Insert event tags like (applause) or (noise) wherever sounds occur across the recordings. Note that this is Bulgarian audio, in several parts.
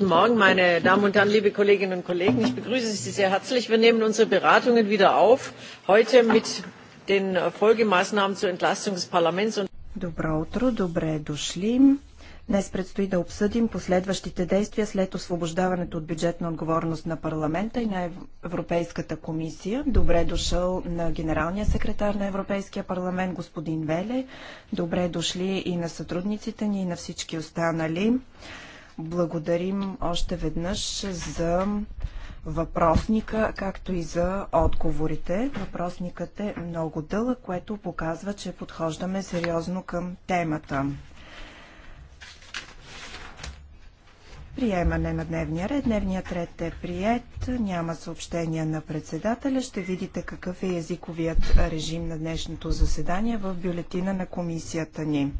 Guten Morgen, meine Damen und Herren, liebe Kolleginnen und Kollegen. Ich begrüße Sie sehr herzlich. Wir nehmen unsere Beratungen wieder auf, heute mit den Folgemaßnahmen zur Entlastung des Parlaments. Добро утро, добре дошли. Днес предстои да обсъдим последващите действия след освобождаването от бюджетна отговорност на парламента и на Европейската комисия. Добре дошъл на генералния секретар на Европейския парламент господин Веле. Добре дошли и на сътрудниците ни и на всички останали. Благодарим още веднъж за въпросника, както и за отговорите. Въпросникът е много дълъг, което показва, че подхождаме сериозно към темата. Приемане на дневния ред. Дневният ред е прият. Няма съобщения на председателя. Ще видите какъв е езиковият режим на днешното заседание в бюлетина на комисията ни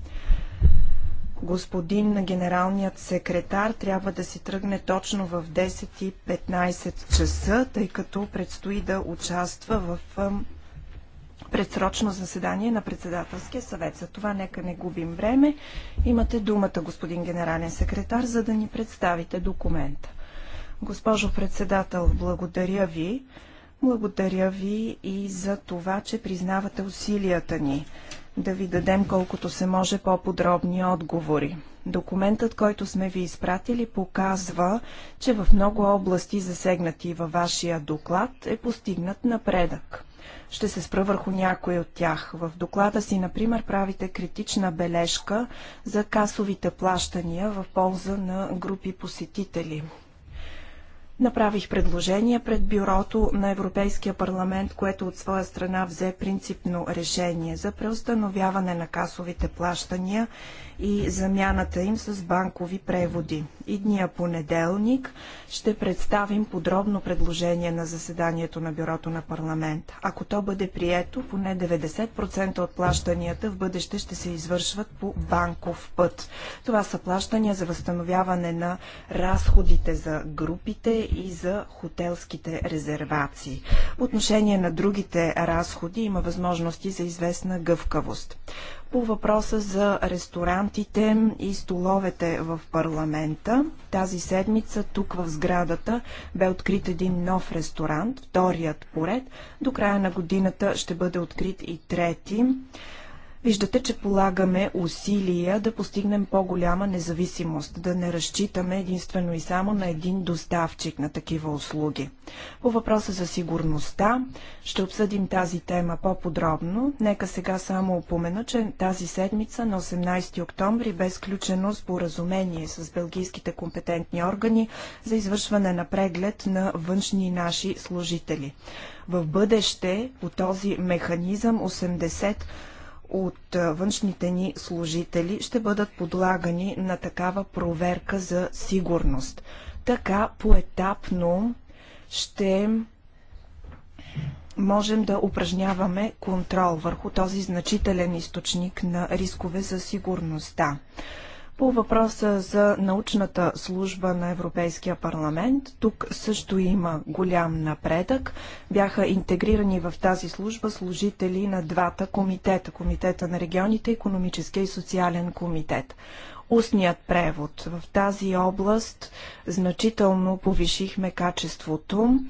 господин на генералният секретар трябва да си тръгне точно в 10.15 часа, тъй като предстои да участва в предсрочно заседание на председателския съвет. За това нека не губим време. Имате думата, господин генерален секретар, за да ни представите документа. Госпожо председател, благодаря ви. Благодаря ви и за това, че признавате усилията ни да ви дадем колкото се може по-подробни отговори. Документът, който сме ви изпратили, показва, че в много области, засегнати във вашия доклад, е постигнат напредък. Ще се спра върху някои от тях. В доклада си, например, правите критична бележка за касовите плащания в полза на групи посетители. Направих предложение пред бюрото на Европейския парламент, което от своя страна взе принципно решение за преустановяване на касовите плащания и замяната им с банкови преводи. Идния понеделник ще представим подробно предложение на заседанието на бюрото на парламент. Ако то бъде прието, поне 90% от плащанията в бъдеще ще се извършват по банков път. Това са плащания за възстановяване на разходите за групите и за хотелските резервации. В отношение на другите разходи има възможности за известна гъвкавост. По въпроса за ресторантите и столовете в парламента, тази седмица тук в сградата бе открит един нов ресторант, вторият поред. До края на годината ще бъде открит и трети. Виждате, че полагаме усилия да постигнем по-голяма независимост, да не разчитаме единствено и само на един доставчик на такива услуги. По въпроса за сигурността ще обсъдим тази тема по-подробно. Нека сега само опомена, че тази седмица на 18 октомври бе сключено споразумение с белгийските компетентни органи за извършване на преглед на външни наши служители. В бъдеще по този механизъм 80 от външните ни служители ще бъдат подлагани на такава проверка за сигурност. Така поетапно ще можем да упражняваме контрол върху този значителен източник на рискове за сигурността. Да. По въпроса за научната служба на Европейския парламент, тук също има голям напредък. Бяха интегрирани в тази служба служители на двата комитета. Комитета на регионите, економическия и социален комитет. Устният превод. В тази област значително повишихме качеството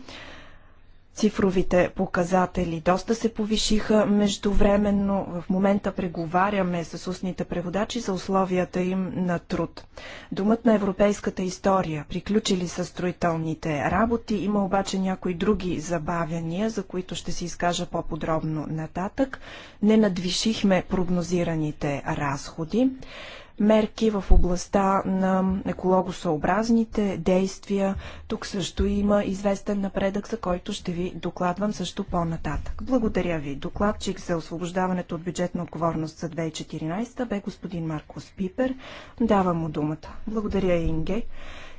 цифровите показатели. Доста се повишиха междувременно. В момента преговаряме с устните преводачи за условията им на труд. Думът на европейската история. Приключили са строителните работи. Има обаче някои други забавяния, за които ще се изкажа по-подробно нататък. Не надвишихме прогнозираните разходи мерки в областта на екологосъобразните действия. Тук също има известен напредък, за който ще ви докладвам също по-нататък. Благодаря ви. Докладчик за освобождаването от бюджетна отговорност за 2014 бе господин Маркос Пипер. Давам му думата. Благодаря, Инге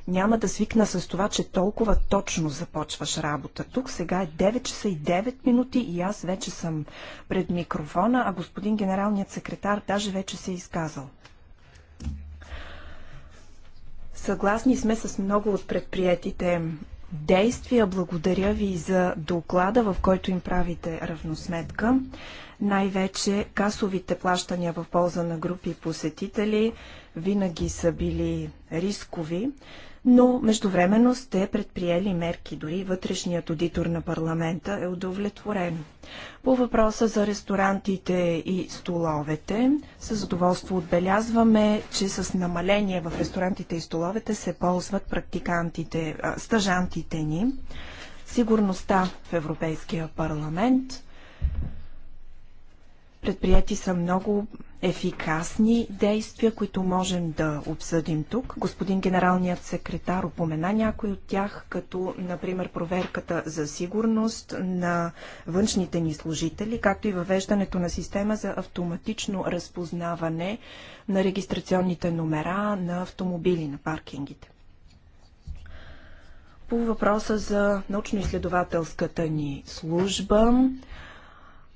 няма да свикна с това, че толкова точно започваш работа. Тук сега е 9 часа и 9 минути и аз вече съм пред микрофона, а господин генералният секретар даже вече се е изказал. Съгласни сме с много от предприятите действия. Благодаря ви за доклада, в който им правите равносметка. Най-вече касовите плащания в полза на групи посетители винаги са били рискови но междувременно сте предприели мерки. Дори вътрешният аудитор на парламента е удовлетворен. По въпроса за ресторантите и столовете, с задоволство отбелязваме, че с намаление в ресторантите и столовете се ползват практикантите, стъжантите ни. Сигурността в Европейския парламент. Предприяти са много ефикасни действия, които можем да обсъдим тук. Господин генералният секретар упомена някои от тях, като например проверката за сигурност на външните ни служители, както и въвеждането на система за автоматично разпознаване на регистрационните номера на автомобили на паркингите. По въпроса за научно-изследователската ни служба,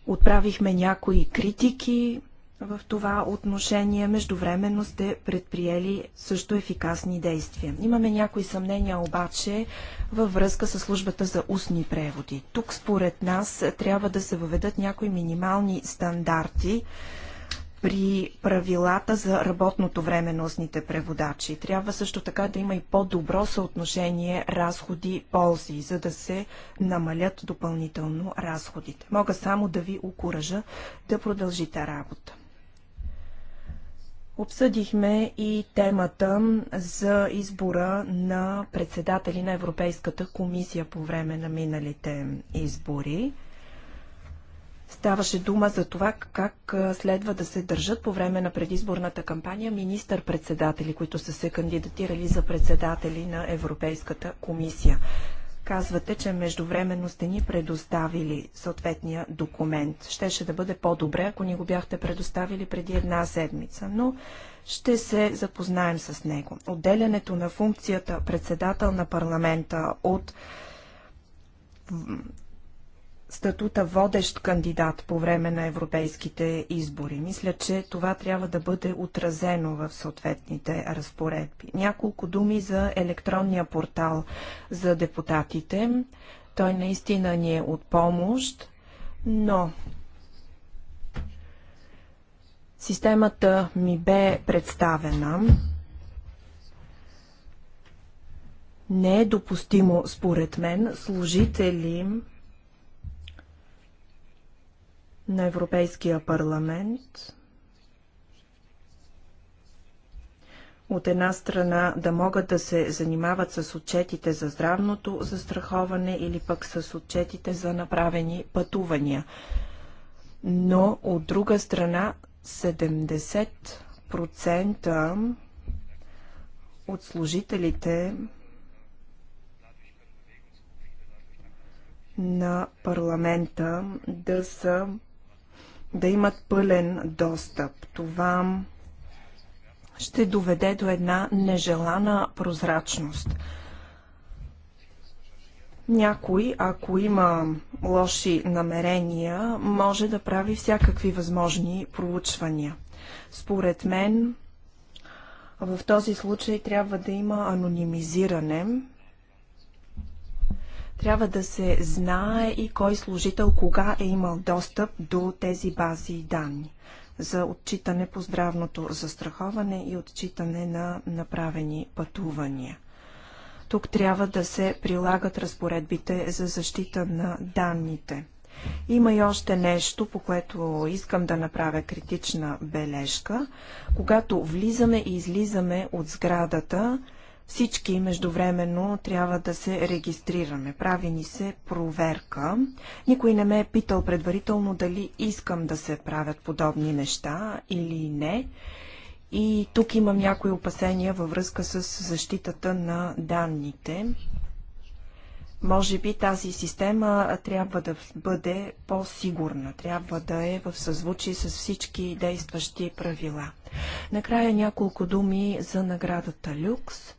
отправихме някои критики, в това отношение междувременно сте предприели също ефикасни действия. Имаме някои съмнения обаче във връзка с службата за устни преводи. Тук според нас трябва да се въведат някои минимални стандарти при правилата за работното време на устните преводачи. Трябва също така да има и по-добро съотношение разходи-ползи, за да се намалят допълнително разходите. Мога само да ви окоръжа да продължите работа. Обсъдихме и темата за избора на председатели на Европейската комисия по време на миналите избори. Ставаше дума за това как следва да се държат по време на предизборната кампания министър-председатели, които са се кандидатирали за председатели на Европейската комисия. Казвате, че междувременно сте ни предоставили съответния документ. Щеше да бъде по-добре, ако ни го бяхте предоставили преди една седмица, но ще се запознаем с него. Отделянето на функцията председател на парламента от статута водещ кандидат по време на европейските избори. Мисля, че това трябва да бъде отразено в съответните разпоредби. Няколко думи за електронния портал за депутатите. Той наистина ни е от помощ, но системата ми бе представена. Не е допустимо, според мен, служители на Европейския парламент. От една страна да могат да се занимават с отчетите за здравното застраховане или пък с отчетите за направени пътувания. Но от друга страна 70% от служителите на парламента да са да имат пълен достъп. Това ще доведе до една нежелана прозрачност. Някой, ако има лоши намерения, може да прави всякакви възможни проучвания. Според мен, в този случай трябва да има анонимизиране, трябва да се знае и кой служител кога е имал достъп до тези бази и данни за отчитане по здравното застраховане и отчитане на направени пътувания. Тук трябва да се прилагат разпоредбите за защита на данните. Има и още нещо, по което искам да направя критична бележка. Когато влизаме и излизаме от сградата, всички междувременно трябва да се регистрираме. Прави ни се проверка. Никой не ме е питал предварително дали искам да се правят подобни неща или не. И тук имам някои опасения във връзка с защитата на данните. Може би тази система трябва да бъде по-сигурна, трябва да е в съзвучие с всички действащи правила. Накрая няколко думи за наградата Люкс.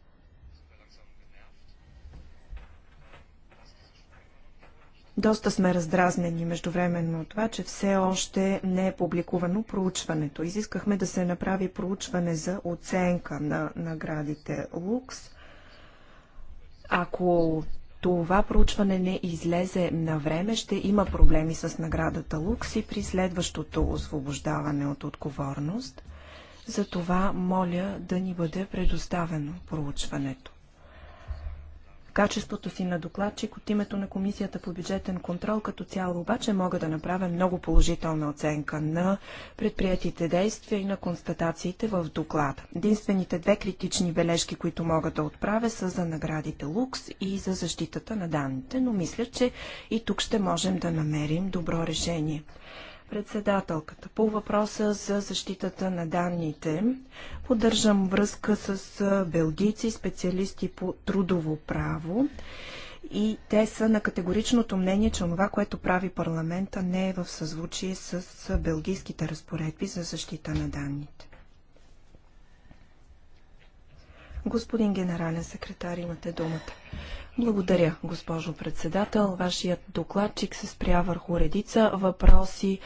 Доста сме раздразнени междувременно от това, че все още не е публикувано проучването. Изискахме да се направи проучване за оценка на наградите Лукс. Ако това проучване не излезе на време, ще има проблеми с наградата Лукс и при следващото освобождаване от отговорност. За това моля да ни бъде предоставено проучването качеството си на докладчик от името на Комисията по бюджетен контрол като цяло обаче мога да направя много положителна оценка на предприятите действия и на констатациите в доклада. Единствените две критични бележки, които мога да отправя са за наградите Лукс и за защитата на данните, но мисля, че и тук ще можем да намерим добро решение. Председателката, по въпроса за защитата на данните, поддържам връзка с белгийци, специалисти по трудово право и те са на категоричното мнение, че това, което прави парламента, не е в съзвучие с белгийските разпоредби за защита на данните. Господин генерален секретар, имате думата. Благодаря, госпожо председател. Вашият докладчик се спря върху редица въпроси,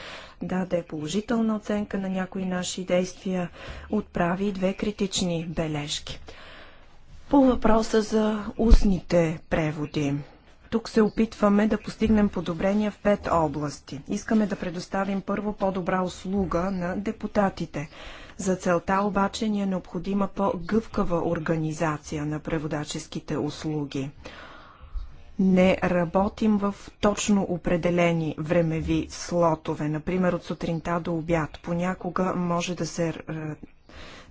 даде положителна оценка на някои наши действия, отправи две критични бележки. По въпроса за устните преводи. Тук се опитваме да постигнем подобрения в пет области. Искаме да предоставим първо по-добра услуга на депутатите. За целта обаче ни е необходима по-гъвкава организация на преводаческите услуги. Не работим в точно определени времеви слотове, например от сутринта до обяд. Понякога може да се е,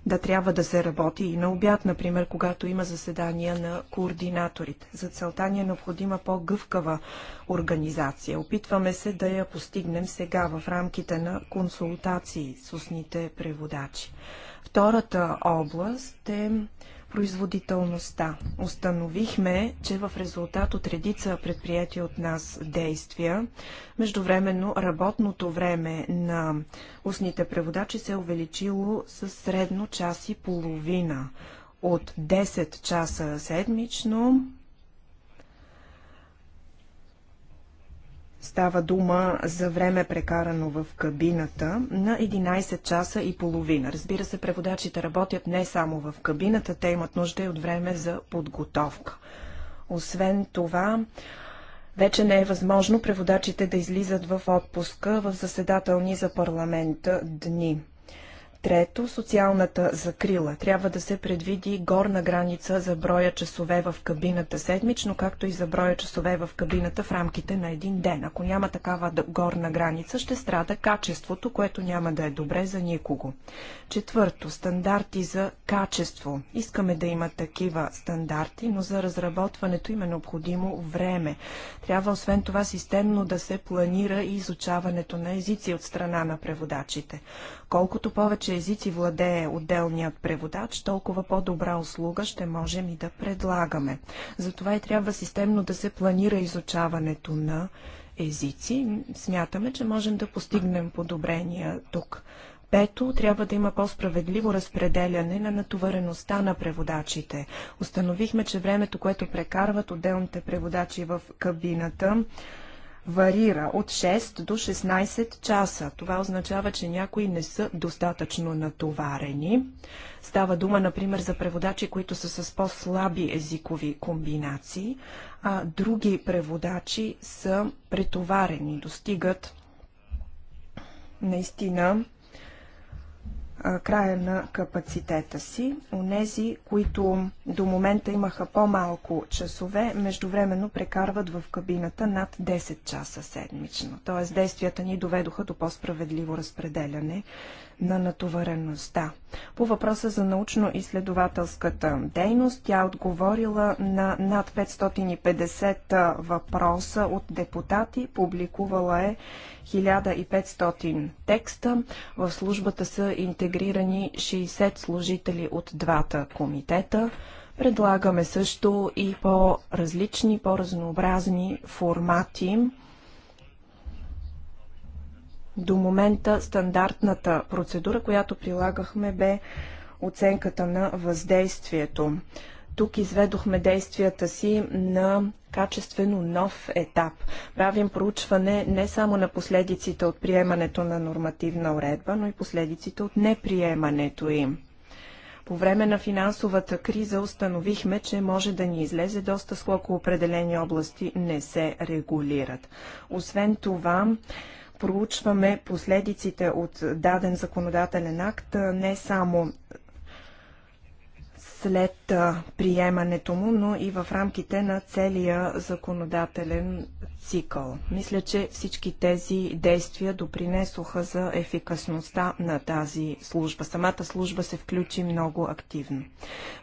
да трябва да се работи и на обяд, например, когато има заседания на координаторите. За целта ни е необходима по-гъвкава организация. Опитваме се да я постигнем сега в рамките на консултации с устните преводачи. Втората област е производителността. Установихме, че в резултат от редица предприяти от нас действия, междувременно работното време на устните преводачи се е увеличило с средно час и половина. От 10 часа седмично Става дума за време прекарано в кабината на 11 часа и половина. Разбира се, преводачите работят не само в кабината, те имат нужда и от време за подготовка. Освен това, вече не е възможно преводачите да излизат в отпуска в заседателни за парламента дни. Трето, социалната закрила. Трябва да се предвиди горна граница за броя часове в кабината седмично, както и за броя часове в кабината в рамките на един ден. Ако няма такава горна граница, ще страда качеството, което няма да е добре за никого. Четвърто, стандарти за качество. Искаме да има такива стандарти, но за разработването им е необходимо време. Трябва освен това системно да се планира и изучаването на езици от страна на преводачите. Колкото повече повече езици владее отделният преводач, толкова по-добра услуга ще можем и да предлагаме. Затова и трябва системно да се планира изучаването на езици. Смятаме, че можем да постигнем подобрения тук. Пето, трябва да има по-справедливо разпределяне на натовареността на преводачите. Установихме, че времето, което прекарват отделните преводачи в кабината, варира от 6 до 16 часа. Това означава, че някои не са достатъчно натоварени. Става дума, например, за преводачи, които са с по-слаби езикови комбинации, а други преводачи са претоварени, достигат наистина края на капацитета си. Онези, които до момента имаха по-малко часове, междувременно прекарват в кабината над 10 часа седмично. Тоест действията ни доведоха до по-справедливо разпределяне на натовареността. По въпроса за научно-изследователската дейност, тя е отговорила на над 550 въпроса от депутати, публикувала е 1500 текста. В службата са интегрирани 60 служители от двата комитета. Предлагаме също и по-различни, по-разнообразни формати до момента стандартната процедура, която прилагахме, бе оценката на въздействието. Тук изведохме действията си на качествено нов етап. Правим проучване не само на последиците от приемането на нормативна уредба, но и последиците от неприемането им. По време на финансовата криза установихме, че може да ни излезе доста скоко определени области не се регулират. Освен това, проучваме последиците от даден законодателен акт не само след приемането му, но и в рамките на целия законодателен цикъл. Мисля, че всички тези действия допринесоха за ефикасността на тази служба. Самата служба се включи много активно.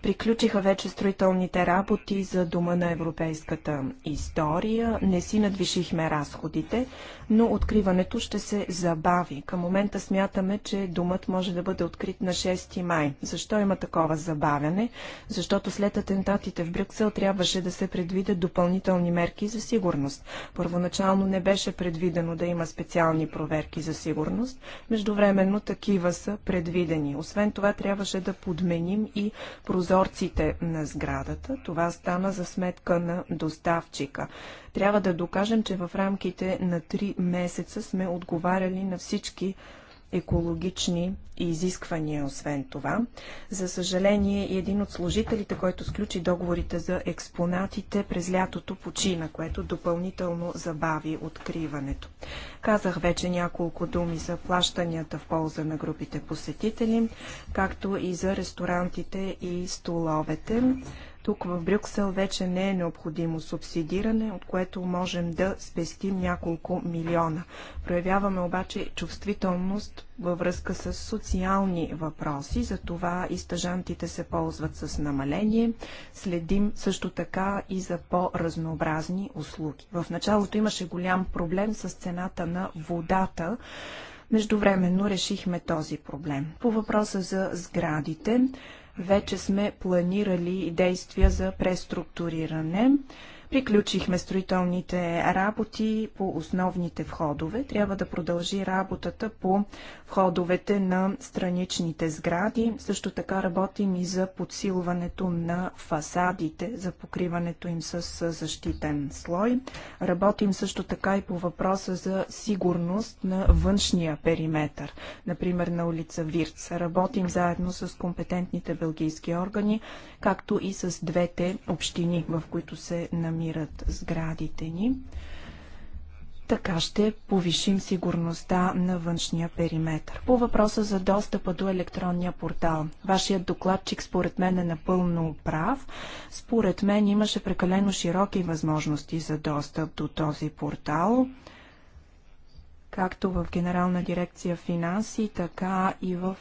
Приключиха вече строителните работи за Дома на европейската история. Не си надвишихме разходите, но откриването ще се забави. Към момента смятаме, че думът може да бъде открит на 6 май. Защо има такова забавяне? защото след атентатите в Брюксел трябваше да се предвидят допълнителни мерки за сигурност. Първоначално не беше предвидено да има специални проверки за сигурност, междувременно такива са предвидени. Освен това трябваше да подменим и прозорците на сградата. Това стана за сметка на доставчика. Трябва да докажем, че в рамките на три месеца сме отговаряли на всички екологични изисквания, освен това. За съжаление, един от служителите, който сключи договорите за експонатите, през лятото почина, което допълнително забави откриването. Казах вече няколко думи за плащанията в полза на групите посетители, както и за ресторантите и столовете. Тук в Брюксел вече не е необходимо субсидиране, от което можем да спестим няколко милиона. Проявяваме обаче чувствителност във връзка с социални въпроси, затова и стъжантите се ползват с намаление. Следим също така и за по-разнообразни услуги. В началото имаше голям проблем с цената на водата, Междувременно решихме този проблем. По въпроса за сградите, вече сме планирали действия за преструктуриране. Приключихме строителните работи по основните входове. Трябва да продължи работата по входовете на страничните сгради. Също така работим и за подсилването на фасадите, за покриването им с защитен слой. Работим също така и по въпроса за сигурност на външния периметр, например на улица Вирц. Работим заедно с компетентните белгийски органи, както и с двете общини, в които се намираме намират сградите ни. Така ще повишим сигурността на външния периметр. По въпроса за достъпа до електронния портал. Вашият докладчик според мен е напълно прав. Според мен имаше прекалено широки възможности за достъп до този портал както в Генерална дирекция финанси, така и в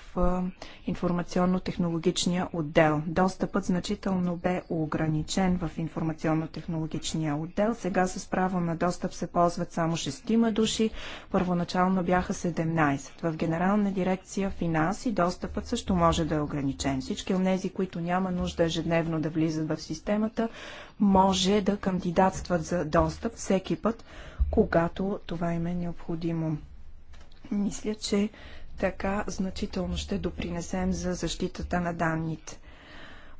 информационно-технологичния отдел. Достъпът значително бе ограничен в информационно-технологичния отдел. Сега с право на достъп се ползват само 6 души. Първоначално бяха 17. В Генерална дирекция финанси достъпът също може да е ограничен. Всички от тези, които няма нужда ежедневно да влизат в системата, може да кандидатстват за достъп всеки път, когато това им е необходимо. Мисля, че така значително ще допринесем за защитата на данните.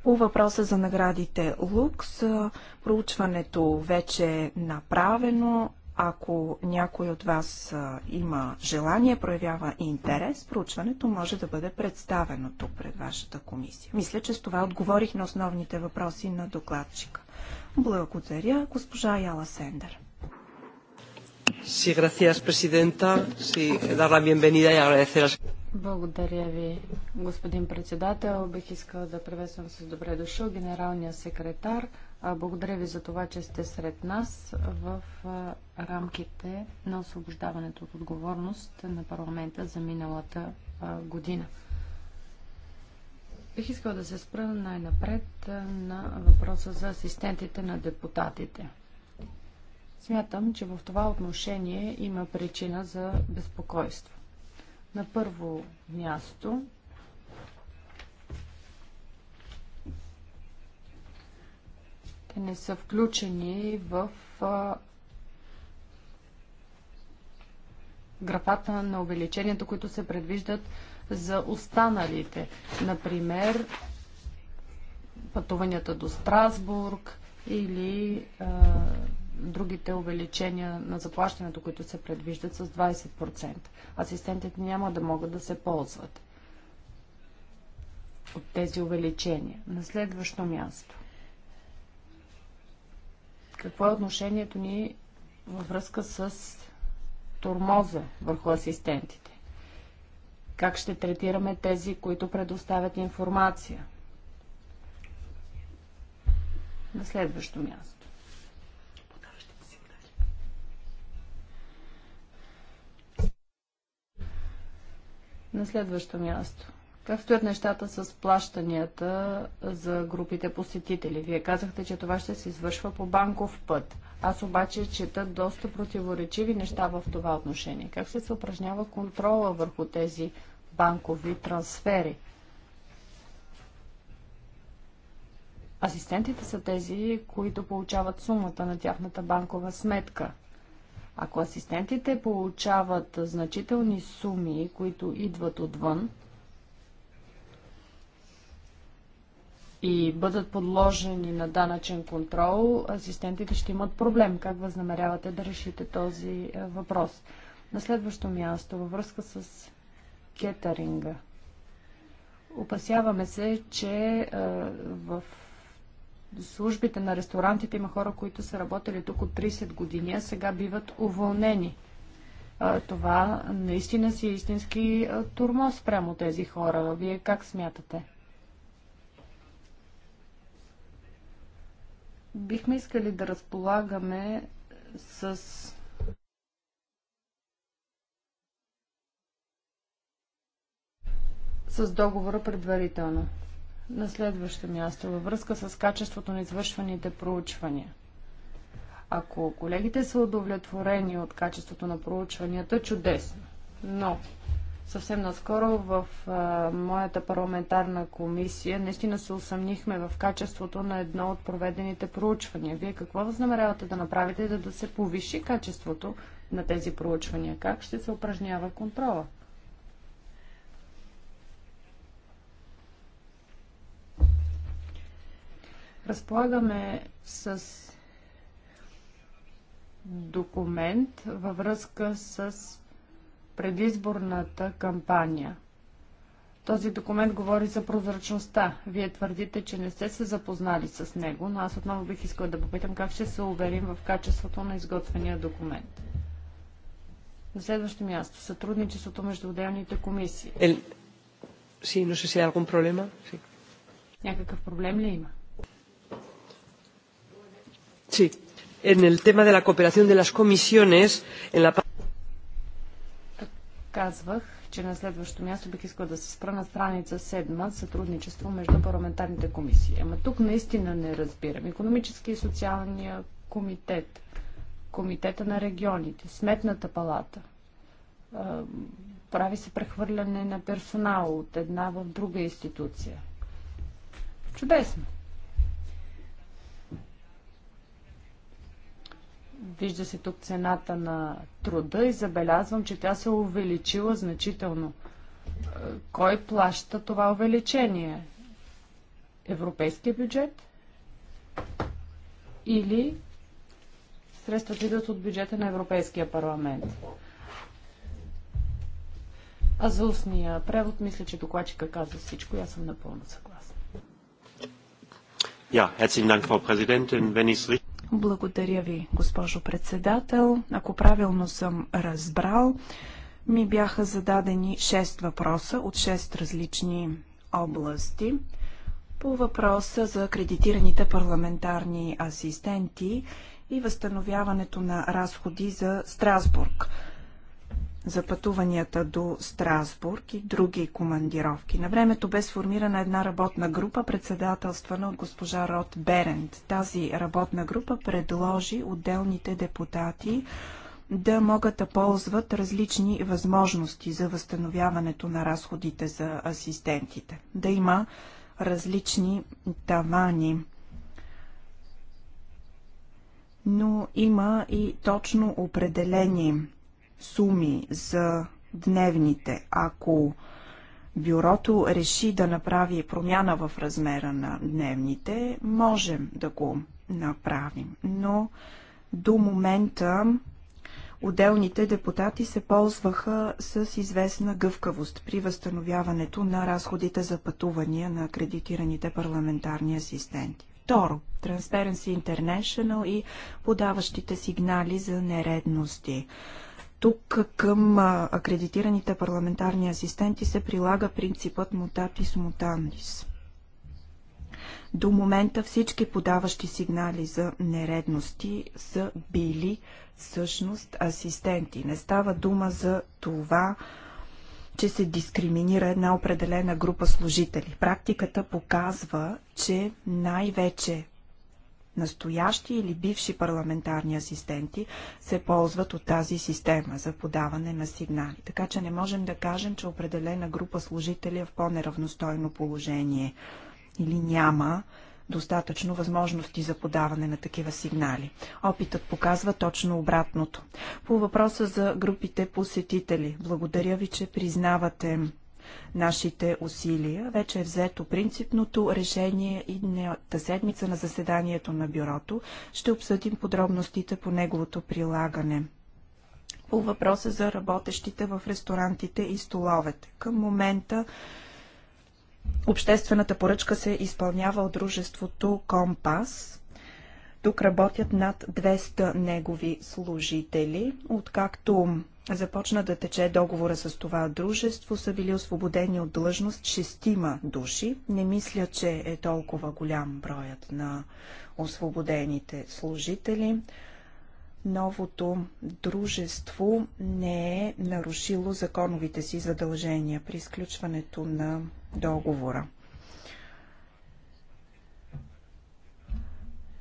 По въпроса за наградите Лукс, проучването вече е направено. Ако някой от вас има желание, проявява интерес, проучването може да бъде представено тук пред вашата комисия. Мисля, че с това отговорих на основните въпроси на докладчика. Благодаря, госпожа Яла Сендер. Благодаря ви, господин председател. Бих искал да приветствам с добре дошъл генералния секретар. Благодаря ви за това, че сте сред нас в рамките на освобождаването от отговорност на парламента за миналата година. Бих искал да се спра най-напред на въпроса за асистентите на депутатите. Смятам, че в това отношение има причина за безпокойство. На първо място те не са включени в графата на увеличението, които се предвиждат за останалите. Например, пътуванията до Страсбург или а, другите увеличения на заплащането, които се предвиждат с 20%. Асистентите няма да могат да се ползват от тези увеличения. На следващо място. Какво е отношението ни във връзка с тормоза върху асистентите? Как ще третираме тези, които предоставят информация? На следващо място. На следващо място. Как стоят нещата с плащанията за групите посетители? Вие казахте, че това ще се извършва по банков път. Аз обаче чета доста противоречиви неща в това отношение. Как се упражнява контрола върху тези банкови трансфери? Асистентите са тези, които получават сумата на тяхната банкова сметка – ако асистентите получават значителни суми, които идват отвън и бъдат подложени на данъчен контрол, асистентите ще имат проблем. Как възнамерявате да решите този е, въпрос? На следващо място, във връзка с кетаринга. Опасяваме се, че е, в службите на ресторантите има хора, които са работили тук от 30 години, а сега биват уволнени. Това наистина си е истински турмоз прямо тези хора. Вие как смятате? Бихме искали да разполагаме с с договора предварително. На следващо място, във връзка с качеството на извършваните проучвания. Ако колегите са удовлетворени от качеството на проучванията, чудесно. Но съвсем наскоро в а, моята парламентарна комисия наистина се усъмнихме в качеството на едно от проведените проучвания. Вие какво възнамерявате да направите, за да, да се повиши качеството на тези проучвания? Как ще се упражнява контрола? Разполагаме с документ във връзка с предизборната кампания. Този документ говори за прозрачността. Вие твърдите, че не сте се запознали с него, но аз отново бих искала да попитам как ще се уверим в качеството на изготвения документ. На следващо място, сътрудничеството между отделните комисии. El... Sí, no sé si Някакъв проблем ли има? Sí, en el tema de la cooperación de las comisiones, en la... Казвах, че на следващото място бих искал да се спра на страница 7 сътрудничество между парламентарните комисии. Ама тук наистина не разбирам. Економически и социалния комитет, комитета на регионите, сметната палата, прави се прехвърляне на персонал от една в друга институция. Чудесно! Вижда се тук цената на труда и забелязвам, че тя се е увеличила значително. Е, кой плаща това увеличение? Европейския бюджет? Или средствата идват от бюджета на Европейския парламент? А за устния превод мисля, че докладчика каза всичко и аз съм напълно съгласна. Ja, herzlichen Dank, Frau Präsidentin. Wenn ich благодаря ви, госпожо председател. Ако правилно съм разбрал, ми бяха зададени 6 въпроса от 6 различни области. По въпроса за кредитираните парламентарни асистенти и възстановяването на разходи за Страсбург – за пътуванията до Страсбург и други командировки. На времето бе сформирана една работна група, председателствана от госпожа Рот Берент. Тази работна група предложи отделните депутати да могат да ползват различни възможности за възстановяването на разходите за асистентите. Да има различни тавани но има и точно определени суми за дневните. Ако бюрото реши да направи промяна в размера на дневните, можем да го направим. Но до момента отделните депутати се ползваха с известна гъвкавост при възстановяването на разходите за пътувания на акредитираните парламентарни асистенти. Второ, Transparency International и подаващите сигнали за нередности. Тук към акредитираните парламентарни асистенти се прилага принципът мутатис мутандис. До момента всички подаващи сигнали за нередности са били всъщност асистенти. Не става дума за това, че се дискриминира една определена група служители. Практиката показва, че най-вече настоящи или бивши парламентарни асистенти се ползват от тази система за подаване на сигнали. Така че не можем да кажем, че определена група служители е в по-неравностойно положение или няма достатъчно възможности за подаване на такива сигнали. Опитът показва точно обратното. По въпроса за групите посетители, благодаря ви, че признавате нашите усилия. Вече е взето принципното решение и днята седмица на заседанието на бюрото ще обсъдим подробностите по неговото прилагане. По въпроса за работещите в ресторантите и столовете. Към момента обществената поръчка се изпълнява от дружеството Компас. Тук работят над 200 негови служители. Откакто започна да тече договора с това дружество, са били освободени от длъжност шестима души. Не мисля, че е толкова голям броят на освободените служители. Новото дружество не е нарушило законовите си задължения при изключването на договора.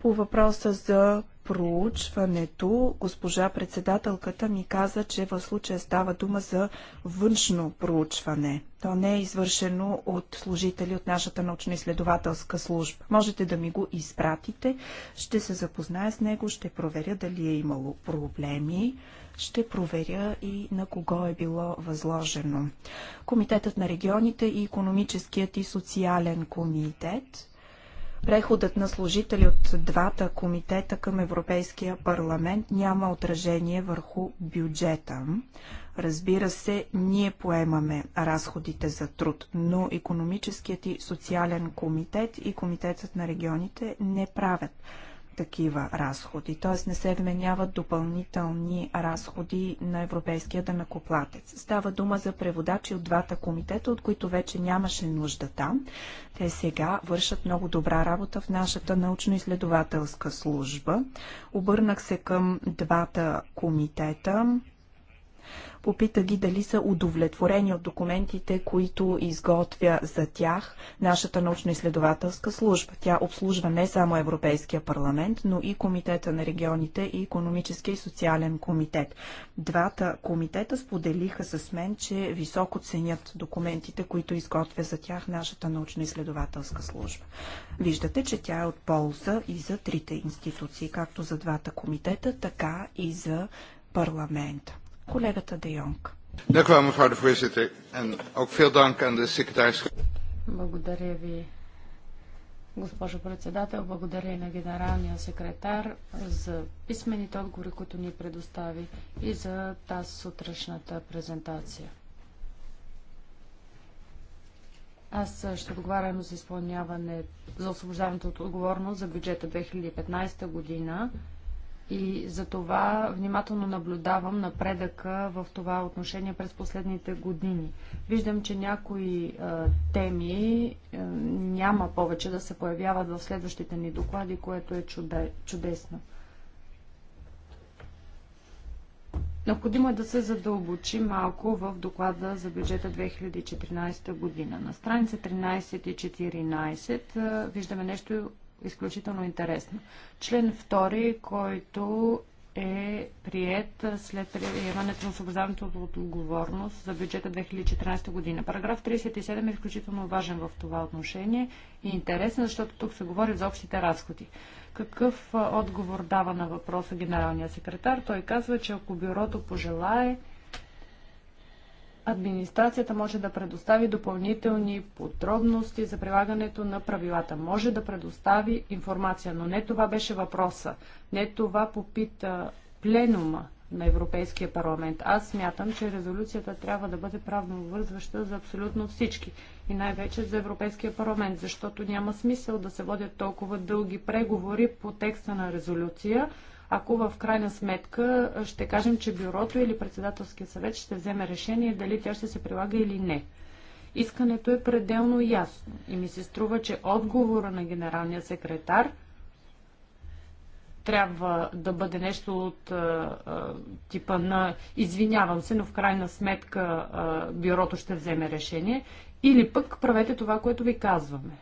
По въпроса за проучването госпожа председателката ми каза, че в случая става дума за външно проучване. То не е извършено от служители от нашата научно-изследователска служба. Можете да ми го изпратите, ще се запозная с него, ще проверя дали е имало проблеми, ще проверя и на кого е било възложено. Комитетът на регионите и економическият и социален комитет – Преходът на служители от двата комитета към Европейския парламент няма отражение върху бюджета. Разбира се, ние поемаме разходите за труд, но економическият и социален комитет и комитетът на регионите не правят такива разходи, т.е. не се вменяват допълнителни разходи на европейския данакоплатец. Става дума за преводачи от двата комитета, от които вече нямаше нужда там. Те сега вършат много добра работа в нашата научно-изследователска служба. Обърнах се към двата комитета Попита ги дали са удовлетворени от документите, които изготвя за тях нашата научно-изследователска служба. Тя обслужва не само Европейския парламент, но и Комитета на регионите и Економическия и социален комитет. Двата комитета споделиха с мен, че високо ценят документите, които изготвя за тях нашата научно-изследователска служба. Виждате, че тя е от полза и за трите институции, както за двата комитета, така и за парламента. Колегата Де Йонг. Благодаря ви, госпожо председател. Благодаря и на генералния секретар за писмените отговори, които ни предостави и за тази сутрешната презентация. Аз ще отговарям за изпълняване, за освобождаването от отговорност за бюджета 2015 година. И за това внимателно наблюдавам напредъка в това отношение през последните години. Виждам, че някои а, е, теми а, е, няма повече да се появяват в следващите ни доклади, което е чуде, чудесно. Необходимо е да се задълбочи малко в доклада за бюджета 2014 година. На страница 13 и 14 е, виждаме нещо, изключително интересно. Член 2, който е прият след приемането на освобождаването от отговорност за бюджета 2014 година. Параграф 37 е изключително важен в това отношение и интересен, защото тук се говори за общите разходи. Какъв отговор дава на въпроса генералния секретар? Той казва, че ако бюрото пожелае, администрацията може да предостави допълнителни подробности за прилагането на правилата. Може да предостави информация, но не това беше въпроса. Не това попита пленума на Европейския парламент. Аз смятам, че резолюцията трябва да бъде правно вързваща за абсолютно всички и най-вече за Европейския парламент, защото няма смисъл да се водят толкова дълги преговори по текста на резолюция, ако в крайна сметка ще кажем, че бюрото или председателския съвет ще вземе решение дали тя ще се прилага или не. Искането е пределно ясно и ми се струва, че отговора на генералния секретар трябва да бъде нещо от а, а, типа на извинявам се, но в крайна сметка а, бюрото ще вземе решение или пък правете това, което ви казваме.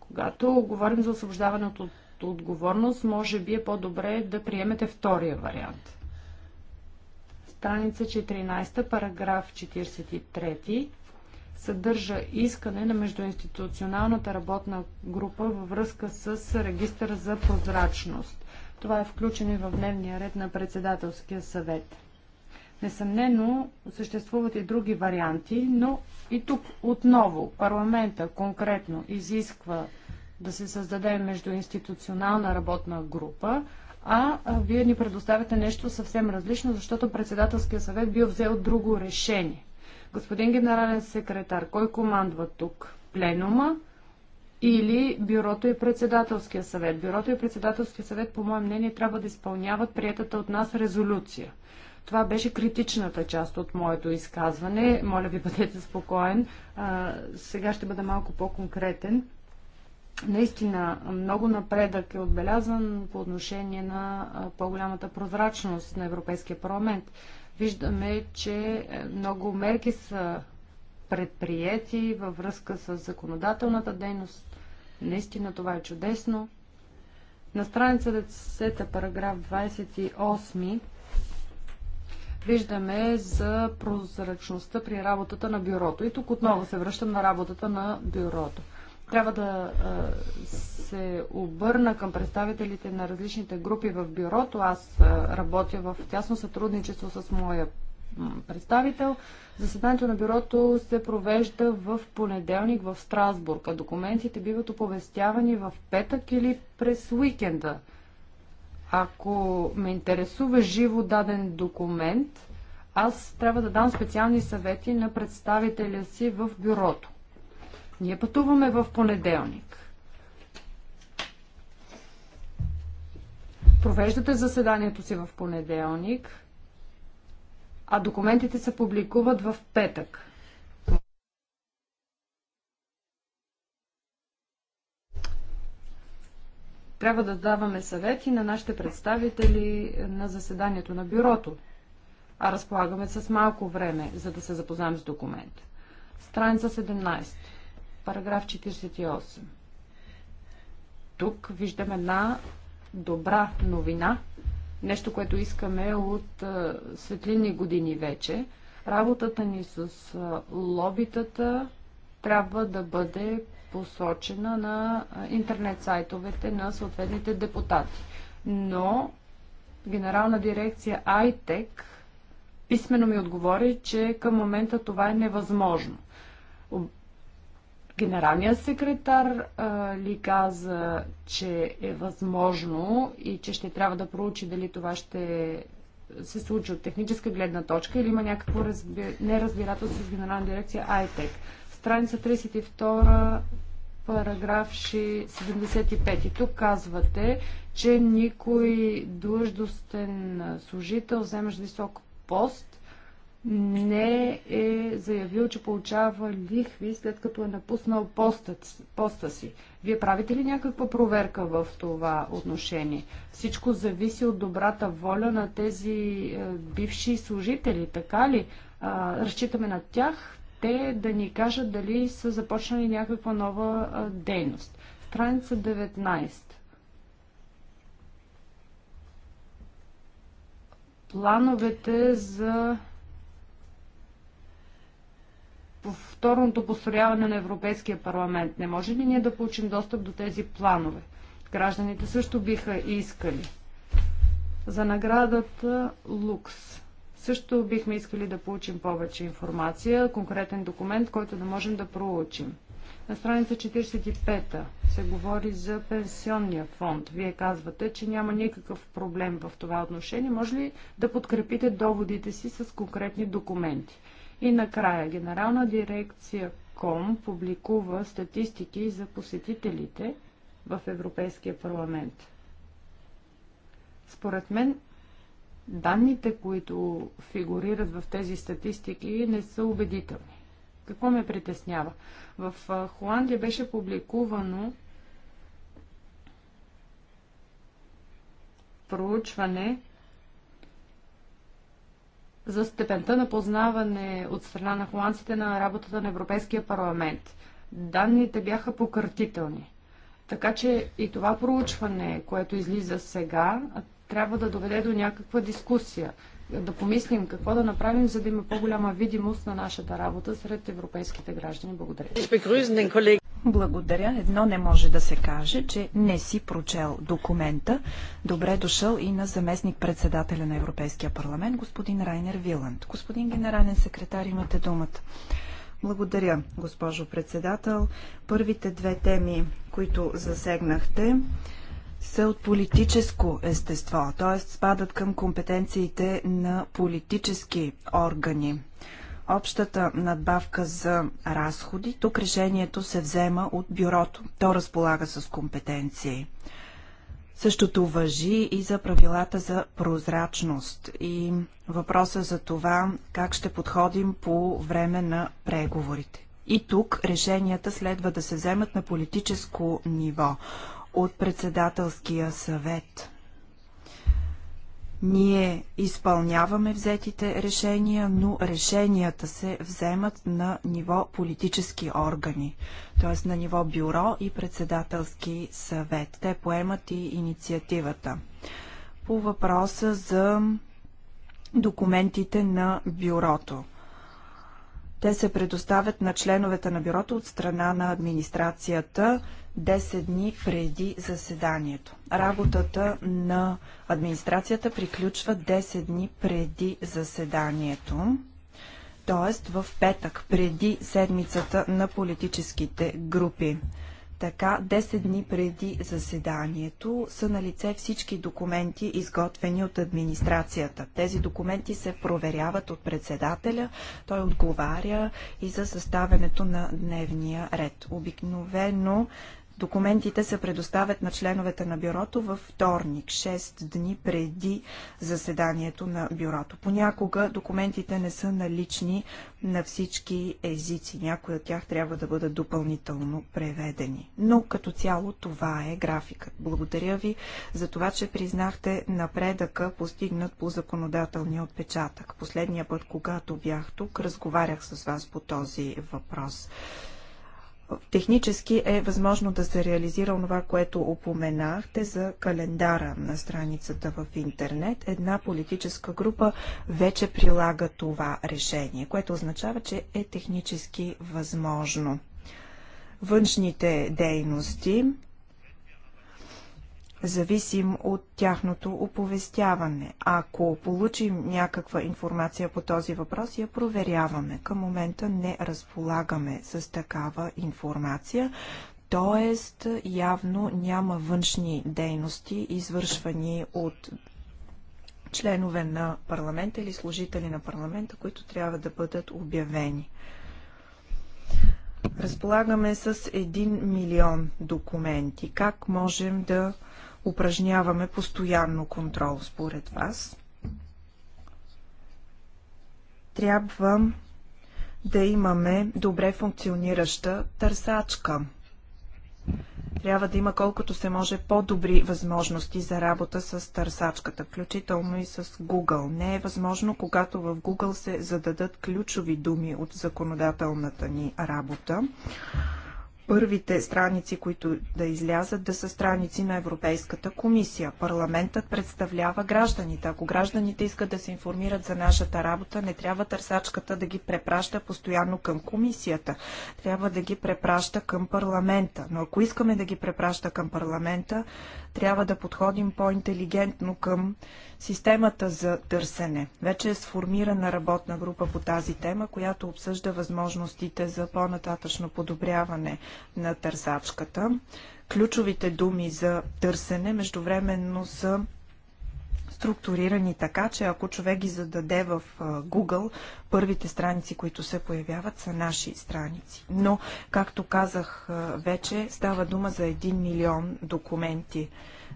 Когато говорим за освобождаването от отговорност, може би е по-добре да приемете втория вариант. Страница 14, параграф 43 съдържа искане на междуинституционалната работна група във връзка с регистър за прозрачност. Това е включено и в дневния ред на председателския съвет. Несъмнено съществуват и други варианти, но и тук отново парламента конкретно изисква да се създаде междуинституционална работна група, а вие ни предоставяте нещо съвсем различно, защото председателския съвет бил взел друго решение. Господин генерален секретар, кой командва тук? Пленума или бюрото и председателския съвет? Бюрото и председателския съвет, по мое мнение, трябва да изпълняват приятата от нас резолюция. Това беше критичната част от моето изказване. Моля ви, бъдете спокоен. А, сега ще бъда малко по-конкретен наистина много напредък е отбелязан по отношение на по-голямата прозрачност на Европейския парламент. Виждаме, че е, много мерки са предприяти във връзка с законодателната дейност. Наистина това е чудесно. На страница 10, параграф 28, виждаме за прозрачността при работата на бюрото. И тук отново се връщам на работата на бюрото. Трябва да се обърна към представителите на различните групи в бюрото. Аз работя в тясно сътрудничество с моя представител. Заседанието на бюрото се провежда в понеделник в Страсбург, а документите биват оповестявани в петък или през уикенда. Ако ме интересува живо даден документ, аз трябва да дам специални съвети на представителя си в бюрото. Ние пътуваме в понеделник. Провеждате заседанието си в понеделник, а документите се публикуват в петък. Трябва да даваме съвети на нашите представители на заседанието на бюрото, а разполагаме с малко време, за да се запознаем с документ. Страница 17. Параграф 48. Тук виждаме една добра новина. Нещо, което искаме от светлини години вече. Работата ни с лобитата трябва да бъде посочена на интернет сайтовете на съответните депутати. Но Генерална дирекция ITEC писменно ми отговори, че към момента това е невъзможно. Генералният секретар а, ли каза, че е възможно и че ще трябва да проучи дали това ще се случи от техническа гледна точка или има някакво разби... неразбирателство с Генерална дирекция АйТЕК. Страница 32, параграф 75. И тук казвате, че никой длъжностен служител, вземаш висок пост, не е заявил, че получава лихви след като е напуснал поста, поста си. Вие правите ли някаква проверка в това отношение? Всичко зависи от добрата воля на тези е, бивши служители, така ли? А, разчитаме на тях те да ни кажат дали са започнали някаква нова дейност. Страница 19. Плановете за повторното построяване на Европейския парламент. Не може ли ние да получим достъп до тези планове? Гражданите също биха искали. За наградата Лукс. Също бихме искали да получим повече информация, конкретен документ, който да можем да проучим. На страница 45 се говори за пенсионния фонд. Вие казвате, че няма никакъв проблем в това отношение. Може ли да подкрепите доводите си с конкретни документи? И накрая, Генерална дирекция КОМ публикува статистики за посетителите в Европейския парламент. Според мен, данните, които фигурират в тези статистики, не са убедителни. Какво ме притеснява? В Холандия беше публикувано проучване за степента на познаване от страна на холандците на работата на Европейския парламент. Данните бяха пократителни. Така че и това проучване, което излиза сега, трябва да доведе до някаква дискусия. Да помислим какво да направим, за да има по-голяма видимост на нашата работа сред европейските граждани. Благодаря. Благодаря. Едно не може да се каже, че не си прочел документа. Добре дошъл и на заместник председателя на Европейския парламент, господин Райнер Виланд. Господин генерален секретар, имате думата. Благодаря, госпожо председател. Първите две теми, които засегнахте, са от политическо естество, т.е. спадат към компетенциите на политически органи общата надбавка за разходи, тук решението се взема от бюрото. То разполага с компетенции. Същото въжи и за правилата за прозрачност и въпроса за това как ще подходим по време на преговорите. И тук решенията следва да се вземат на политическо ниво от председателския съвет. Ние изпълняваме взетите решения, но решенията се вземат на ниво политически органи, т.е. на ниво бюро и председателски съвет. Те поемат и инициативата. По въпроса за документите на бюрото. Те се предоставят на членовете на бюрото от страна на администрацията. 10 дни преди заседанието. Работата на администрацията приключва 10 дни преди заседанието, т.е. в петък, преди седмицата на политическите групи. Така, 10 дни преди заседанието са на лице всички документи, изготвени от администрацията. Тези документи се проверяват от председателя. Той отговаря и за съставянето на дневния ред. Обикновено Документите се предоставят на членовете на бюрото във вторник, 6 дни преди заседанието на бюрото. Понякога документите не са налични на всички езици. Някои от тях трябва да бъдат допълнително преведени. Но като цяло това е графикът. Благодаря ви за това, че признахте напредъка, постигнат по законодателния отпечатък. Последния път, когато бях тук, разговарях с вас по този въпрос. Технически е възможно да се реализира това, което упоменахте за календара на страницата в интернет. Една политическа група вече прилага това решение, което означава, че е технически възможно. Външните дейности зависим от тяхното оповестяване. Ако получим някаква информация по този въпрос, я проверяваме. Към момента не разполагаме с такава информация, т.е. явно няма външни дейности, извършвани от членове на парламента или служители на парламента, които трябва да бъдат обявени. Разполагаме с 1 милион документи. Как можем да упражняваме постоянно контрол според вас. Трябва да имаме добре функционираща търсачка. Трябва да има колкото се може по-добри възможности за работа с търсачката, включително и с Google. Не е възможно, когато в Google се зададат ключови думи от законодателната ни работа, първите страници, които да излязат, да са страници на Европейската комисия. Парламентът представлява гражданите. Ако гражданите искат да се информират за нашата работа, не трябва търсачката да ги препраща постоянно към комисията. Трябва да ги препраща към парламента. Но ако искаме да ги препраща към парламента, трябва да подходим по-интелигентно към системата за търсене. Вече е сформирана работна група по тази тема, която обсъжда възможностите за по-нататъчно подобряване на търсачката. Ключовите думи за търсене междувременно са структурирани така, че ако човек ги зададе в Google, първите страници, които се появяват, са наши страници. Но, както казах вече, става дума за 1 милион документи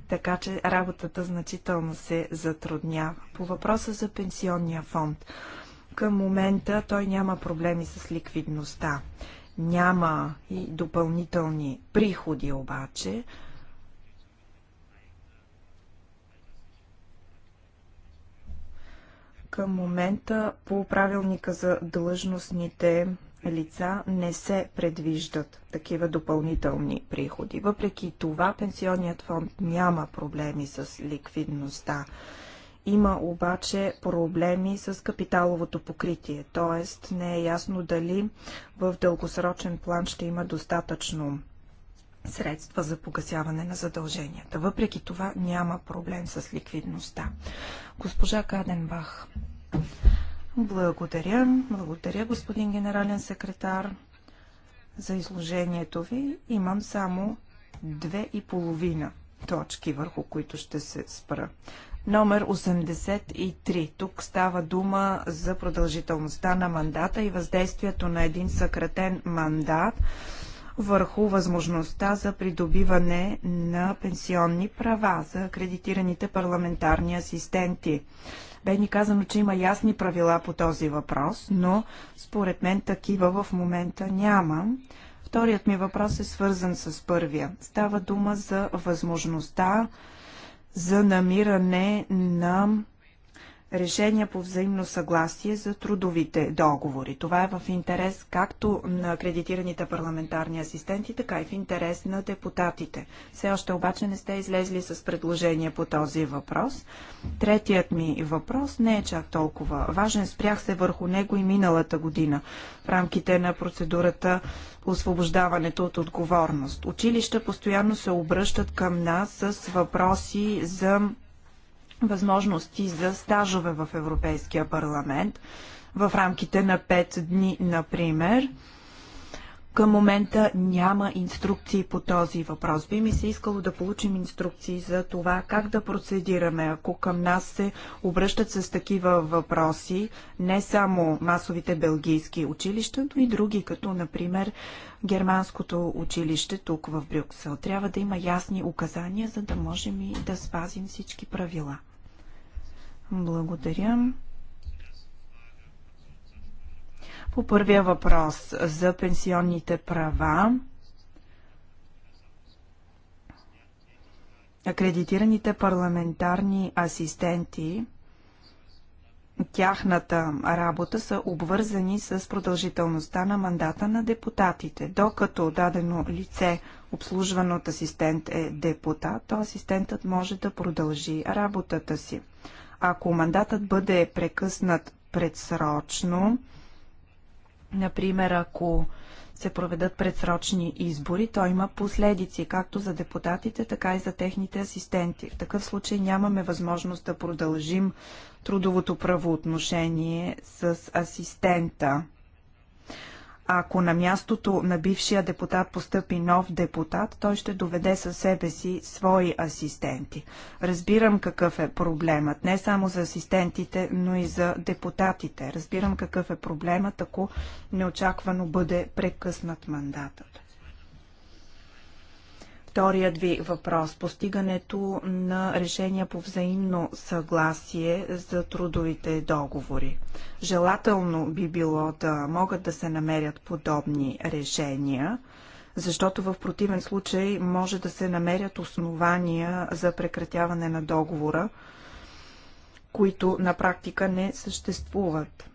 така че работата значително се затруднява. По въпроса за пенсионния фонд. Към момента той няма проблеми с ликвидността. Няма и допълнителни приходи обаче. Към момента по правилника за длъжностните лица не се предвиждат такива допълнителни приходи. Въпреки това пенсионният фонд няма проблеми с ликвидността. Има обаче проблеми с капиталовото покритие, т.е. не е ясно дали в дългосрочен план ще има достатъчно средства за погасяване на задълженията. Въпреки това няма проблем с ликвидността. Госпожа Каденбах. Благодаря. Благодаря, господин генерален секретар, за изложението ви. Имам само две и половина точки, върху които ще се спра. Номер 83. Тук става дума за продължителността на мандата и въздействието на един съкратен мандат върху възможността за придобиване на пенсионни права за акредитираните парламентарни асистенти. Бе ни казано, че има ясни правила по този въпрос, но според мен такива в момента няма. Вторият ми въпрос е свързан с първия. Става дума за възможността за намиране на решения по взаимно съгласие за трудовите договори. Това е в интерес както на акредитираните парламентарни асистенти, така и в интерес на депутатите. Все още обаче не сте излезли с предложение по този въпрос. Третият ми въпрос не е чак толкова важен. Спрях се върху него и миналата година в рамките на процедурата освобождаването от отговорност. Училища постоянно се обръщат към нас с въпроси за възможности за стажове в Европейския парламент в рамките на 5 дни, например. Към момента няма инструкции по този въпрос. Би ми се искало да получим инструкции за това как да процедираме, ако към нас се обръщат с такива въпроси не само масовите белгийски училища, но и други, като например германското училище тук в Брюксел. Трябва да има ясни указания, за да можем и да спазим всички правила. Благодаря. По първия въпрос за пенсионните права, акредитираните парламентарни асистенти, тяхната работа са обвързани с продължителността на мандата на депутатите. Докато дадено лице, обслужвано от асистент е депутат, то асистентът може да продължи работата си. Ако мандатът бъде прекъснат предсрочно, например, ако се проведат предсрочни избори, то има последици както за депутатите, така и за техните асистенти. В такъв случай нямаме възможност да продължим трудовото правоотношение с асистента. Ако на мястото на бившия депутат постъпи нов депутат, той ще доведе със себе си свои асистенти. Разбирам какъв е проблемът, не само за асистентите, но и за депутатите. Разбирам какъв е проблемът, ако неочаквано бъде прекъснат мандатът. Вторият ви въпрос – постигането на решения по взаимно съгласие за трудовите договори. Желателно би било да могат да се намерят подобни решения, защото в противен случай може да се намерят основания за прекратяване на договора, които на практика не съществуват.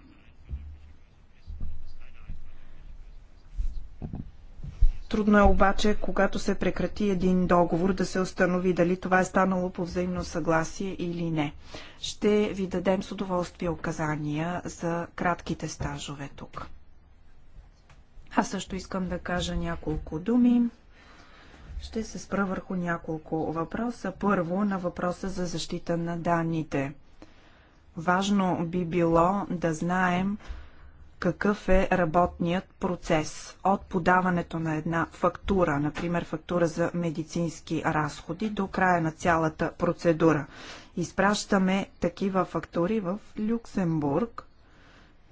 Трудно е обаче, когато се прекрати един договор, да се установи дали това е станало по взаимно съгласие или не. Ще ви дадем с удоволствие указания за кратките стажове тук. Аз също искам да кажа няколко думи. Ще се спра върху няколко въпроса. Първо на въпроса за защита на данните. Важно би било да знаем, какъв е работният процес от подаването на една фактура, например фактура за медицински разходи, до края на цялата процедура. Изпращаме такива фактури в Люксембург.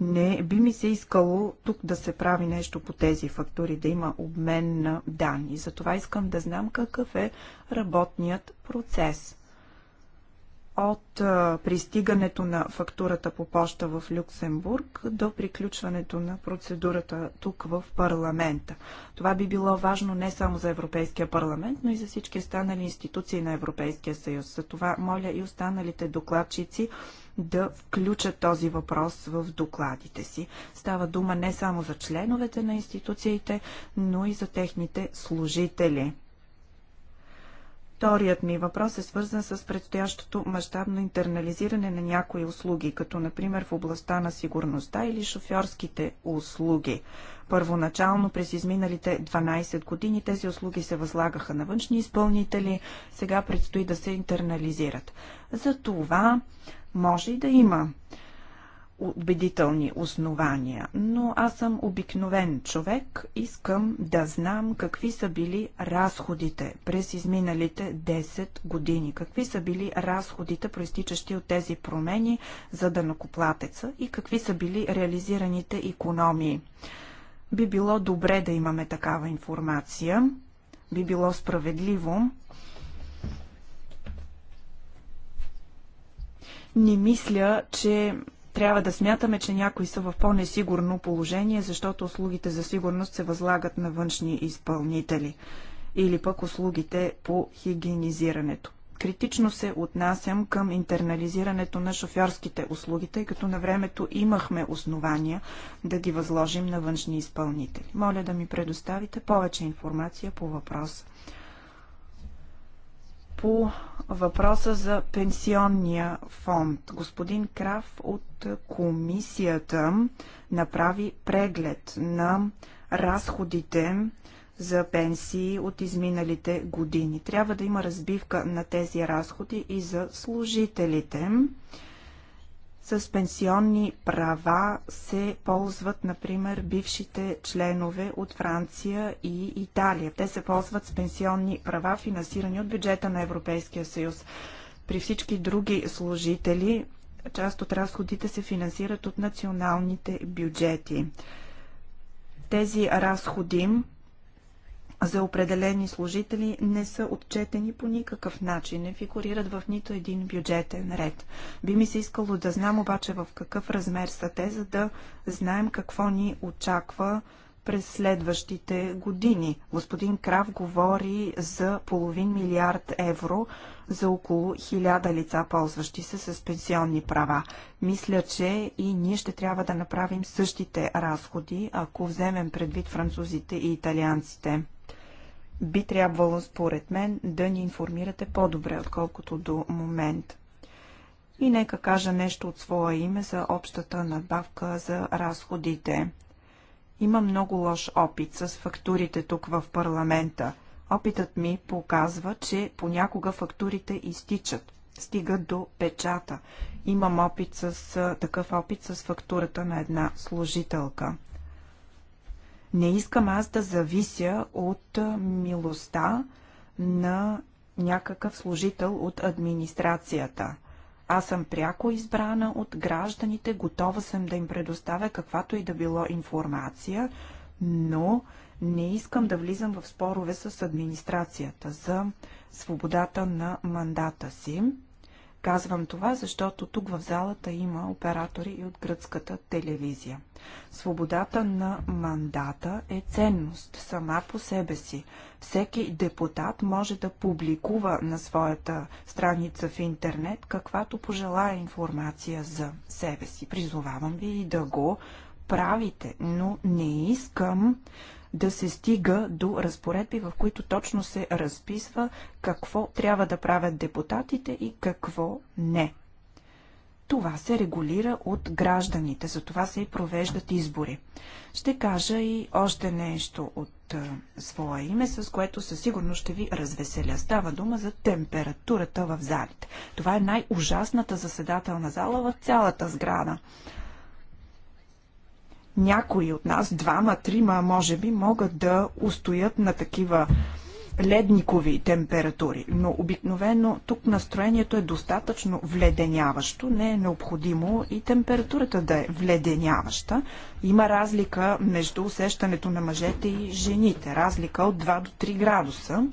Не би ми се искало тук да се прави нещо по тези фактури, да има обмен на данни. Затова искам да знам какъв е работният процес от пристигането на фактурата по почта в Люксембург до приключването на процедурата тук в парламента. Това би било важно не само за Европейския парламент, но и за всички останали институции на Европейския съюз. За това моля и останалите докладчици да включат този въпрос в докладите си. Става дума не само за членовете на институциите, но и за техните служители. Вторият ми въпрос е свързан с предстоящото мащабно интернализиране на някои услуги, като например в областта на сигурността или шофьорските услуги. Първоначално през изминалите 12 години тези услуги се възлагаха на външни изпълнители, сега предстои да се интернализират. За това може и да има убедителни основания, но аз съм обикновен човек. Искам да знам какви са били разходите през изминалите 10 години, какви са били разходите, проистичащи от тези промени за данокоплатеца и какви са били реализираните економии. Би било добре да имаме такава информация, би било справедливо. Не мисля, че трябва да смятаме, че някои са в по-несигурно положение, защото услугите за сигурност се възлагат на външни изпълнители или пък услугите по хигиенизирането. Критично се отнасям към интернализирането на шофьорските услуги, тъй като на времето имахме основания да ги възложим на външни изпълнители. Моля да ми предоставите повече информация по въпроса по въпроса за пенсионния фонд. Господин Крав от комисията направи преглед на разходите за пенсии от изминалите години. Трябва да има разбивка на тези разходи и за служителите. С пенсионни права се ползват, например, бившите членове от Франция и Италия. Те се ползват с пенсионни права, финансирани от бюджета на Европейския съюз. При всички други служители, част от разходите се финансират от националните бюджети. Тези разходи за определени служители не са отчетени по никакъв начин, не фигурират в нито един бюджетен ред. Би ми се искало да знам обаче в какъв размер са те, за да знаем какво ни очаква през следващите години. Господин Крав говори за половин милиард евро за около хиляда лица, ползващи се с пенсионни права. Мисля, че и ние ще трябва да направим същите разходи, ако вземем предвид французите и италианците би трябвало, според мен, да ни информирате по-добре, отколкото до момент. И нека кажа нещо от своя име за общата надбавка за разходите. Има много лош опит с фактурите тук в парламента. Опитът ми показва, че понякога фактурите изтичат, стигат до печата. Имам опит с, такъв опит с фактурата на една служителка. Не искам аз да завися от милостта на някакъв служител от администрацията. Аз съм пряко избрана от гражданите, готова съм да им предоставя каквато и да било информация, но не искам да влизам в спорове с администрацията за свободата на мандата си. Казвам това, защото тук в залата има оператори и от гръцката телевизия. Свободата на мандата е ценност сама по себе си. Всеки депутат може да публикува на своята страница в интернет каквато пожелая информация за себе си. Призовавам ви и да го правите, но не искам да се стига до разпоредби, в които точно се разписва какво трябва да правят депутатите и какво не. Това се регулира от гражданите, за това се и провеждат избори. Ще кажа и още нещо от е, своя име, с което със сигурност ще ви развеселя. Става дума за температурата в залите. Това е най-ужасната заседателна зала в цялата сграда. Някои от нас, двама, трима, може би, могат да устоят на такива ледникови температури, но обикновено тук настроението е достатъчно вледеняващо, не е необходимо и температурата да е вледеняваща. Има разлика между усещането на мъжете и жените, разлика от 2 до 3 градуса.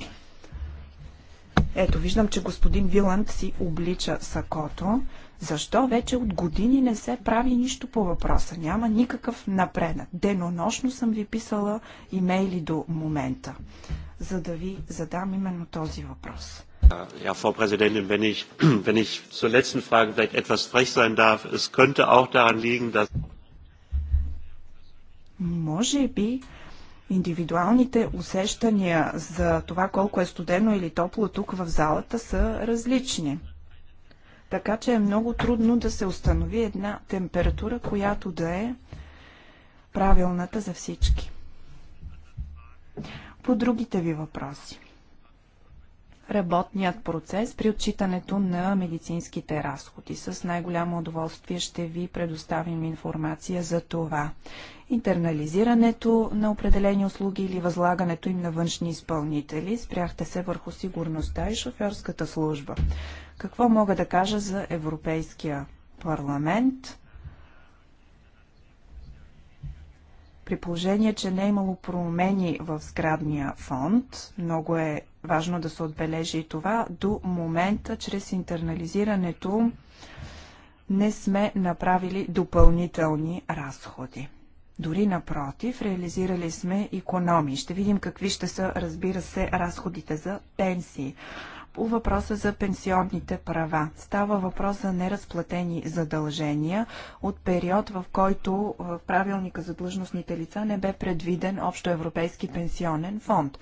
Ето, виждам, че господин Виланд си облича сакото. Защо вече от години не се прави нищо по въпроса? Няма никакъв напредък. Денонощно съм ви писала имейли до момента, за да ви задам именно този въпрос. Ja, Frau Präsidentin, wenn ich, (clears throat) wenn ich zur letzten Frage vielleicht etwas frech sein darf, es könnte auch daran liegen, dass... Може би индивидуалните усещания за това колко е студено или топло тук в залата са различни. Така че е много трудно да се установи една температура, която да е правилната за всички. По другите ви въпроси. Работният процес при отчитането на медицинските разходи. С най-голямо удоволствие ще ви предоставим информация за това. Интернализирането на определени услуги или възлагането им на външни изпълнители. Спряхте се върху сигурността и шофьорската служба. Какво мога да кажа за Европейския парламент? При положение, че не е имало промени в сградния фонд, много е важно да се отбележи и това, до момента, чрез интернализирането, не сме направили допълнителни разходи. Дори напротив, реализирали сме економии. Ще видим какви ще са, разбира се, разходите за пенсии по въпроса за пенсионните права. Става въпрос за неразплатени задължения от период, в който в правилника за длъжностните лица не бе предвиден общоевропейски пенсионен фонд.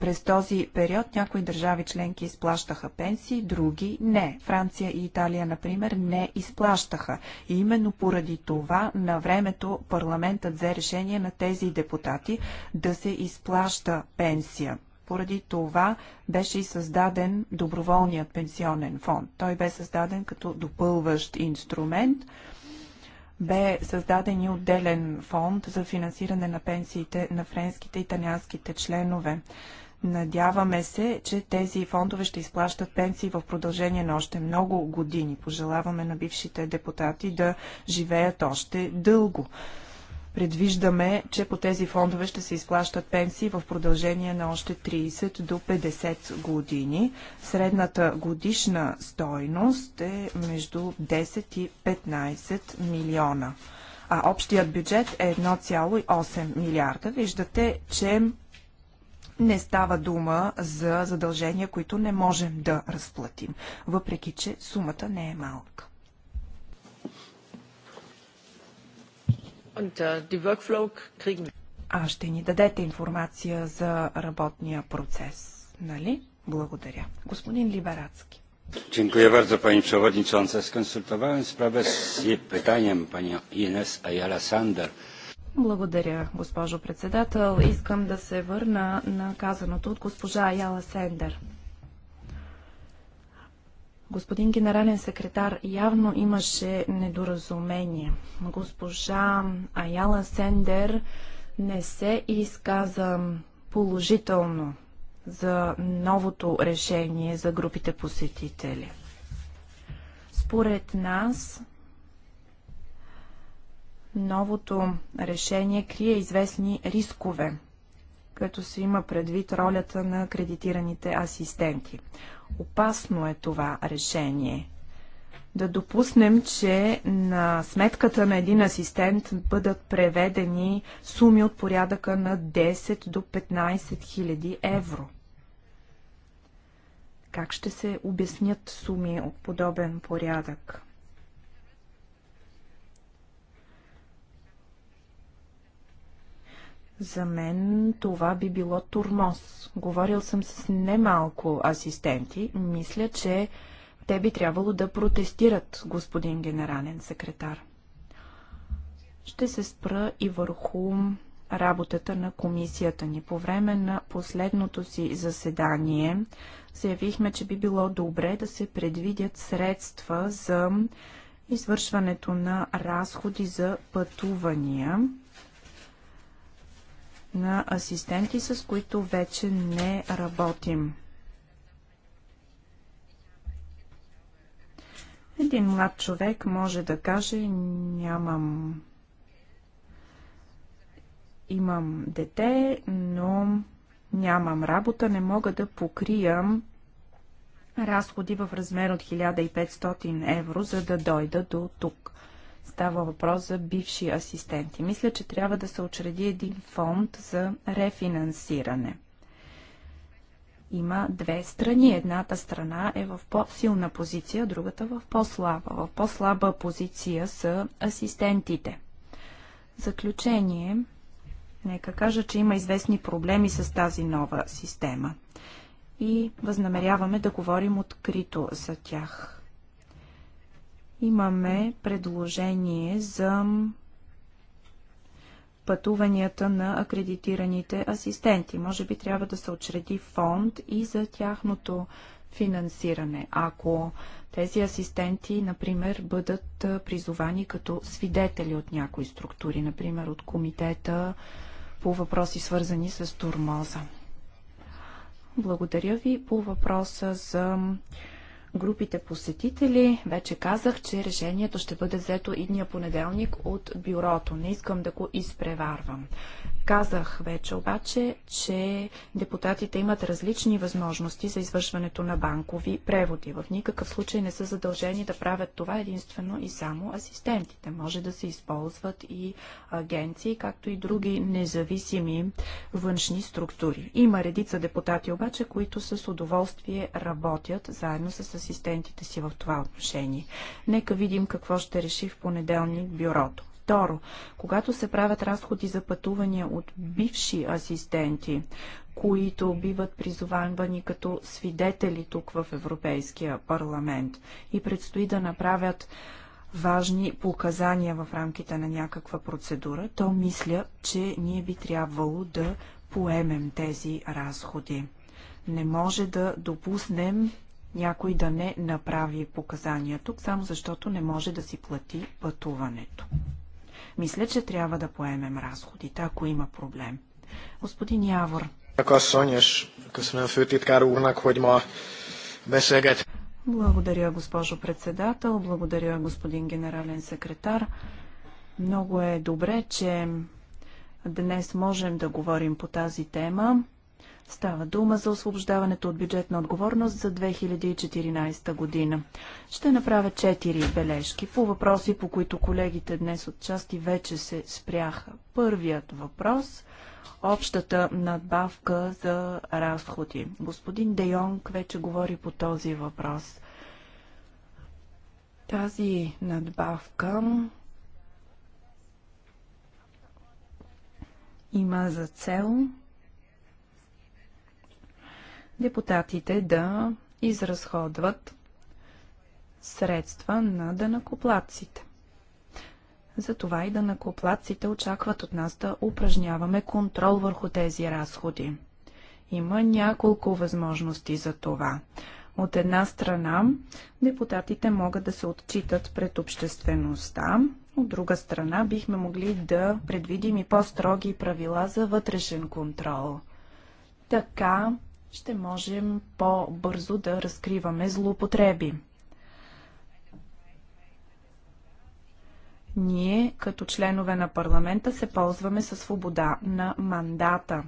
През този период някои държави членки изплащаха пенсии, други не. Франция и Италия, например, не изплащаха. И именно поради това на времето парламентът взе решение на тези депутати да се изплаща пенсия поради това беше и създаден доброволният пенсионен фонд. Той бе създаден като допълващ инструмент. Бе създаден и отделен фонд за финансиране на пенсиите на френските и италианските членове. Надяваме се, че тези фондове ще изплащат пенсии в продължение на още много години. Пожелаваме на бившите депутати да живеят още дълго. Предвиждаме, че по тези фондове ще се изплащат пенсии в продължение на още 30 до 50 години. Средната годишна стойност е между 10 и 15 милиона. А общият бюджет е 1,8 милиарда. Виждате, че не става дума за задължения, които не можем да разплатим, въпреки че сумата не е малка. Äh, а ще ни дадете информация за работния процес, нали? Благодаря. Господин Либарацки. Dziękuję bardzo Pani Przewodnicząca. Skonsultowałem sprawę z pytaniem Pani Ines Ayala Sander. Благодаря, госпожо председател. Искам да се върна на казаното от госпожа Аяла Сендер. Господин генерален секретар, явно имаше недоразумение. Госпожа Аяла Сендер не се изказа положително за новото решение за групите посетители. Според нас, новото решение крие известни рискове, като се има предвид ролята на кредитираните асистенти. Опасно е това решение. Да допуснем, че на сметката на един асистент бъдат преведени суми от порядъка на 10 до 15 хиляди евро. Как ще се обяснят суми от подобен порядък? За мен това би било турмоз. Говорил съм с немалко асистенти. Мисля, че те би трябвало да протестират, господин генерален секретар. Ще се спра и върху работата на комисията ни. По време на последното си заседание заявихме, че би било добре да се предвидят средства за извършването на разходи за пътувания на асистенти, с които вече не работим. Един млад човек може да каже, нямам, имам дете, но нямам работа, не мога да покриям разходи в размер от 1500 евро, за да дойда до тук. Става въпрос за бивши асистенти. Мисля, че трябва да се очреди един фонд за рефинансиране. Има две страни. Едната страна е в по-силна позиция, другата в по-слаба. В по-слаба позиция са асистентите. Заключение. Нека кажа, че има известни проблеми с тази нова система и възнамеряваме да говорим открито за тях. Имаме предложение за пътуванията на акредитираните асистенти. Може би трябва да се очреди фонд и за тяхното финансиране. Ако тези асистенти, например, бъдат призовани като свидетели от някои структури, например от комитета по въпроси свързани с турмоза. Благодаря ви по въпроса за групите посетители. Вече казах, че решението ще бъде взето идния понеделник от бюрото. Не искам да го изпреварвам. Казах вече обаче, че депутатите имат различни възможности за извършването на банкови преводи. В никакъв случай не са задължени да правят това единствено и само асистентите. Може да се използват и агенции, както и други независими външни структури. Има редица депутати обаче, които с удоволствие работят заедно с асистентите асистентите си в това отношение. Нека видим какво ще реши в понеделник бюрото. Второ, когато се правят разходи за пътувания от бивши асистенти, които биват призовани като свидетели тук в Европейския парламент и предстои да направят важни показания в рамките на някаква процедура, то мисля, че ние би трябвало да поемем тези разходи. Не може да допуснем някой да не направи показания тук, само защото не може да си плати пътуването. Мисля, че трябва да поемем разходите, ако има проблем. Господин Явор. Благодаря, госпожо председател. Благодаря, господин генерален секретар. Много е добре, че днес можем да говорим по тази тема. Става дума за освобождаването от бюджетна отговорност за 2014 година. Ще направя четири бележки по въпроси, по които колегите днес отчасти вече се спряха. Първият въпрос – общата надбавка за разходи. Господин Де Йонг вече говори по този въпрос. Тази надбавка има за цел депутатите да изразходват средства на данакоплатците. Затова и данакоплатците очакват от нас да упражняваме контрол върху тези разходи. Има няколко възможности за това. От една страна, депутатите могат да се отчитат пред обществеността, от друга страна, бихме могли да предвидим и по-строги правила за вътрешен контрол. Така ще можем по-бързо да разкриваме злоупотреби. Ние, като членове на парламента, се ползваме със свобода на мандата,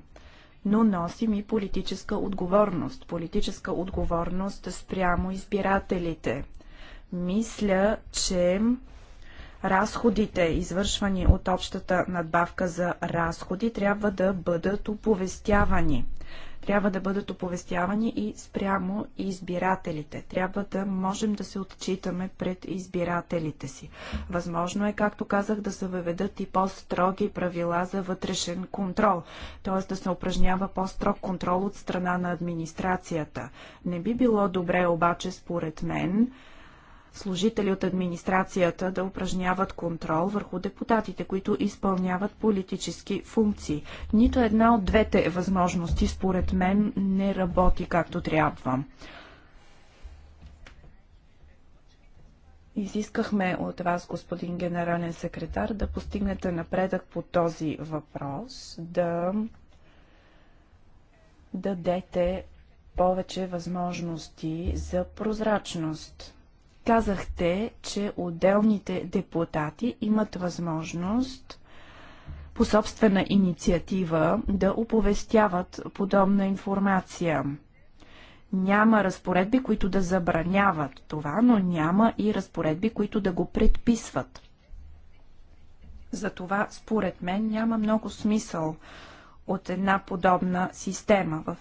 но носим и политическа отговорност. Политическа отговорност спрямо избирателите. Мисля, че разходите, извършвани от общата надбавка за разходи, трябва да бъдат оповестявани трябва да бъдат оповестявани и спрямо избирателите. Трябва да можем да се отчитаме пред избирателите си. Възможно е, както казах, да се въведат и по-строги правила за вътрешен контрол, т.е. да се упражнява по-строг контрол от страна на администрацията. Не би било добре обаче, според мен, служители от администрацията да упражняват контрол върху депутатите, които изпълняват политически функции. Нито една от двете възможности, според мен, не работи както трябва. Изискахме от вас, господин генерален секретар, да постигнете напредък по този въпрос, да дадете повече възможности за прозрачност. Казахте, че отделните депутати имат възможност по собствена инициатива да оповестяват подобна информация. Няма разпоредби, които да забраняват това, но няма и разпоредби, които да го предписват. Затова, според мен, няма много смисъл от една подобна система. В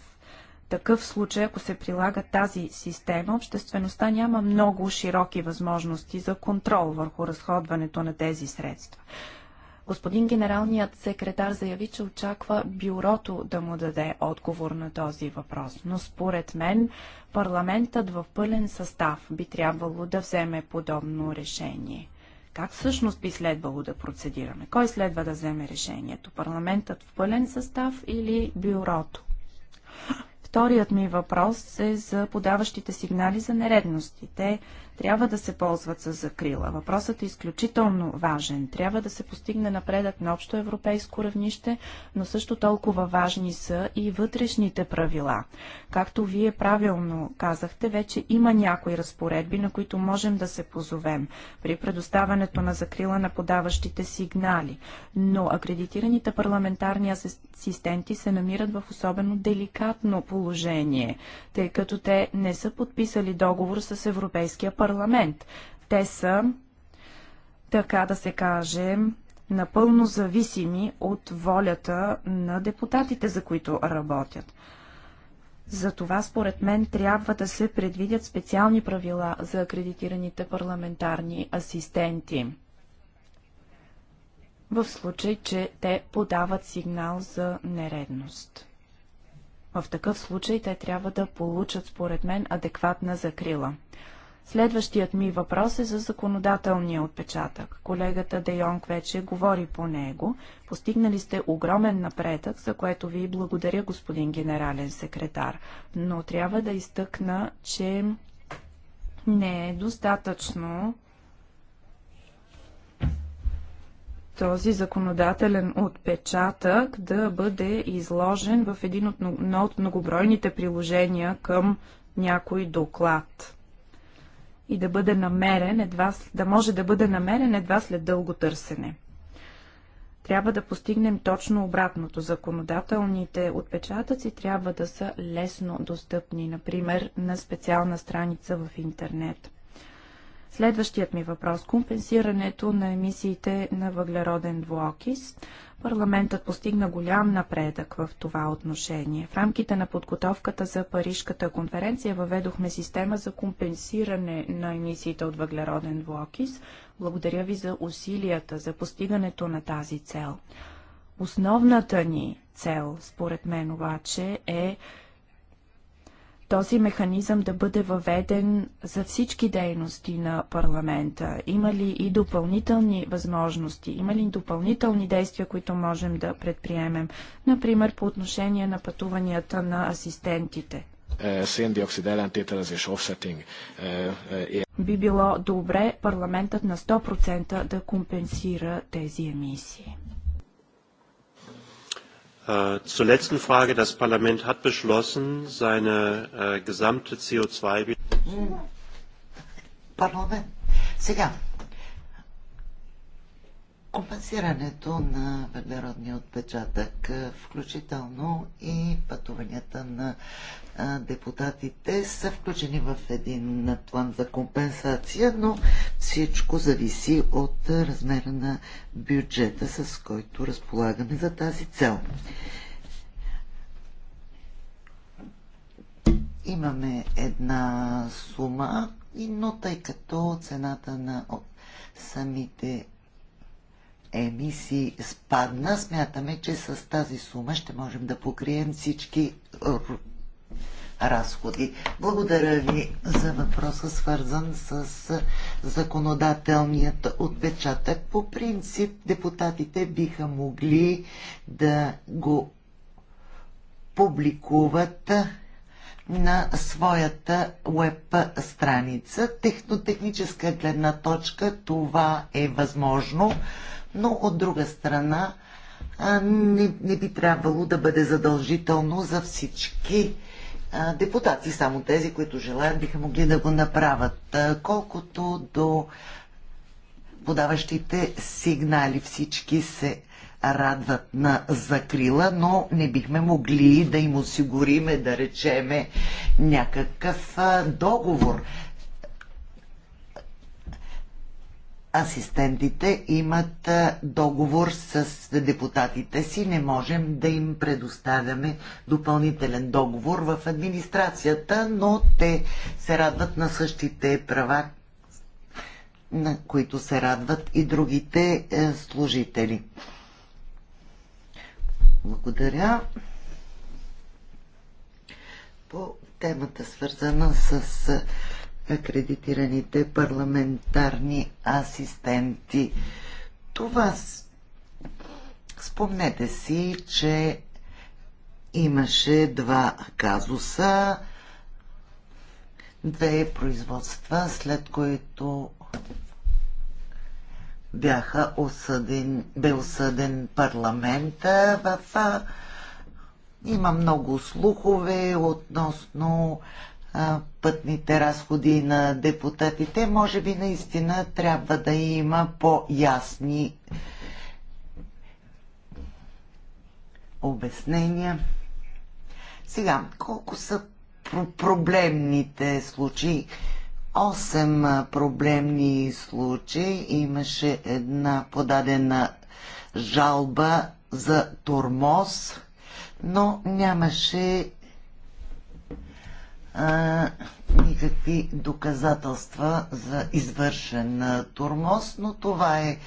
такъв случай, ако се прилага тази система, обществеността няма много широки възможности за контрол върху разходването на тези средства. Господин генералният секретар заяви, че очаква бюрото да му даде отговор на този въпрос. Но според мен парламентът в пълен състав би трябвало да вземе подобно решение. Как всъщност би следвало да процедираме? Кой следва да вземе решението? Парламентът в пълен състав или бюрото? Вторият ми въпрос е за подаващите сигнали за нередности. Те трябва да се ползват с закрила. Въпросът е изключително важен. Трябва да се постигне напредък на общо европейско равнище, но също толкова важни са и вътрешните правила. Както вие правилно казахте, вече има някои разпоредби, на които можем да се позовем при предоставянето на закрила на подаващите сигнали. Но акредитираните парламентарни асистенти се намират в особено деликатно положение, тъй като те не са подписали договор с Европейския парламент парламент. Те са, така да се каже, напълно зависими от волята на депутатите, за които работят. Затова, според мен, трябва да се предвидят специални правила за акредитираните парламентарни асистенти. В случай, че те подават сигнал за нередност. В такъв случай те трябва да получат, според мен, адекватна закрила. Следващият ми въпрос е за законодателния отпечатък. Колегата Де Йонг вече говори по него. Постигнали сте огромен напредък, за което ви благодаря, господин генерален секретар. Но трябва да изтъкна, че не е достатъчно този законодателен отпечатък да бъде изложен в един от, от многобройните приложения към някой доклад и да бъде намерен едва, да може да бъде намерен едва след дълго търсене. Трябва да постигнем точно обратното. Законодателните отпечатъци трябва да са лесно достъпни, например на специална страница в интернет. Следващият ми въпрос – компенсирането на емисиите на въглероден двуокис. Парламентът постигна голям напредък в това отношение. В рамките на подготовката за Парижката конференция въведохме система за компенсиране на емисиите от въглероден двуокис. Благодаря ви за усилията за постигането на тази цел. Основната ни цел, според мен обаче, е този механизъм да бъде въведен за всички дейности на парламента? Има ли и допълнителни възможности? Има ли допълнителни действия, които можем да предприемем? Например, по отношение на пътуванията на асистентите. Е, е, е, Би било добре парламентът на 100% да компенсира тези емисии. Äh, zur letzten Frage. Das Parlament hat beschlossen, seine äh, gesamte CO2... Парламент. Сега, компенсирането на въглеродния отпечатък, включително и пътуванията на депутатите са включени в един план за компенсация, но всичко зависи от размера на бюджета, с който разполагаме за тази цел. Имаме една сума, но тъй като цената на самите емисии спадна, смятаме, че с тази сума ще можем да покрием всички разходи. Благодаря ви за въпроса, свързан с законодателният отпечатък. По принцип, депутатите биха могли да го публикуват на своята веб страница. Технотехническа гледна точка това е възможно, но от друга страна не, не би трябвало да бъде задължително за всички депутати. Само тези, които желаят, биха могли да го направят. Колкото до подаващите сигнали, всички се радват на закрила, но не бихме могли да им осигуриме, да речеме, някакъв договор. асистентите имат договор с депутатите си. Не можем да им предоставяме допълнителен договор в администрацията, но те се радват на същите права, на които се радват и другите е, служители. Благодаря. По темата свързана с акредитираните парламентарни асистенти. Това спомнете си, че имаше два казуса, две производства, след които бяха осъден, бе осъден парламента в има много слухове относно пътните разходи на депутатите, може би наистина трябва да има по-ясни обяснения. Сега, колко са проблемните случаи? Осем проблемни случаи имаше една подадена жалба за тормоз, но нямаше а, никакви доказателства за извършен турмоз, но това е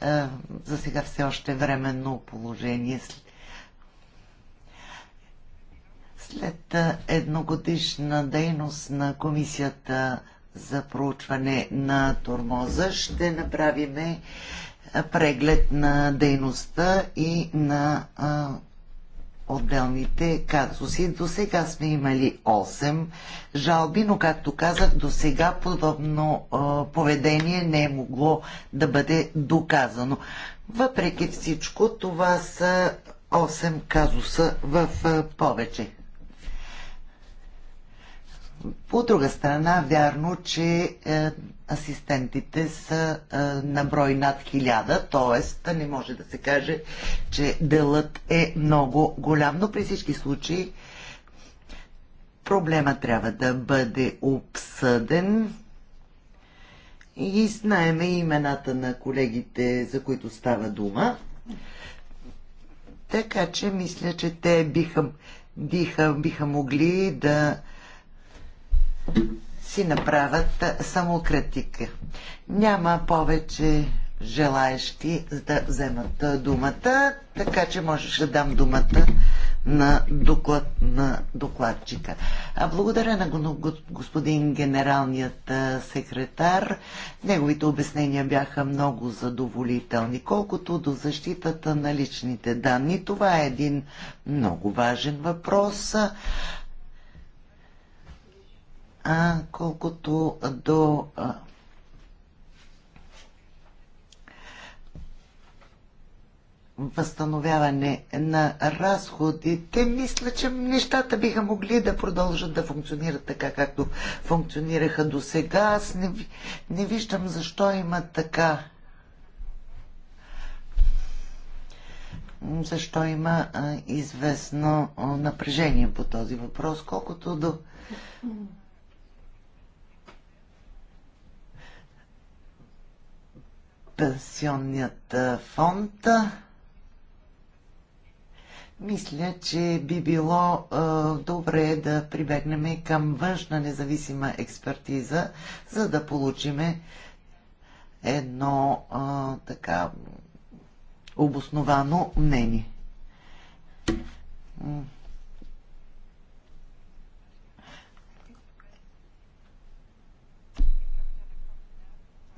а, за сега все още временно положение. След едногодишна дейност на комисията за проучване на турмоза ще направиме преглед на дейността и на а, отделните казуси. До сега сме имали 8 жалби, но както казах, до сега подобно поведение не е могло да бъде доказано. Въпреки всичко, това са 8 казуса в повече. От друга страна, вярно, че е, асистентите са е, на брой над хиляда, т.е. не може да се каже, че делът е много голям, но при всички случаи проблема трябва да бъде обсъден и знаеме имената на колегите, за които става дума. Така че мисля, че те биха, биха, биха могли да си направят самокритика. Няма повече желаещи да вземат думата, така че можеш да дам думата на, доклад, на докладчика. А благодаря на господин генералният секретар. Неговите обяснения бяха много задоволителни. Колкото до защитата на личните данни, това е един много важен въпрос. А колкото до а, възстановяване на разходите, мисля, че нещата биха могли да продължат да функционират така, както функционираха до сега. Аз не, не виждам защо има така. Защо има а, известно напрежение по този въпрос, колкото до пенсионният фонд. Мисля, че би било е, добре да прибегнем към външна независима експертиза, за да получим едно е, така обосновано мнение.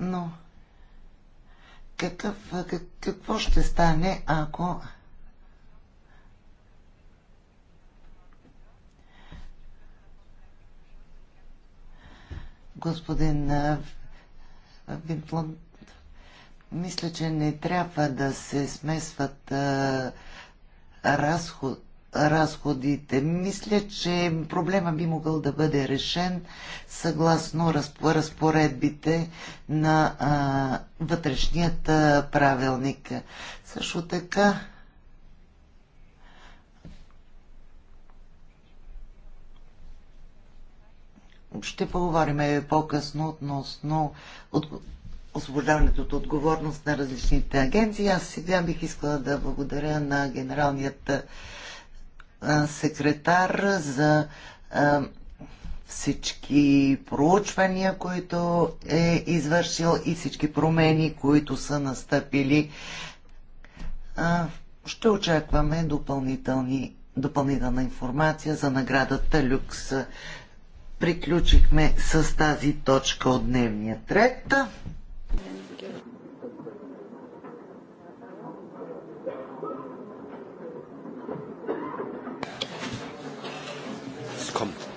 Но. No какъв, как, какво ще стане, ако господин Винпланд, мисля, че не трябва да се смесват разход, разходите. Мисля, че проблема би могъл да бъде решен съгласно разпоредбите на а, вътрешният правилник. Също така ще поговорим по-късно относно от, освобождаването от отговорност на различните агенции. Аз сега бих искала да благодаря на генералният секретар за всички проучвания, които е извършил и всички промени, които са настъпили. Ще очакваме допълнителни, допълнителна информация за наградата Люкс. Приключихме с тази точка от дневния трет. kommt.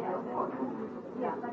Yeah, but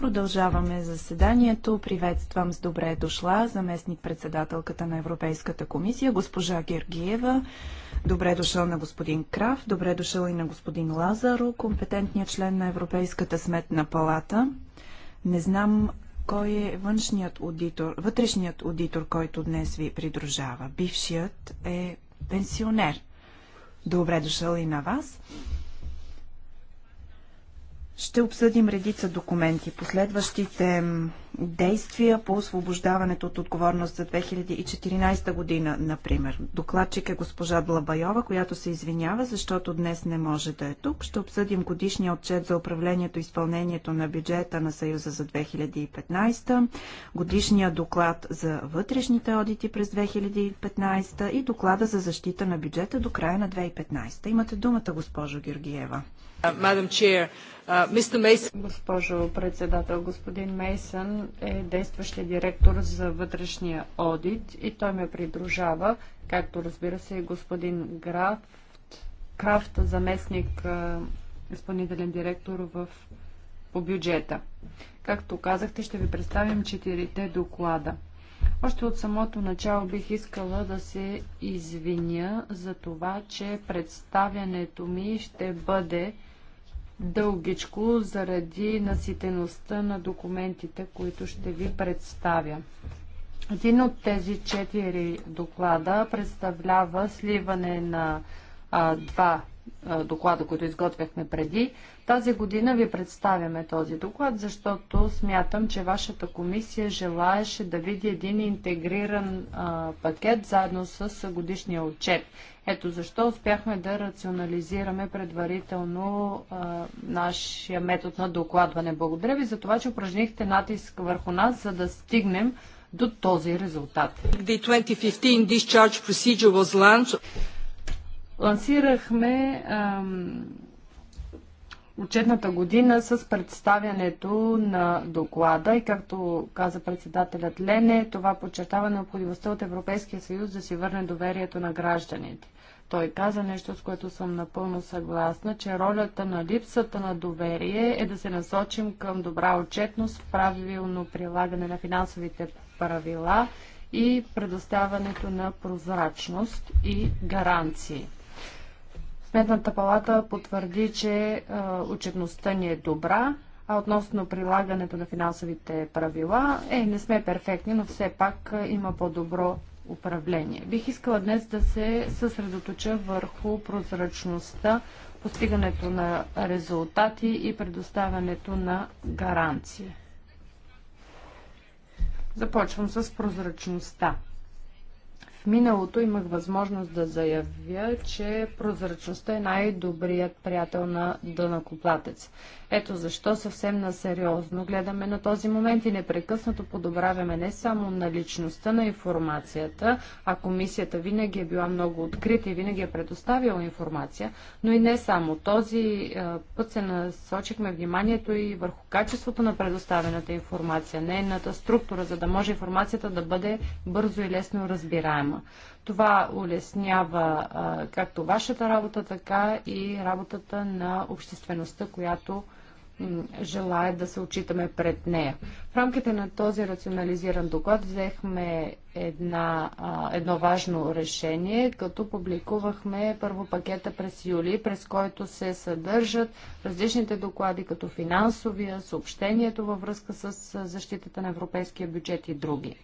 Продължаваме заседанието. Приветствам с добре дошла заместник председателката на Европейската комисия, госпожа Гергиева. Добре дошъл на господин Крав, добре дошъл и на господин Лазаро, компетентният член на Европейската сметна палата. Не знам кой е външният аудитор, вътрешният аудитор, който днес ви придружава. Бившият е пенсионер. Добре дошъл и на вас. Ще обсъдим редица документи. Последващите действия по освобождаването от отговорност за 2014 година, например. Докладчик е госпожа Длабайова, която се извинява, защото днес не може да е тук. Ще обсъдим годишния отчет за управлението и изпълнението на бюджета на Съюза за 2015, годишния доклад за вътрешните одити през 2015 и доклада за защита на бюджета до края на 2015. Имате думата, госпожо Георгиева. Uh, uh, Госпожо председател, господин Мейсън е действащия директор за вътрешния одит и той ме придружава, както разбира се и господин Граф, Крафт, заместник изпълнителен директор в, по бюджета. Както казахте, ще ви представим четирите доклада. Още от самото начало бих искала да се извиня за това, че представянето ми ще бъде дългичко заради наситеността на документите, които ще ви представя. Един от тези четири доклада представлява сливане на а, два доклада, който изготвяхме преди. Тази година ви представяме този доклад, защото смятам, че вашата комисия желаеше да види един интегриран а, пакет заедно с годишния отчет. Ето защо успяхме да рационализираме предварително а, нашия метод на докладване. Благодаря ви за това, че упражнихте натиск върху нас, за да стигнем до този резултат. Лансирахме ам, отчетната година с представянето на доклада и както каза председателят Лене, това подчертава необходимостта от Европейския съюз да си върне доверието на гражданите. Той каза нещо, с което съм напълно съгласна, че ролята на липсата на доверие е да се насочим към добра отчетност, правилно прилагане на финансовите правила и предоставянето на прозрачност и гаранции. Сметната палата потвърди, че отчетността ни е добра, а относно прилагането на финансовите правила, е, не сме перфектни, но все пак има по-добро управление. Бих искала днес да се съсредоточа върху прозрачността, постигането на резултати и предоставянето на гаранции. Започвам с прозрачността миналото имах възможност да заявя, че прозрачността е най-добрият приятел на дънакоплатец. Ето защо съвсем насериозно гледаме на този момент и непрекъснато подобравяме не само наличността на информацията, а комисията винаги е била много открита и винаги е предоставила информация, но и не само. Този е, път се насочихме вниманието и върху качеството на предоставената информация, нейната структура, за да може информацията да бъде бързо и лесно разбираема. Това улеснява както вашата работа, така и работата на обществеността, която желая да се очитаме пред нея. В рамките на този рационализиран доклад взехме една, едно важно решение, като публикувахме първо пакета през юли, през който се съдържат различните доклади, като финансовия, съобщението във връзка с защитата на европейския бюджет и други.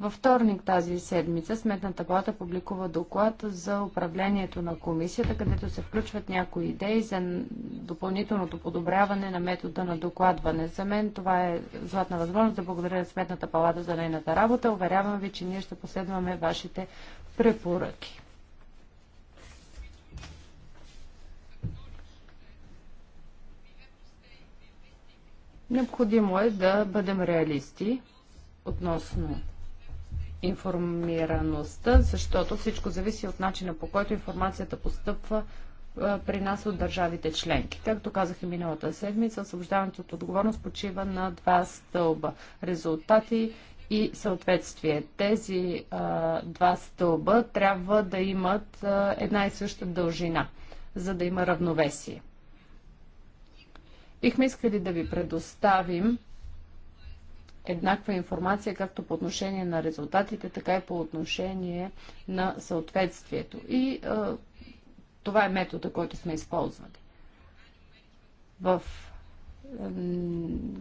Във вторник тази седмица Сметната палата публикува доклад за управлението на комисията, където се включват някои идеи за допълнителното подобряване на метода на докладване. За мен това е златна възможност да благодаря на Сметната палата за нейната работа. Уверявам ви, че ние ще последваме вашите препоръки. Необходимо е да бъдем реалисти относно информираността, защото всичко зависи от начина по който информацията постъпва при нас от държавите членки. Както казах и миналата седмица, освобождаването от отговорност почива на два стълба резултати и съответствие. Тези а, два стълба трябва да имат а, една и съща дължина, за да има равновесие. Бихме искали да ви предоставим еднаква информация както по отношение на резултатите, така и по отношение на съответствието. И а, това е метода, който сме използвали. В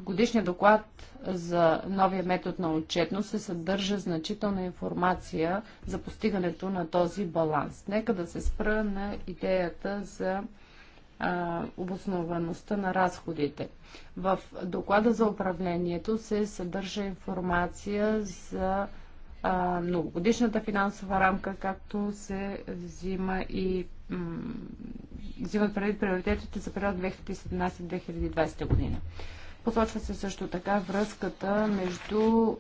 годишния доклад за новия метод на отчетност се съдържа значителна информация за постигането на този баланс. Нека да се спра на идеята за обосноваността на разходите. В доклада за управлението се съдържа информация за многогодишната финансова рамка, както се взима и взимат преди приоритетите за период 2017-2020 година. Посочва се също така връзката между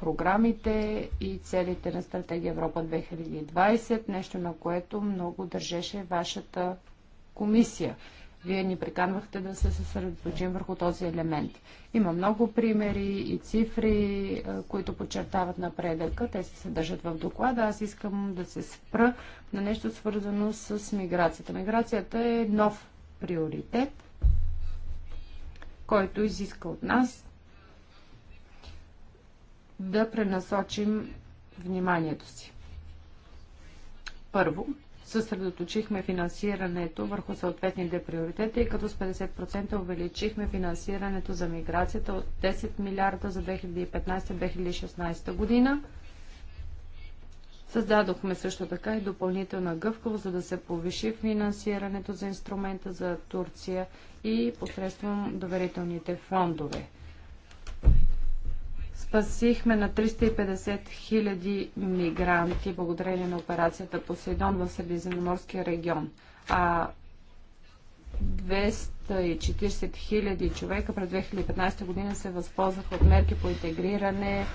програмите и целите на стратегия Европа 2020, нещо на което много държеше вашата комисия. Вие ни приканвахте да се съсредоточим върху този елемент. Има много примери и цифри, е, които подчертават напредъка. Те се съдържат в доклада. Аз искам да се спра на нещо свързано с миграцията. Миграцията е нов приоритет, който изиска от нас да пренасочим вниманието си. Първо, съсредоточихме финансирането върху съответните приоритети и като с 50% увеличихме финансирането за миграцията от 10 милиарда за 2015-2016 година. Създадохме също така и допълнителна гъвкавост, за да се повиши финансирането за инструмента за Турция и посредством доверителните фондове. Спасихме на 350 хиляди мигранти благодарение на операцията Посейдон в Средиземноморския регион. А 240 хиляди човека през 2015 година се възползваха от мерки по интегриране,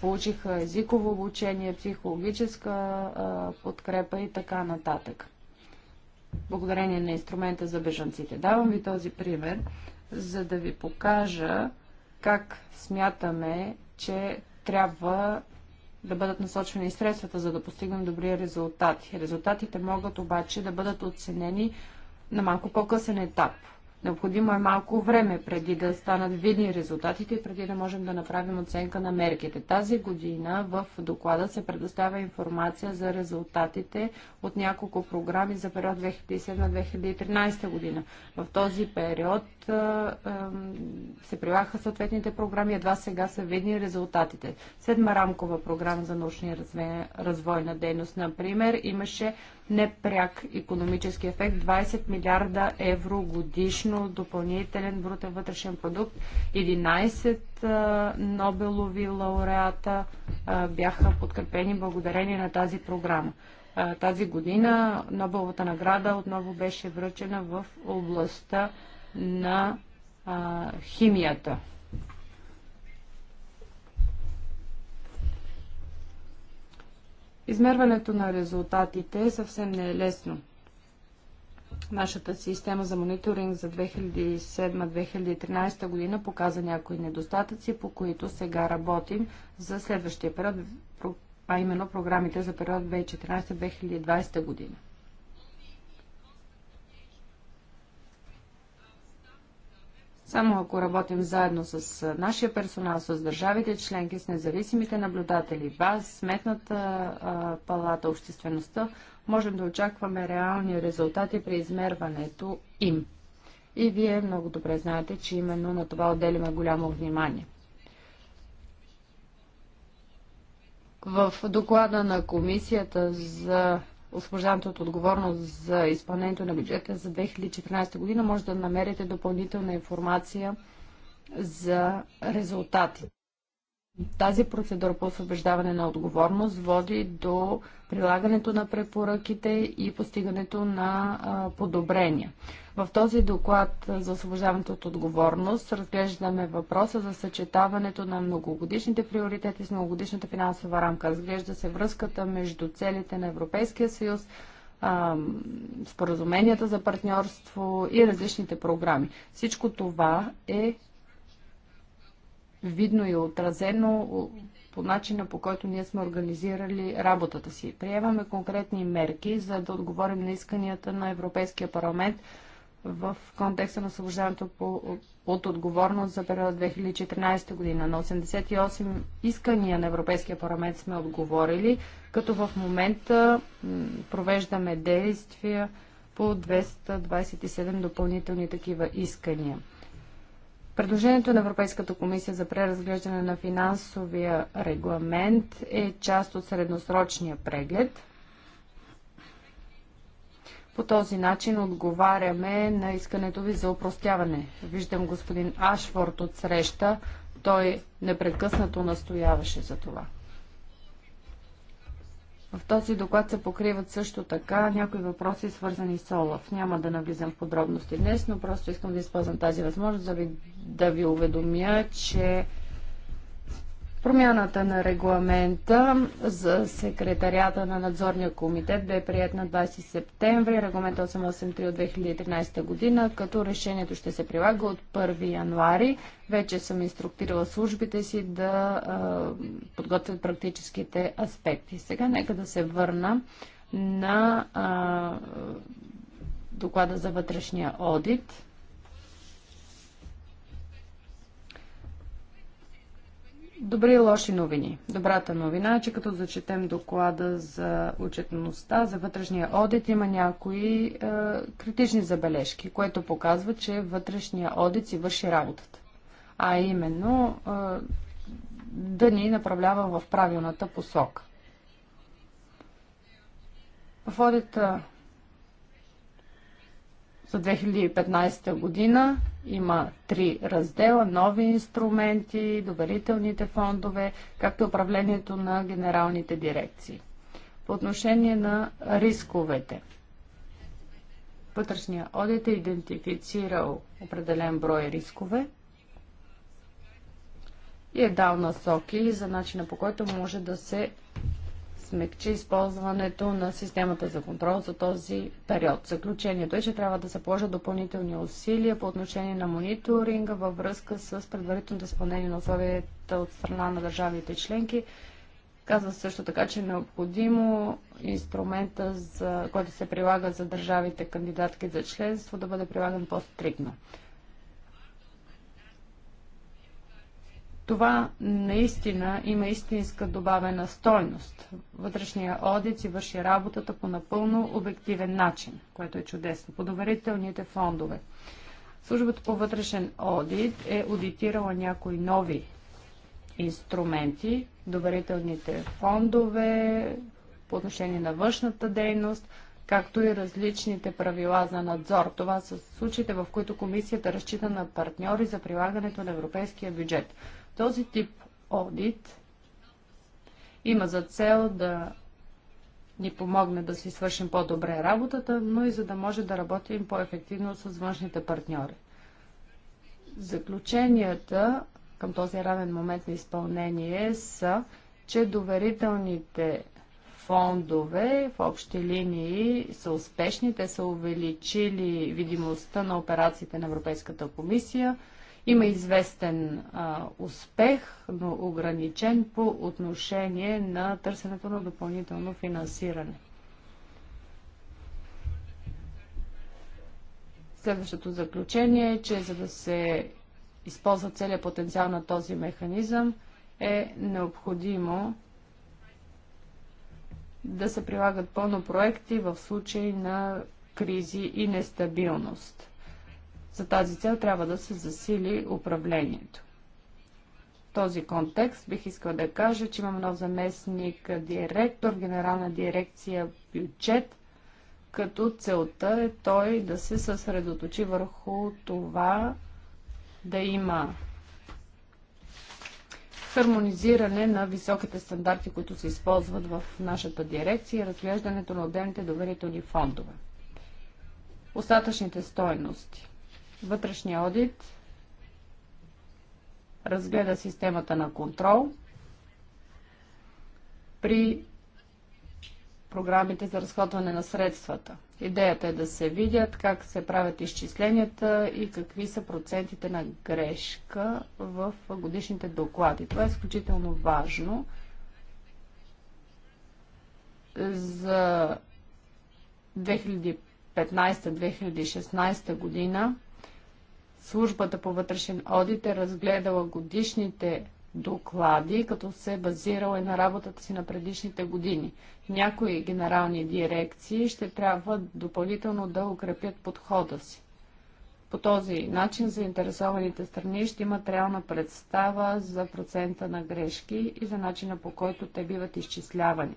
получиха езиково обучение, психологическа подкрепа и така нататък. Благодарение на инструмента за бежанците. Давам ви този пример, за да ви покажа, как смятаме, че трябва да бъдат насочвани средствата, за да постигнем добри резултати. Резултатите могат обаче да бъдат оценени на малко по-късен етап – Необходимо е малко време преди да станат видни резултатите и преди да можем да направим оценка на мерките. Тази година в доклада се предоставя информация за резултатите от няколко програми за период 2007-2013 година. В този период се прилагаха съответните програми, едва сега са видни резултатите. Седма рамкова програма за научния развой на дейност, например, имаше непряк економически ефект 20 милиарда евро годишно, допълнителен брутен вътрешен продукт, 11 Нобелови лауреата бяха подкрепени благодарение на тази програма. Тази година Нобеловата награда отново беше връчена в областта на химията. Измерването на резултатите е съвсем не е лесно. Нашата система за мониторинг за 2007-2013 година показа някои недостатъци, по които сега работим за следващия период, а именно програмите за период 2014-2020 година. Само ако работим заедно с нашия персонал, с държавите членки, с независимите наблюдатели, вас, сметната палата, обществеността, можем да очакваме реални резултати при измерването им. И вие много добре знаете, че именно на това отделяме голямо внимание. В доклада на комисията за освобождането от отговорност за изпълнението на бюджета за 2014 година, може да намерите допълнителна информация за резултати. Тази процедура по освобождаване на отговорност води до прилагането на препоръките и постигането на подобрения. В този доклад за освобождаването от отговорност разглеждаме въпроса за съчетаването на многогодишните приоритети с многогодишната финансова рамка. Разглежда се връзката между целите на Европейския съюз, споразуменията за партньорство и различните програми. Всичко това е видно и отразено по начина по който ние сме организирали работата си. Приемаме конкретни мерки, за да отговорим на исканията на Европейския парламент в контекста на освобождаването по, от отговорност за период 2014 година. На 88 искания на Европейския парламент сме отговорили, като в момента провеждаме действия по 227 допълнителни такива искания. Предложението на Европейската комисия за преразглеждане на финансовия регламент е част от средносрочния преглед – по този начин отговаряме на искането ви за упростяване. Виждам господин Ашфорд от среща. Той непрекъснато настояваше за това. В този доклад се покриват също така някои въпроси, свързани с ОЛАФ. Няма да навлизам в подробности днес, но просто искам да използвам тази възможност да ви, да ви уведомя, че Промяната на регламента за секретарията на надзорния комитет бе прият на 20 септември, регламент 883 от 2013 година, като решението ще се прилага от 1 януари. Вече съм инструктирала службите си да а, подготвят практическите аспекти. Сега нека да се върна на а, доклада за вътрешния одит. Добри и лоши новини. Добрата новина е, че като зачетем доклада за отчетността, за вътрешния одит, има някои е, критични забележки, което показва, че вътрешния одит си върши работата. А именно е, да ни направлява в правилната посока. В одита за 2015 година има три раздела, нови инструменти, доверителните фондове, както управлението на генералните дирекции. По отношение на рисковете. Вътрешния одит е идентифицирал определен брой рискове и е дал насоки за начина по който може да се смекчи използването на системата за контрол за този период. Заключението е, че трябва да се положат допълнителни усилия по отношение на мониторинга във връзка с предварителното изпълнение на условията от страна на държавите членки. Казва също така, че е необходимо инструмента, за, който се прилага за държавите кандидатки за членство, да бъде прилаган по-стрикно. Това наистина има истинска добавена стойност. Вътрешния одит си върши работата по напълно обективен начин, което е чудесно. По доверителните фондове. Службата по вътрешен одит е аудитирала някои нови инструменти, доверителните фондове по отношение на външната дейност, както и различните правила за надзор. Това са случаите, в които комисията разчита на партньори за прилагането на европейския бюджет. Този тип одит има за цел да ни помогне да си свършим по-добре работата, но и за да може да работим по-ефективно с външните партньори. Заключенията към този равен момент на изпълнение са, че доверителните фондове в общи линии са успешни. Те са увеличили видимостта на операциите на Европейската комисия – има известен а, успех, но ограничен по отношение на търсенето на допълнително финансиране. Следващото заключение е, че за да се използва целият потенциал на този механизъм, е необходимо да се прилагат пълно проекти в случай на кризи и нестабилност. За тази цел трябва да се засили управлението. В този контекст бих искал да кажа, че имам нов заместник директор, генерална дирекция бюджет, като целта е той да се съсредоточи върху това да има хармонизиране на високите стандарти, които се използват в нашата дирекция и разглеждането на отделните доверителни фондове. Остатъчните стойности. Вътрешния одит разгледа системата на контрол при програмите за разходване на средствата. Идеята е да се видят как се правят изчисленията и какви са процентите на грешка в годишните доклади. Това е изключително важно за 2015-2016 година Службата по вътрешен одит е разгледала годишните доклади, като се базирала и на работата си на предишните години. Някои генерални дирекции ще трябва допълнително да укрепят подхода си. По този начин заинтересованите страни ще имат реална представа за процента на грешки и за начина по който те биват изчислявани.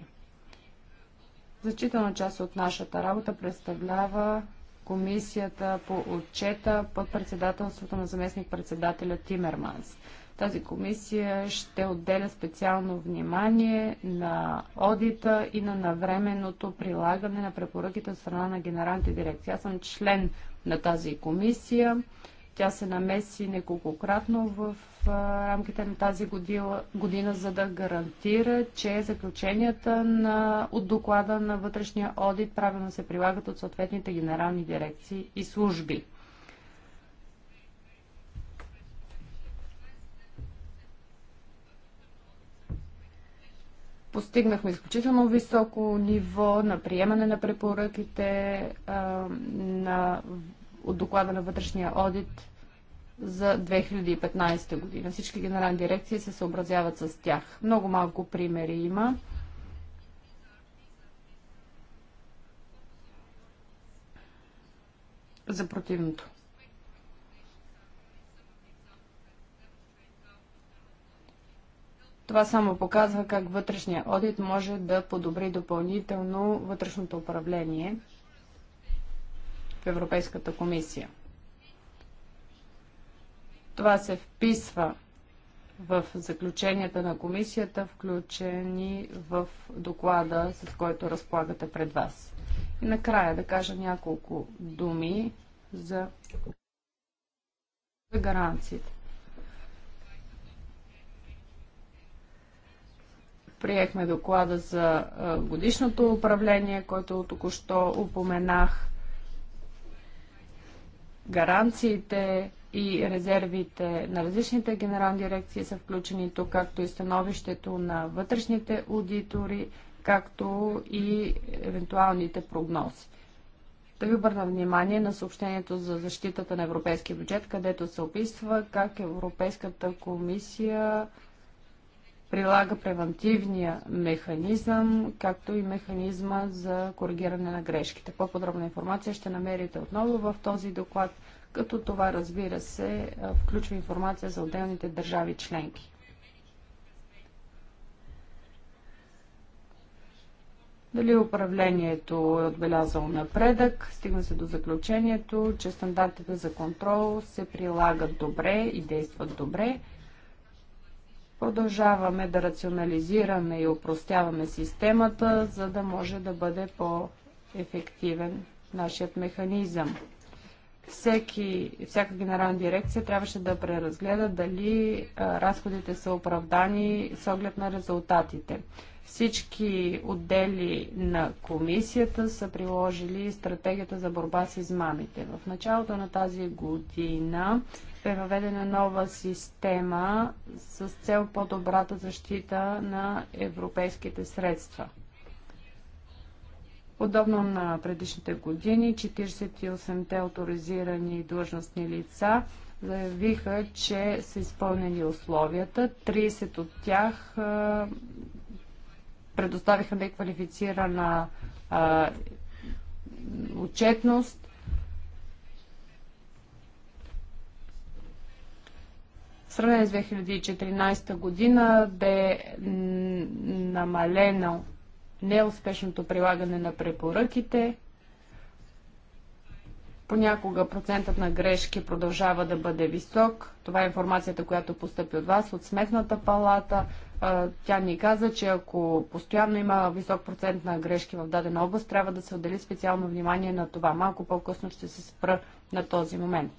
Значителна част от нашата работа представлява комисията по отчета под председателството на заместник председателя Тимерманс. Тази комисия ще отделя специално внимание на одита и на навременното прилагане на препоръките от страна на генералните дирекции. Аз съм член на тази комисия. Тя се намеси неколкократно в рамките на тази година, година, за да гарантира, че заключенията на, от доклада на вътрешния одит правилно се прилагат от съответните генерални дирекции и служби. Постигнахме изключително високо ниво на приемане на препоръките, на от доклада на вътрешния одит за 2015 година. Всички генерални дирекции се съобразяват с тях. Много малко примери има. За противното. Това само показва как вътрешния одит може да подобри допълнително вътрешното управление – в Европейската комисия. Това се вписва в заключенията на комисията, включени в доклада, с който разполагате пред вас. И накрая да кажа няколко думи за гаранциите. Приехме доклада за годишното управление, който току-що упоменах гаранциите и резервите на различните генерални дирекции са включени тук, както и становището на вътрешните аудитори, както и евентуалните прогнози. Да ви обърна внимание на съобщението за защитата на европейския бюджет, където се описва как Европейската комисия прилага превентивния механизъм, както и механизма за коригиране на грешките. По-подробна информация ще намерите отново в този доклад, като това, разбира се, включва информация за отделните държави членки. Дали управлението е отбелязало напредък? Стигна се до заключението, че стандартите за контрол се прилагат добре и действат добре. Продължаваме да рационализираме и упростяваме системата, за да може да бъде по-ефективен нашият механизъм. Всеки, всяка генерална дирекция трябваше да преразгледа дали а, разходите са оправдани с оглед на резултатите. Всички отдели на комисията са приложили стратегията за борба с измамите. В началото на тази година е въведена нова система с цел по-добрата защита на европейските средства. Подобно на предишните години, 48-те авторизирани длъжностни лица заявиха, че са изпълнени условията. 30 от тях предоставиха неквалифицирана отчетност сравнение с 2014 година бе намалено неуспешното прилагане на препоръките. Понякога процентът на грешки продължава да бъде висок. Това е информацията, която постъпи от вас, от Сметната палата. Тя ни каза, че ако постоянно има висок процент на грешки в дадена област, трябва да се отдели специално внимание на това. Малко по-късно ще се спра на този момент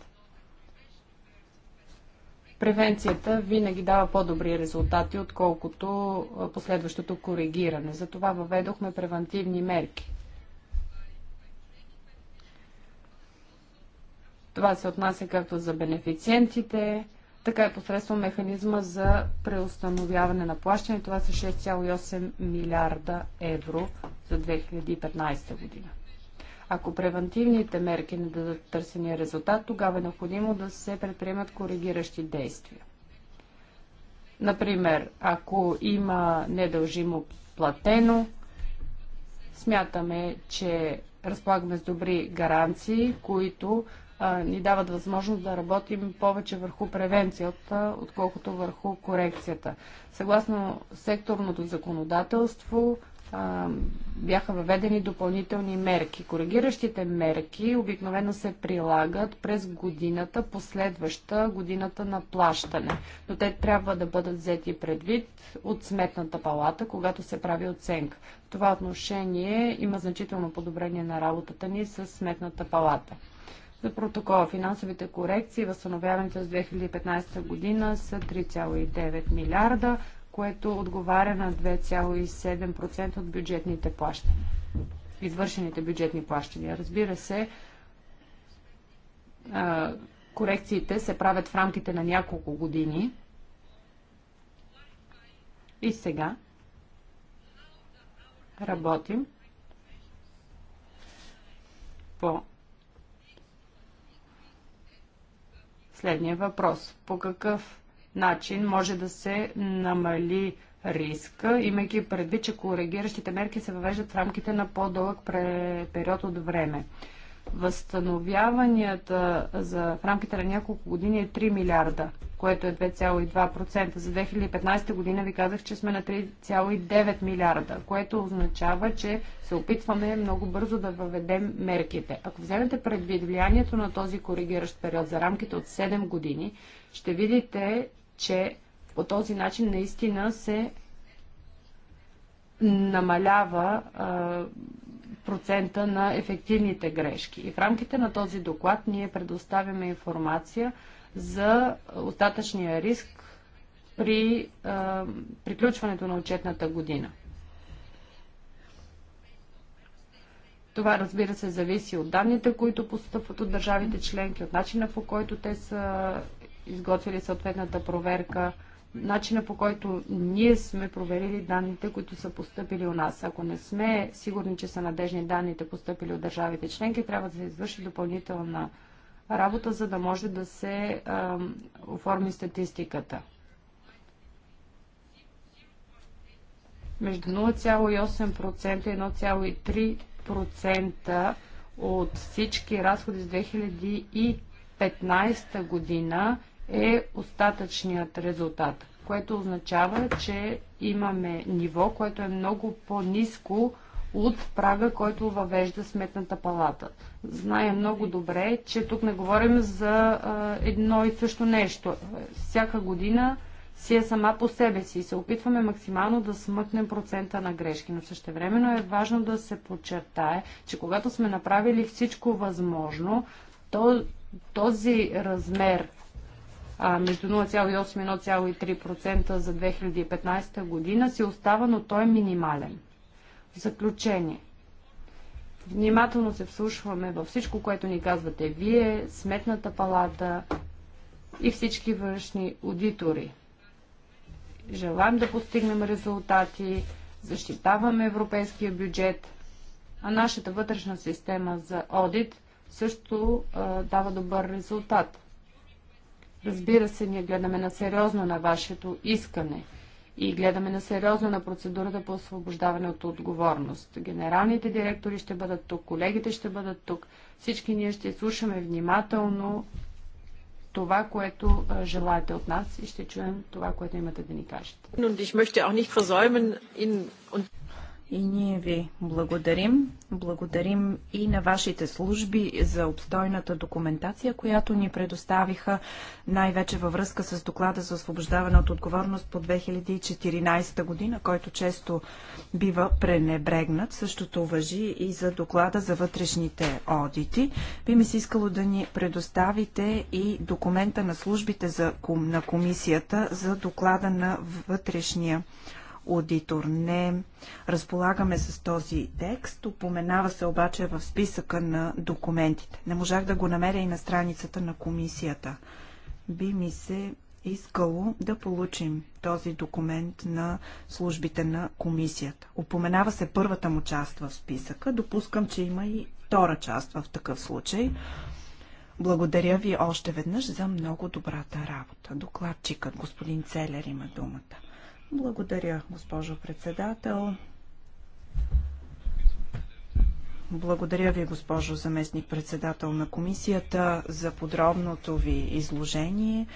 превенцията винаги дава по-добри резултати, отколкото последващото коригиране. Затова въведохме превентивни мерки. Това се отнася както за бенефициентите, така и посредством механизма за преустановяване на плащане. Това са 6,8 милиарда евро за 2015 година. Ако превентивните мерки не дадат търсения резултат, тогава е необходимо да се предприемат коригиращи действия. Например, ако има недължимо платено, смятаме, че разполагаме с добри гаранции, които а, ни дават възможност да работим повече върху превенцията, отколкото върху корекцията. Съгласно секторното законодателство, бяха въведени допълнителни мерки. Коригиращите мерки обикновено се прилагат през годината, последваща годината на плащане, но те трябва да бъдат взети предвид от сметната палата, когато се прави оценка. В това отношение има значително подобрение на работата ни с сметната палата. За протокола финансовите корекции възстановяването с 2015 година са 3,9 милиарда което отговаря на 2,7% от бюджетните плащания. Извършените бюджетни плащания. Разбира се, корекциите се правят в рамките на няколко години. И сега работим по следния въпрос. По какъв начин може да се намали риска, имайки предвид, че коригиращите мерки се въвеждат в рамките на по-дълъг период от време. Възстановяванията за, в рамките на няколко години е 3 милиарда, което е 2,2%. За 2015 година ви казах, че сме на 3,9 милиарда, което означава, че се опитваме много бързо да въведем мерките. Ако вземете предвид влиянието на този коригиращ период за рамките от 7 години, ще видите, че по този начин наистина се намалява а, процента на ефективните грешки. И в рамките на този доклад ние предоставяме информация за остатъчния риск при а, приключването на отчетната година. Това, разбира се, зависи от данните, които постъпват от държавите членки, от начина по който те са изготвили съответната проверка, начина по който ние сме проверили данните, които са поступили у нас. Ако не сме сигурни, че са надежни данните, поступили от държавите членки, трябва да се извърши допълнителна работа, за да може да се а, оформи статистиката. Между 0,8% и 1,3% от всички разходи с 2015 година е остатъчният резултат, което означава, че имаме ниво, което е много по-низко от прага, който въвежда сметната палата. Знае много добре, че тук не говорим за едно и също нещо. Всяка година си е сама по себе си и се опитваме максимално да смъкнем процента на грешки. Но същевременно е важно да се подчертае, че когато сме направили всичко възможно, то, този размер а, между 0,8 и 1,3% за 2015 година си остава, но той е минимален. В заключение, внимателно се вслушваме във всичко, което ни казвате вие, Сметната палата и всички външни аудитори. Желаем да постигнем резултати, защитаваме европейския бюджет, а нашата вътрешна система за одит също а, дава добър резултат. Разбира се, ние гледаме на сериозно на вашето искане и гледаме на сериозно на процедурата по освобождаване от отговорност. Генералните директори ще бъдат тук, колегите ще бъдат тук. Всички ние ще слушаме внимателно това, което желаете от нас и ще чуем това, което имате да ни кажете. И ние ви благодарим. Благодарим и на вашите служби за обстойната документация, която ни предоставиха най-вече във връзка с доклада за освобождаване от отговорност по 2014 година, който често бива пренебрегнат. Същото въжи и за доклада за вътрешните одити. Би ми се искало да ни предоставите и документа на службите за, на комисията за доклада на вътрешния аудитор. Не разполагаме с този текст, упоменава се обаче в списъка на документите. Не можах да го намеря и на страницата на комисията. Би ми се искало да получим този документ на службите на комисията. Упоменава се първата му част в списъка. Допускам, че има и втора част в такъв случай. Благодаря ви още веднъж за много добрата работа. Докладчикът господин Целер има думата. Благодаря, госпожо председател. Благодаря ви, госпожо заместник председател на комисията, за подробното ви изложение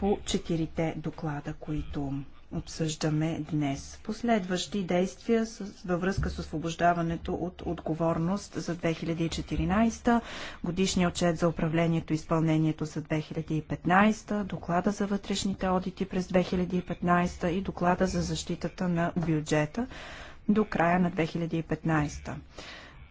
по четирите доклада, които обсъждаме днес. Последващи действия с, във връзка с освобождаването от отговорност за 2014, годишния отчет за управлението и изпълнението за 2015, доклада за вътрешните одити през 2015 и доклада за защитата на бюджета до края на 2015.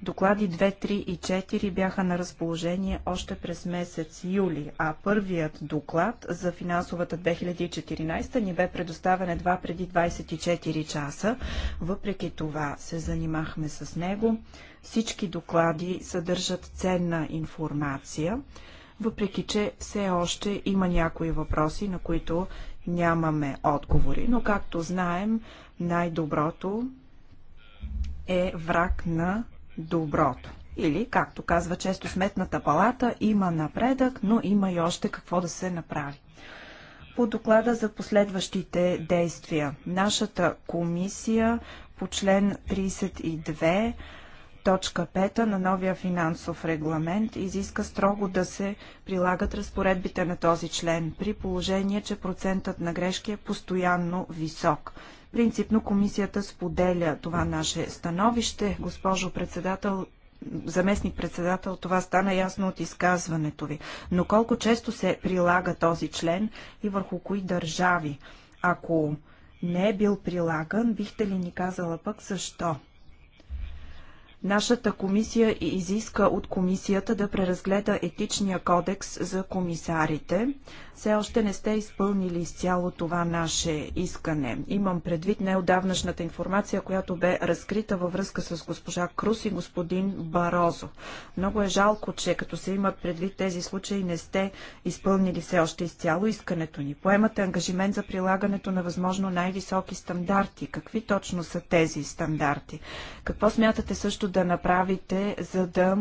Доклади 2, 3 и 4 бяха на разположение още през месец юли, а първият доклад за финансовата 2014 ни бе предоставен едва преди 24 часа. Въпреки това се занимахме с него. Всички доклади съдържат ценна информация, въпреки че все още има някои въпроси, на които нямаме отговори. Но както знаем, най-доброто е враг на доброто. Или, както казва често Сметната палата, има напредък, но има и още какво да се направи. По доклада за последващите действия, нашата комисия по член 32 Точка 5 на новия финансов регламент изиска строго да се прилагат разпоредбите на този член, при положение, че процентът на грешки е постоянно висок. Принципно комисията споделя това наше становище. Госпожо председател, заместник-председател, това стана ясно от изказването ви. Но колко често се прилага този член и върху кои държави? Ако не е бил прилаган, бихте ли ни казала пък защо? Нашата комисия изиска от комисията да преразгледа етичния кодекс за комисарите все още не сте изпълнили изцяло това наше искане. Имам предвид неодавнашната информация, която бе разкрита във връзка с госпожа Крус и господин Барозо. Много е жалко, че като се имат предвид тези случаи, не сте изпълнили все още изцяло искането ни. Поемате ангажимент за прилагането на възможно най-високи стандарти. Какви точно са тези стандарти? Какво смятате също да направите, за да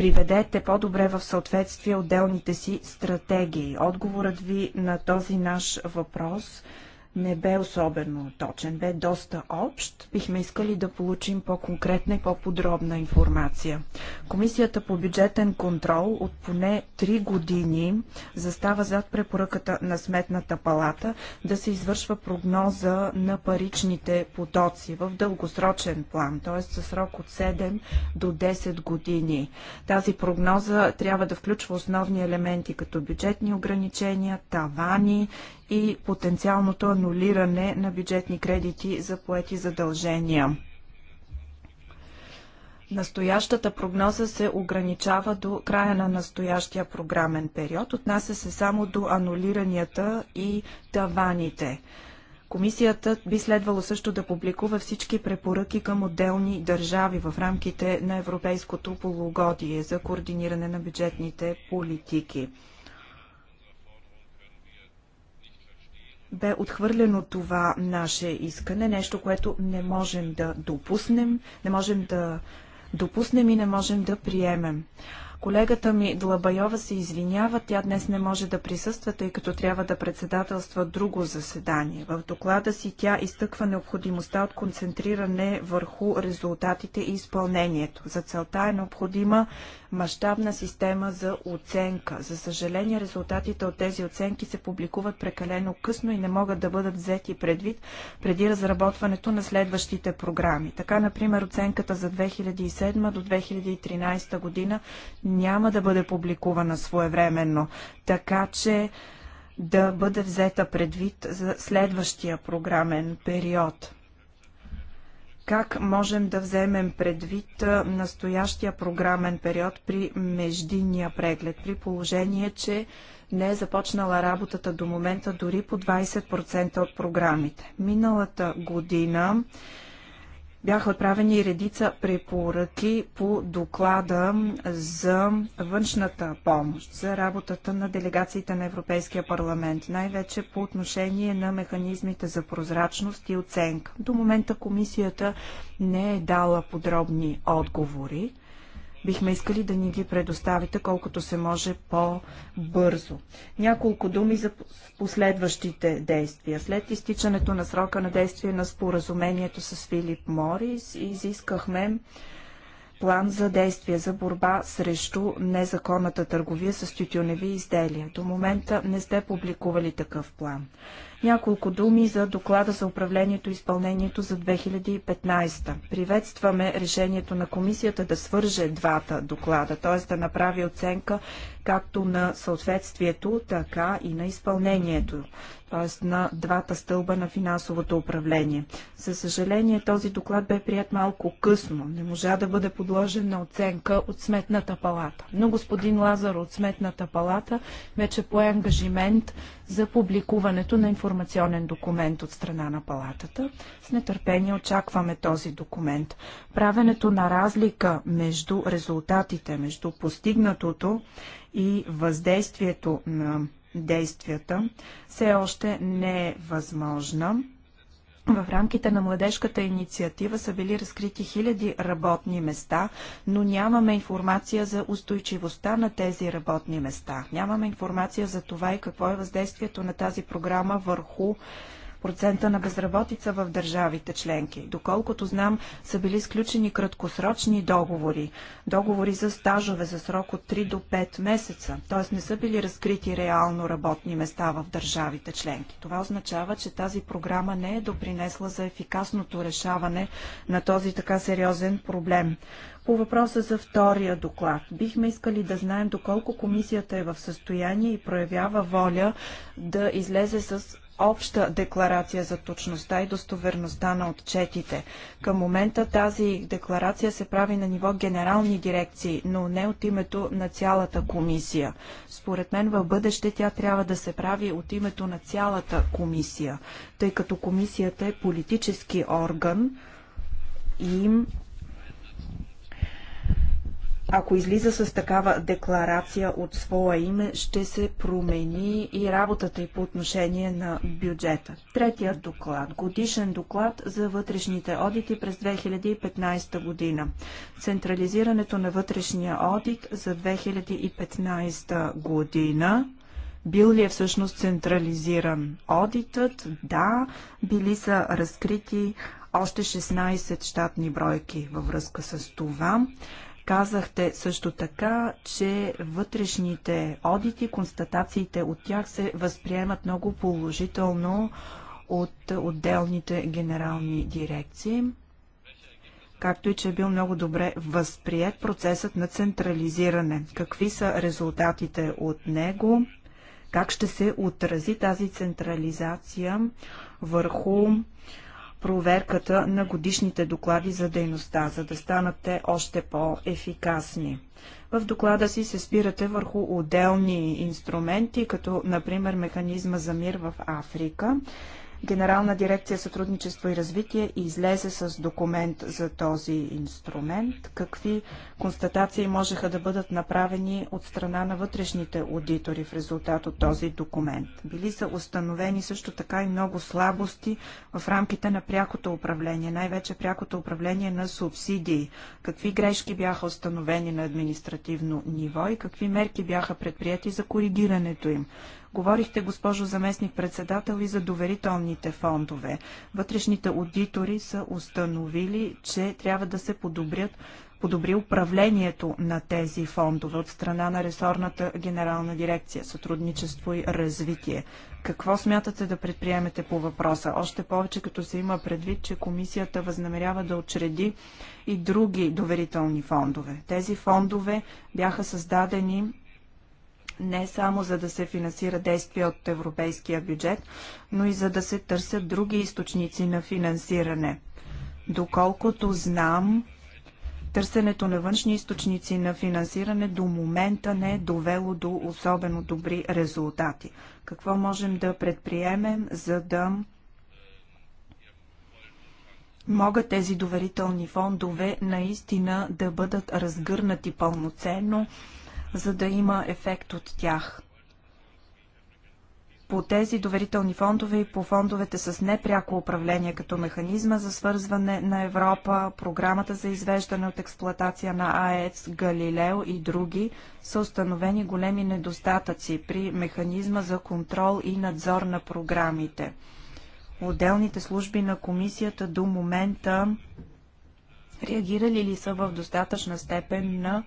приведете по-добре в съответствие отделните си стратегии. Отговорът ви на този наш въпрос – не бе особено точен, бе доста общ. Бихме искали да получим по-конкретна и по-подробна информация. Комисията по бюджетен контрол от поне 3 години застава зад препоръката на Сметната палата да се извършва прогноза на паричните потоци в дългосрочен план, т.е. със срок от 7 до 10 години. Тази прогноза трябва да включва основни елементи като бюджетни ограничения, тавани и потенциалното анулиране на бюджетни кредити за поети задължения. Настоящата прогноза се ограничава до края на настоящия програмен период. Отнася се само до анулиранията и таваните. Комисията би следвало също да публикува всички препоръки към отделни държави в рамките на европейското полугодие за координиране на бюджетните политики. бе отхвърлено това наше искане, нещо, което не можем да допуснем, не можем да допуснем и не можем да приемем. Колегата ми Длабайова се извинява, тя днес не може да присъства, тъй като трябва да председателства друго заседание. В доклада си тя изтъква необходимостта от концентриране върху резултатите и изпълнението. За целта е необходима мащабна система за оценка. За съжаление, резултатите от тези оценки се публикуват прекалено късно и не могат да бъдат взети предвид преди разработването на следващите програми. Така, например, оценката за 2007 до 2013 година няма да бъде публикувана своевременно. Така че да бъде взета предвид за следващия програмен период как можем да вземем предвид настоящия програмен период при междинния преглед, при положение, че не е започнала работата до момента дори по 20% от програмите. Миналата година бяха отправени редица препоръки по доклада за външната помощ, за работата на делегациите на Европейския парламент, най-вече по отношение на механизмите за прозрачност и оценка. До момента комисията не е дала подробни отговори бихме искали да ни ги предоставите колкото се може по-бързо. Няколко думи за последващите действия. След изтичането на срока на действие на споразумението с Филип Морис изискахме план за действие за борба срещу незаконната търговия с тютюневи изделия. До момента не сте публикували такъв план. Няколко думи за доклада за управлението и изпълнението за 2015. Приветстваме решението на комисията да свърже двата доклада, т.е. да направи оценка както на съответствието, така и на изпълнението, т.е. на двата стълба на финансовото управление. За съжаление, този доклад бе прият малко късно. Не можа да бъде подложен на оценка от Сметната палата. Но господин Лазар от Сметната палата вече пое ангажимент за публикуването на информацията информационен документ от страна на палатата. С нетърпение очакваме този документ. Правенето на разлика между резултатите, между постигнатото и въздействието на действията все още не е възможна. В рамките на младежката инициатива са били разкрити хиляди работни места, но нямаме информация за устойчивостта на тези работни места. Нямаме информация за това и какво е въздействието на тази програма върху процента на безработица в държавите членки. Доколкото знам, са били сключени краткосрочни договори, договори за стажове за срок от 3 до 5 месеца, т.е. не са били разкрити реално работни места в държавите членки. Това означава, че тази програма не е допринесла за ефикасното решаване на този така сериозен проблем. По въпроса за втория доклад, бихме искали да знаем доколко комисията е в състояние и проявява воля да излезе с обща декларация за точността и достоверността на отчетите. Към момента тази декларация се прави на ниво генерални дирекции, но не от името на цялата комисия. Според мен в бъдеще тя трябва да се прави от името на цялата комисия, тъй като комисията е политически орган и им ако излиза с такава декларация от своя име, ще се промени и работата и по отношение на бюджета. Третият доклад. Годишен доклад за вътрешните одити през 2015 година. Централизирането на вътрешния одит за 2015 година. Бил ли е всъщност централизиран одитът? Да. Били са разкрити още 16 щатни бройки във връзка с това. Казахте също така, че вътрешните одити, констатациите от тях се възприемат много положително от отделните генерални дирекции, както и че е бил много добре възприят процесът на централизиране. Какви са резултатите от него? Как ще се отрази тази централизация върху проверката на годишните доклади за дейността, за да станат те още по-ефикасни. В доклада си се спирате върху отделни инструменти, като например механизма за мир в Африка. Генерална дирекция сътрудничество и развитие излезе с документ за този инструмент. Какви констатации можеха да бъдат направени от страна на вътрешните аудитори в резултат от този документ? Били са установени също така и много слабости в рамките на прякото управление, най-вече прякото управление на субсидии. Какви грешки бяха установени на административно ниво и какви мерки бяха предприяти за коригирането им? Говорихте, госпожо заместник председател, и за доверителните фондове. Вътрешните аудитори са установили, че трябва да се подобрят подобри управлението на тези фондове от страна на ресорната генерална дирекция сътрудничество и развитие. Какво смятате да предприемете по въпроса? Още повече като се има предвид, че комисията възнамерява да очреди и други доверителни фондове. Тези фондове бяха създадени не само за да се финансира действия от европейския бюджет, но и за да се търсят други източници на финансиране. Доколкото знам, търсенето на външни източници на финансиране до момента не е довело до особено добри резултати. Какво можем да предприемем, за да могат тези доверителни фондове наистина да бъдат разгърнати пълноценно за да има ефект от тях. По тези доверителни фондове и по фондовете с непряко управление като механизма за свързване на Европа, програмата за извеждане от експлоатация на АЕЦ, Галилео и други са установени големи недостатъци при механизма за контрол и надзор на програмите. Отделните служби на комисията до момента реагирали ли са в достатъчна степен на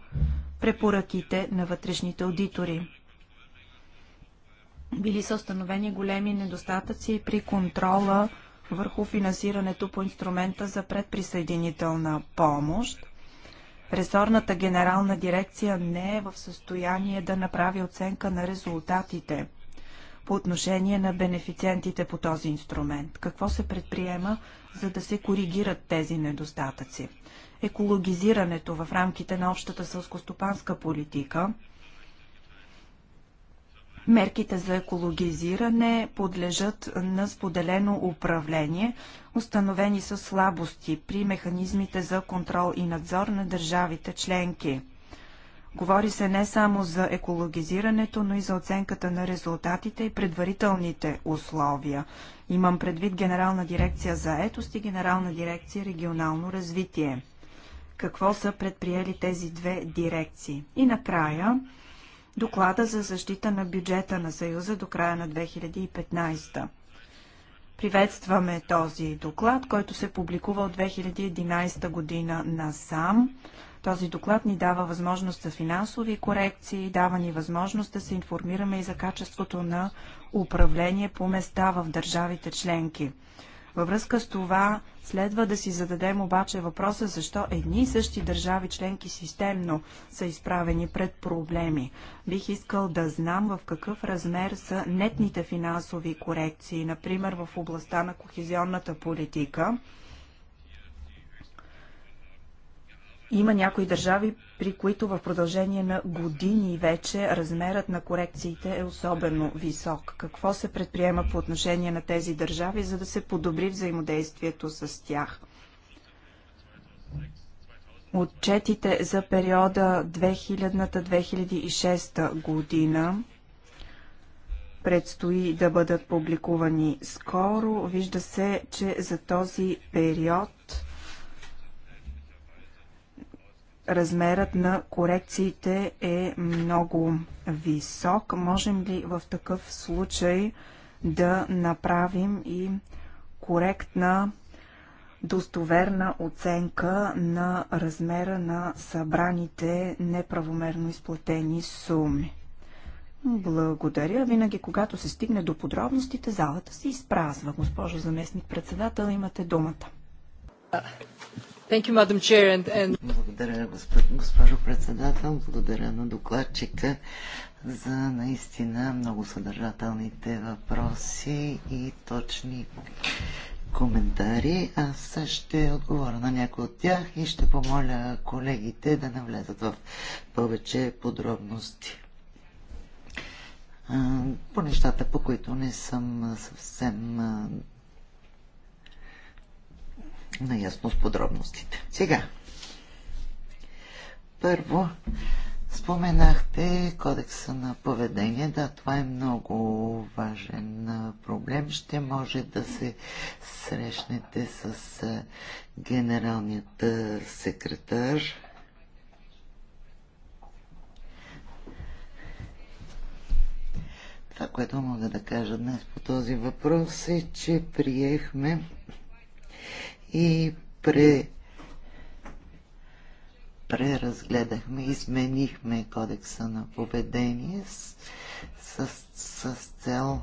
препоръките на вътрешните аудитори. Били са установени големи недостатъци при контрола върху финансирането по инструмента за предприсъединителна помощ. Ресорната генерална дирекция не е в състояние да направи оценка на резултатите по отношение на бенефициентите по този инструмент. Какво се предприема, за да се коригират тези недостатъци? екологизирането в рамките на общата сълскостопанска политика. Мерките за екологизиране подлежат на споделено управление, установени са слабости при механизмите за контрол и надзор на държавите членки. Говори се не само за екологизирането, но и за оценката на резултатите и предварителните условия. Имам предвид Генерална дирекция за етост и Генерална дирекция регионално развитие какво са предприели тези две дирекции. И накрая, доклада за защита на бюджета на Съюза до края на 2015. Приветстваме този доклад, който се публикува от 2011 година насам. Този доклад ни дава възможност за финансови корекции, дава ни възможност да се информираме и за качеството на управление по места в държавите членки. Във връзка с това следва да си зададем обаче въпроса защо едни и същи държави членки системно са изправени пред проблеми. Бих искал да знам в какъв размер са нетните финансови корекции, например в областта на кохезионната политика, Има някои държави, при които в продължение на години вече размерът на корекциите е особено висок. Какво се предприема по отношение на тези държави, за да се подобри взаимодействието с тях? Отчетите за периода 2000-2006 година предстои да бъдат публикувани скоро. Вижда се, че за този период размерът на корекциите е много висок. Можем ли в такъв случай да направим и коректна достоверна оценка на размера на събраните неправомерно изплатени суми. Благодаря. Винаги, когато се стигне до подробностите, залата се изпразва. Госпожо заместник председател, имате думата. Thank you, Madam Chair, and, and... Благодаря, госпожо, госпожо председател. Благодаря на докладчика за наистина много съдържателните въпроси и точни коментари. Аз ще отговоря на някои от тях и ще помоля колегите да навлезат в повече подробности. По нещата, по които не съм съвсем наясно с подробностите. Сега, първо, споменахте кодекса на поведение. Да, това е много важен проблем. Ще може да се срещнете с генералният секретар. Това, което мога да кажа днес по този въпрос е, че приехме и пре, преразгледахме, изменихме кодекса на поведение с, с, с, с цел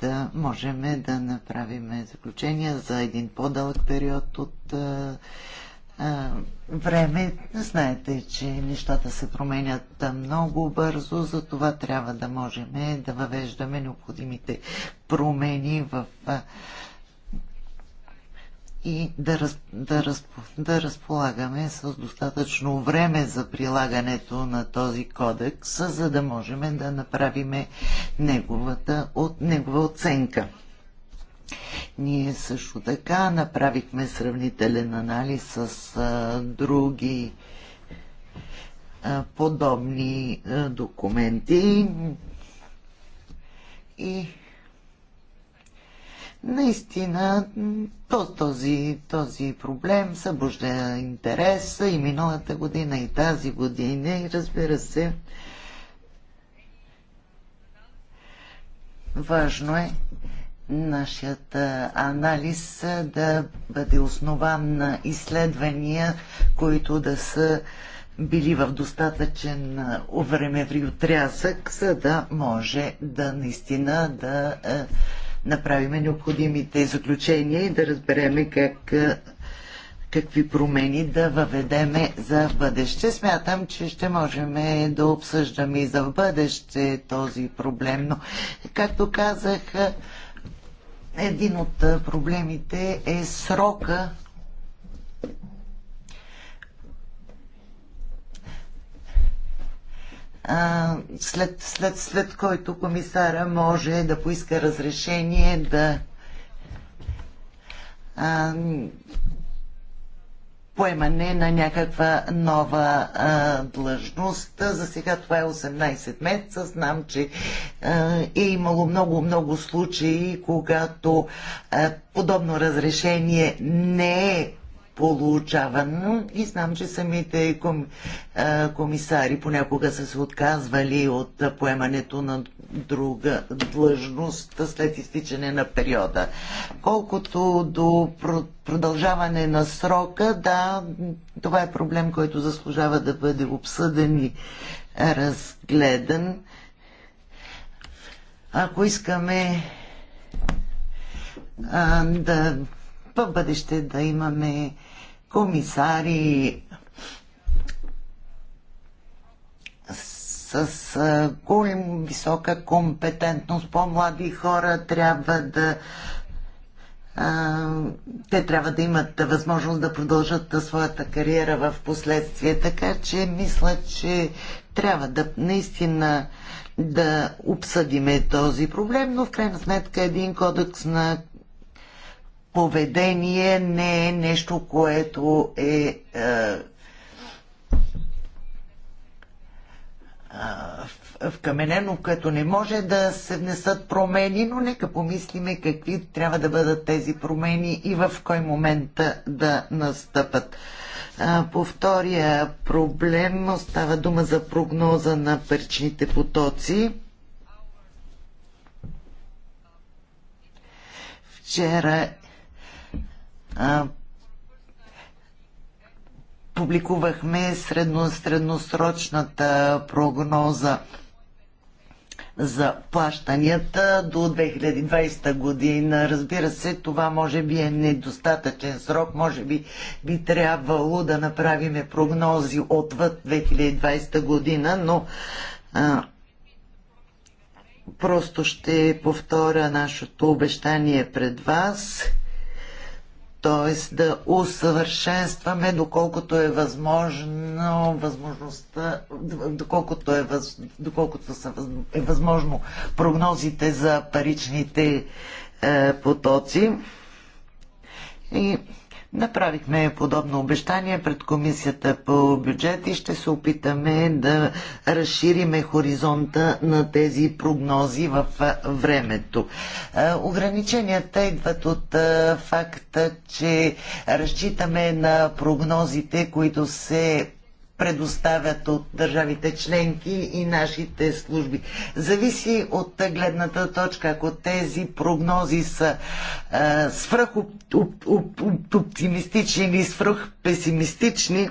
да можем да направим заключения за един по-дълъг период от а, а, време. Знаете, че нещата се променят много бързо, затова трябва да можем да въвеждаме необходимите промени в а, и да, раз, да, раз, да разполагаме с достатъчно време за прилагането на този кодекс, за да можем да направим неговата, от негова оценка. Ние също така направихме сравнителен анализ с а, други а, подобни а, документи и наистина този, този проблем събужда интереса и миналата година, и тази година, и разбира се, важно е нашият анализ да бъде основан на изследвания, които да са били в достатъчен времеври отрязък, за да може да наистина да направиме необходимите заключения и да разбереме как, какви промени да въведеме за бъдеще. Смятам, че ще можем да обсъждаме и за в бъдеще този проблем, но както казах, един от проблемите е срока след, след, след който комисара може да поиска разрешение да а, поемане на някаква нова а, длъжност. За сега това е 18 месеца. Знам, че а, е имало много-много случаи, когато а, подобно разрешение не е получавано и знам, че самите ком, комисари понякога са се отказвали от поемането на друга длъжност след изтичане на периода. Колкото до продължаване на срока, да, това е проблем, който заслужава да бъде обсъден и разгледан. Ако искаме а, да в бъдеще да имаме комисари с, с голям, висока компетентност, по-млади хора трябва да те трябва да имат възможност да продължат своята кариера в последствие. Така че мисля, че трябва да наистина да обсъдиме този проблем, но в крайна сметка един кодекс на поведение не е нещо, което е, е, е вкаменено, като не може да се внесат промени, но нека помислиме какви трябва да бъдат тези промени и в кой момент да настъпат. По втория проблем става дума за прогноза на паричните потоци. Вчера а, публикувахме средно, средносрочната прогноза за плащанията до 2020 година. Разбира се, това може би е недостатъчен срок, може би би трябвало да направиме прогнози отвъд 2020 година, но а, просто ще повторя нашето обещание пред вас т.е. да усъвършенстваме доколкото е възможно възможността, доколкото е, въз, доколкото са, е възможно прогнозите за паричните е, потоци. И Направихме подобно обещание пред комисията по бюджет и ще се опитаме да разшириме хоризонта на тези прогнози в времето. Ограниченията идват от факта, че разчитаме на прогнозите, които се предоставят от държавите членки и нашите служби. Зависи от гледната точка, ако тези прогнози са свръх оптимистични или свръхпесимистични,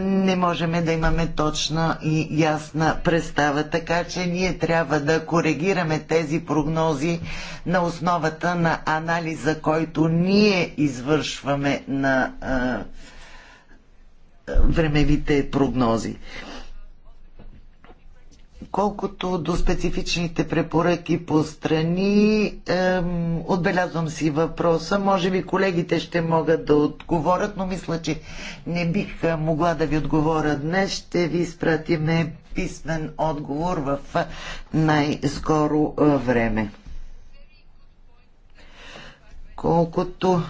не можем да имаме точна и ясна представа. Така че ние трябва да коригираме тези прогнози на основата на анализа, който ние извършваме на времевите прогнози. Колкото до специфичните препоръки по страни, ем, отбелязвам си въпроса. Може би колегите ще могат да отговорят, но мисля, че не бих е, могла да ви отговоря днес. Ще ви спратиме писмен отговор в е, най-скоро е, време. Колкото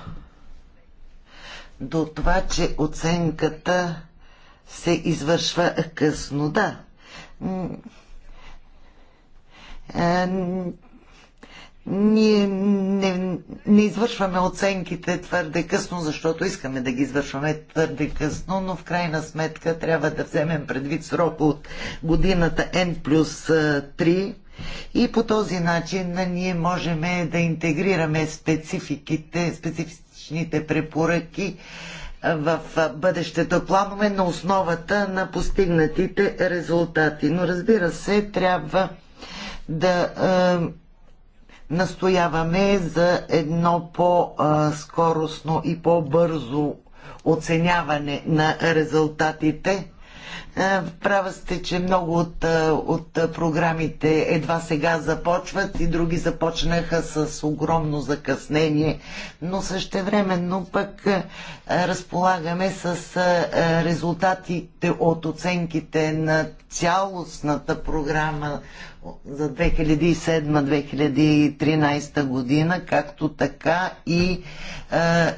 до това, че оценката се извършва късно. Да. Е, ние не, не извършваме оценките твърде късно, защото искаме да ги извършваме твърде късно, но в крайна сметка трябва да вземем предвид срока от годината N плюс 3 е, и по този начин е, ние можем да интегрираме спецификите, специфиците нашите препоръки в бъдещето планове на основата на постигнатите резултати. Но разбира се, трябва да е, настояваме за едно по-скоростно и по-бързо оценяване на резултатите е, права сте, че много от, е, от програмите едва сега започват и други започнаха с огромно закъснение, но същевременно пък е, разполагаме с резултатите от оценките на цялостната програма за 2007-2013 година, както така и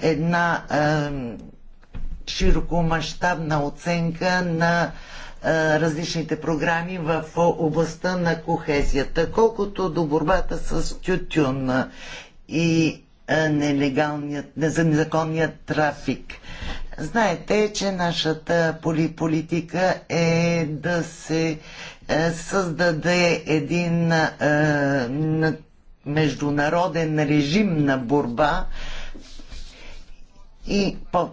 една широкомащабна оценка на различните програми в областта на кохезията. Колкото до борбата с тютюн и нелегалният, незаконният трафик. Знаете, че нашата политика е да се създаде един международен режим на борба и по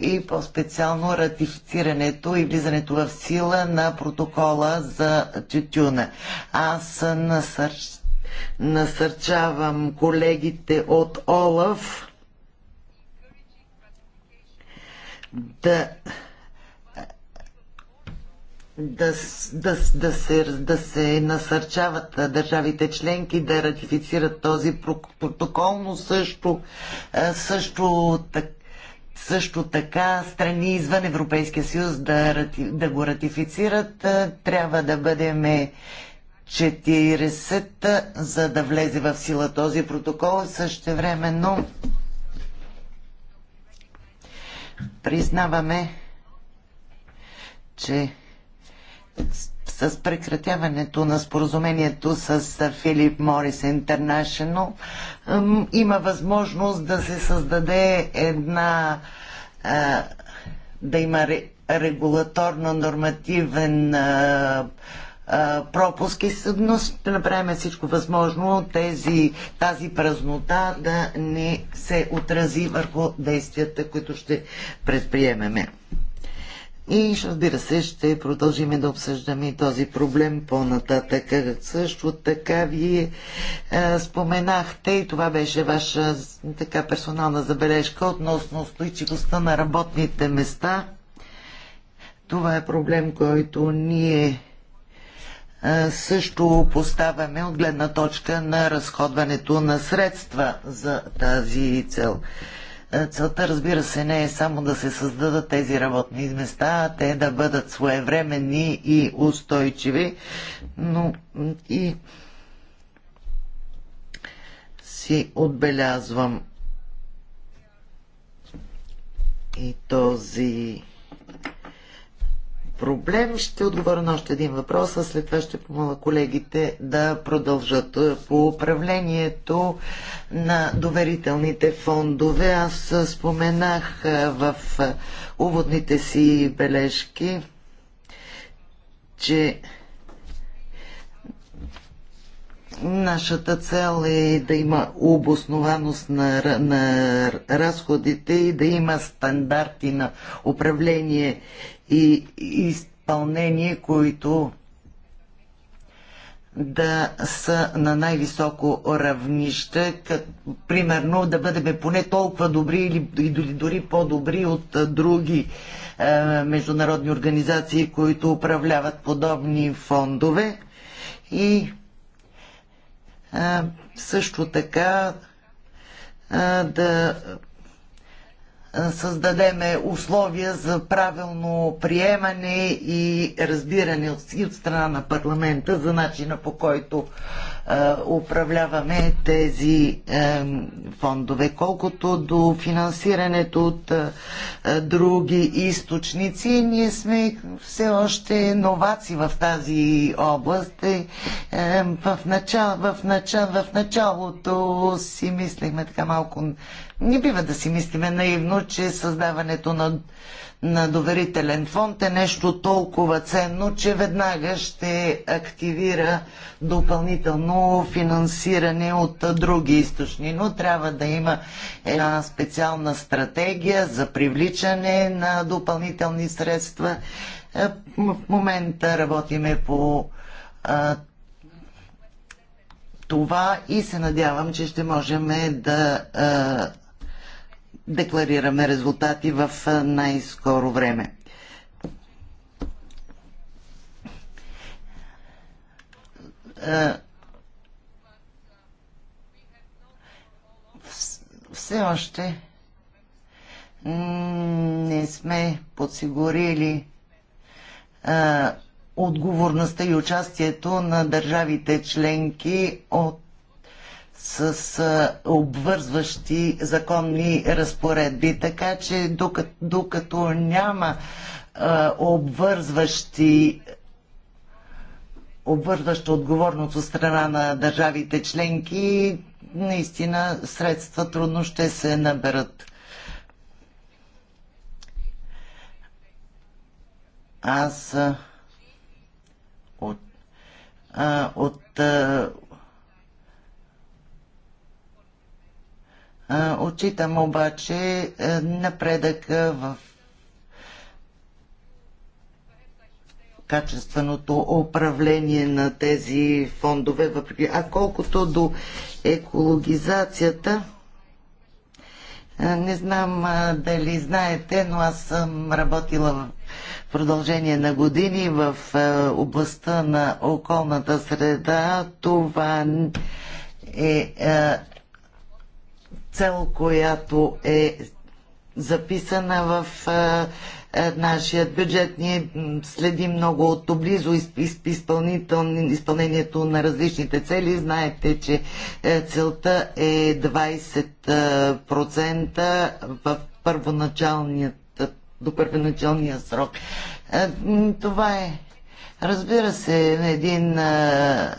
и по-специално ратифицирането и влизането в сила на протокола за тютюна. Аз насър... насърчавам колегите от ОЛАВ да да, да, да, се, да се насърчават държавите членки да ратифицират този протокол, но също, също така също така страни извън Европейския съюз да, да го ратифицират. Е, трябва да бъдем 40, е, за да влезе в сила този протокол. но признаваме, че с прекратяването на споразумението с Филип Морис International има възможност да се създаде една да има регулаторно-нормативен пропуск и съдност ще направим всичко възможно тези, тази празнота да не се отрази върху действията, които ще предприемеме. И разбира се, ще продължим да обсъждаме този проблем по-нататък. Също така вие е, споменахте, и това беше ваша така персонална забележка относно устойчивостта на работните места. Това е проблем, който ние е, също поставяме от гледна точка на разходването на средства за тази цел. Е, целта, разбира се, не е само да се създадат тези работни места, а те да бъдат своевременни и устойчиви, но и си отбелязвам и този проблем. Ще отговоря на още един въпрос, а след това ще помоля колегите да продължат. Е, по управлението на доверителните фондове, аз е, споменах е, в уводните си бележки, че Нашата цел е да има обоснованост на, на разходите и да има стандарти на управление и изпълнение, които да са на най-високо равнище, като, примерно да бъдем поне толкова добри или, дори по-добри от други е, международни организации, които управляват подобни фондове. И е, също така е, да създадеме условия за правилно приемане и разбиране от, от страна на парламента за начина по който е, управляваме тези е, фондове. Колкото до финансирането от е, други източници, ние сме все още новаци в тази област. В, начал, в, начал, в началото си мислихме така малко. Не бива да си мислиме наивно, че създаването на на доверителен фонд е нещо толкова ценно, че веднага ще активира допълнително финансиране от други източни, но трябва да има една специална стратегия за привличане на допълнителни средства. Е, в момента работиме по това и се надявам, че ще можем да декларираме резултати в най-скоро време. Все още не сме подсигурили отговорността и участието на държавите членки от с а, обвързващи законни разпоредби. Така че докато, докато няма а, обвързващи обвързващо отговорност от страна на държавите членки, наистина средства трудно ще се наберат. Аз а, от, а, от а, Отчитам обаче е, напредък в качественото управление на тези фондове. Въпреки... А колкото до екологизацията, е, не знам е, дали знаете, но аз съм работила в продължение на години в областта на околната среда. Това е цел, която е записана в а, а, нашия бюджет. Ние следим много от близо изпълнението на различните цели. Знаете, че е, целта е 20% в първоначалният до първоначалния срок. Е, това е, разбира се, един а,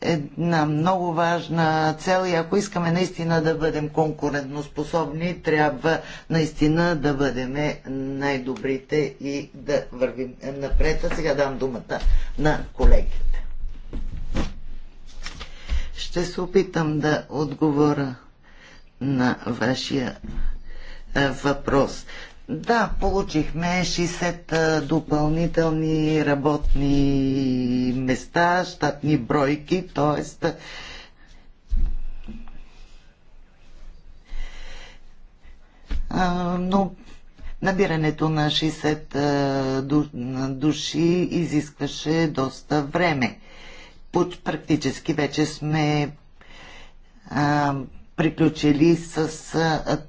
една много важна цел и ако искаме наистина да бъдем конкурентноспособни, трябва наистина да бъдем най-добрите и да вървим напред. А сега дам думата на колегите. Ще се опитам да отговоря на вашия въпрос. Да, получихме 60 допълнителни работни места, щатни бройки, т.е. Но набирането на 60 души изискваше доста време. Под практически вече сме приключили с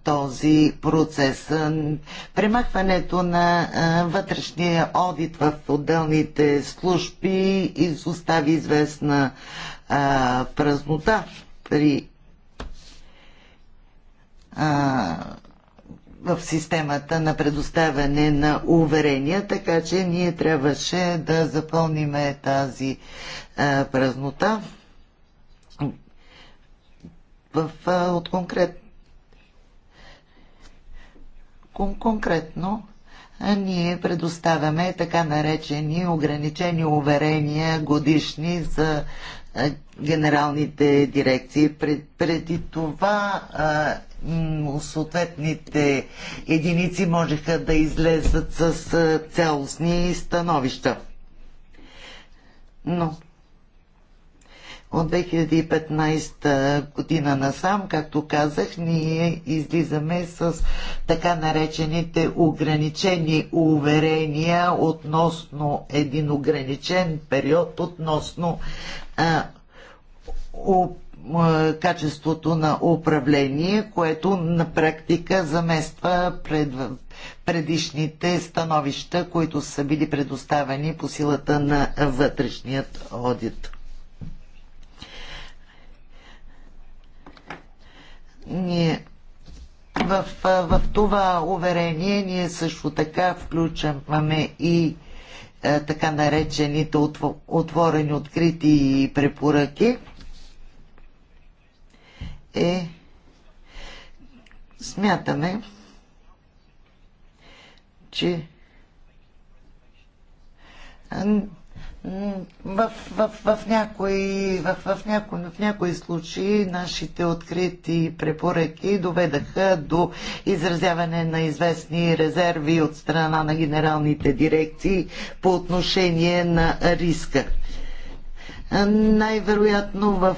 този процес. Премахването на вътрешния одит в отделните служби изостави известна празнота при в системата на предоставяне на уверения, така че ние трябваше да запълниме тази празнота в, от конкрет, кон, конкретно ние предоставяме така наречени ограничени уверения годишни за генералните дирекции. Пред, преди това а, съответните единици можеха да излезат с цялостни становища. Но от 2015 година насам, както казах, ние излизаме с така наречените ограничени уверения относно един ограничен период, относно а, а, качеството на управление, което на практика замества пред, предишните становища, които са били предоставени по силата на вътрешният одит. ние в, в това уверение ние също така включваме и е, така наречените отворени, открити препоръки. Е, смятаме, че в, в, в, някои, в, в, някои, в някои случаи нашите открити препоръки доведаха до изразяване на известни резерви от страна на генералните дирекции по отношение на риска. Най-вероятно в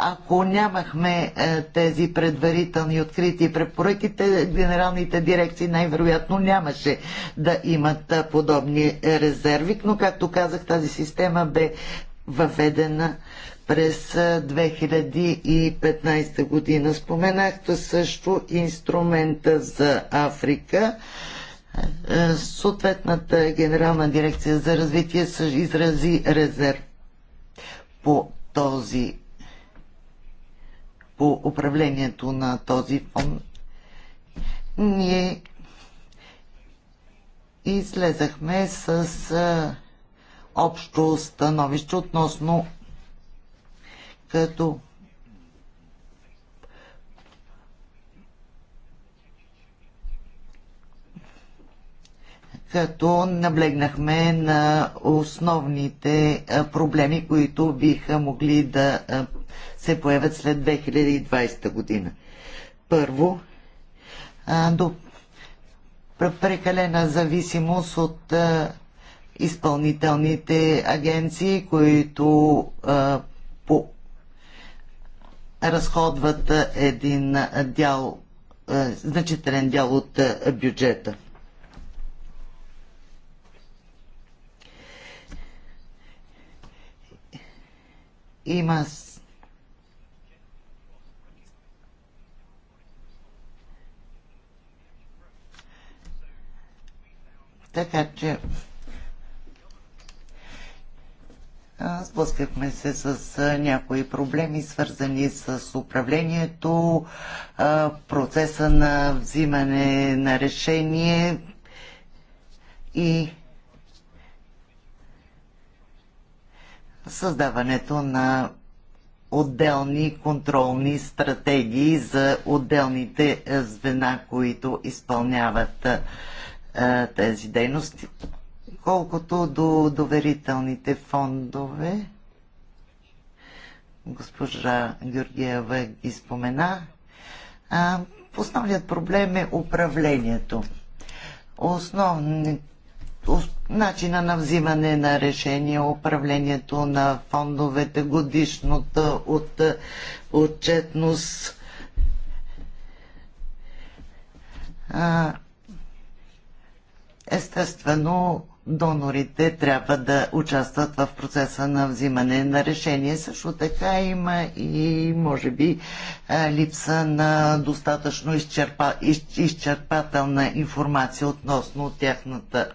ако нямахме е, тези предварителни открити препоръки, генералните дирекции най-вероятно нямаше да имат е, подобни е, резерви, но както казах, тази система бе въведена през 2015 година. Споменахте също инструмента за Африка. Съответната генерална дирекция за развитие изрази резерв по този по управлението на този фонд, ние излезахме с общо становище относно като като наблегнахме на основните проблеми, които биха могли да се появят след 2020 година. Първо, до прекалена зависимост от изпълнителните агенции, които а, по, разходват един дял, а, значителен дял от а, бюджета. Има Така че Сблъскахме се с някои проблеми, свързани с управлението, процеса на взимане на решение и създаването на отделни контролни стратегии за отделните звена, които изпълняват а, е, тези дейности. Колкото до доверителните фондове, госпожа Георгиева ги спомена, а, основният проблем е управлението. Основният начина на взимане на решение, управлението на фондовете, годишната от, отчетност, а, Естествено, донорите трябва да участват в процеса на взимане на решение. Също така има и, може би, липса на достатъчно изчерпа, из, изчерпателна информация относно тяхната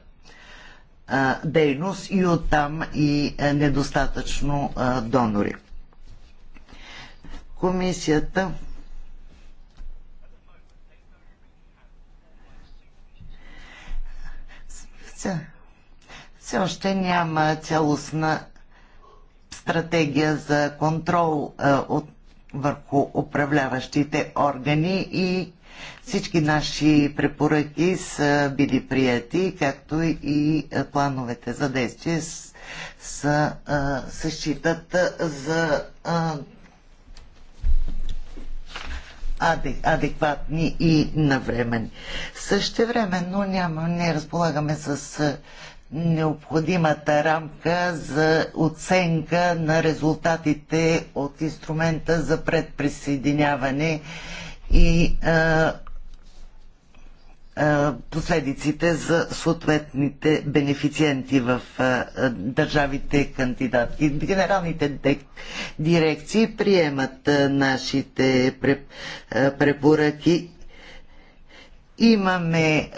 а, дейност и оттам и недостатъчно а, донори. Комисията месеца. Все още няма цялостна стратегия за контрол а, е, от, върху управляващите органи и всички наши препоръки са били прияти, както и е, плановете за действие с, са, а, е, се считат за а, адекватни и навремени. но няма, не разполагаме с необходимата рамка за оценка на резултатите от инструмента за предприсъединяване и а, е, последиците за съответните бенефициенти в е, държавите кандидатки. Генералните дирекции приемат е, нашите препоръки. Имаме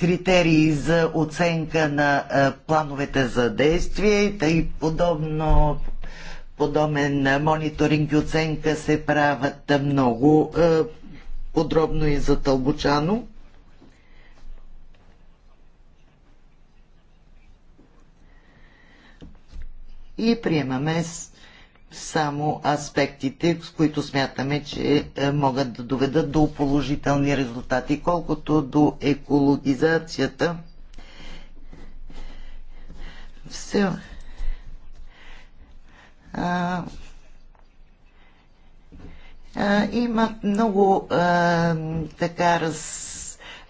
критерии за оценка на плановете за действие и подобно подобен мониторинг и оценка се правят много подробно и затълбочано и приемаме само аспектите, с които смятаме, че е, могат да доведат до положителни резултати. Колкото до екологизацията, все. А, а, има много а, така раз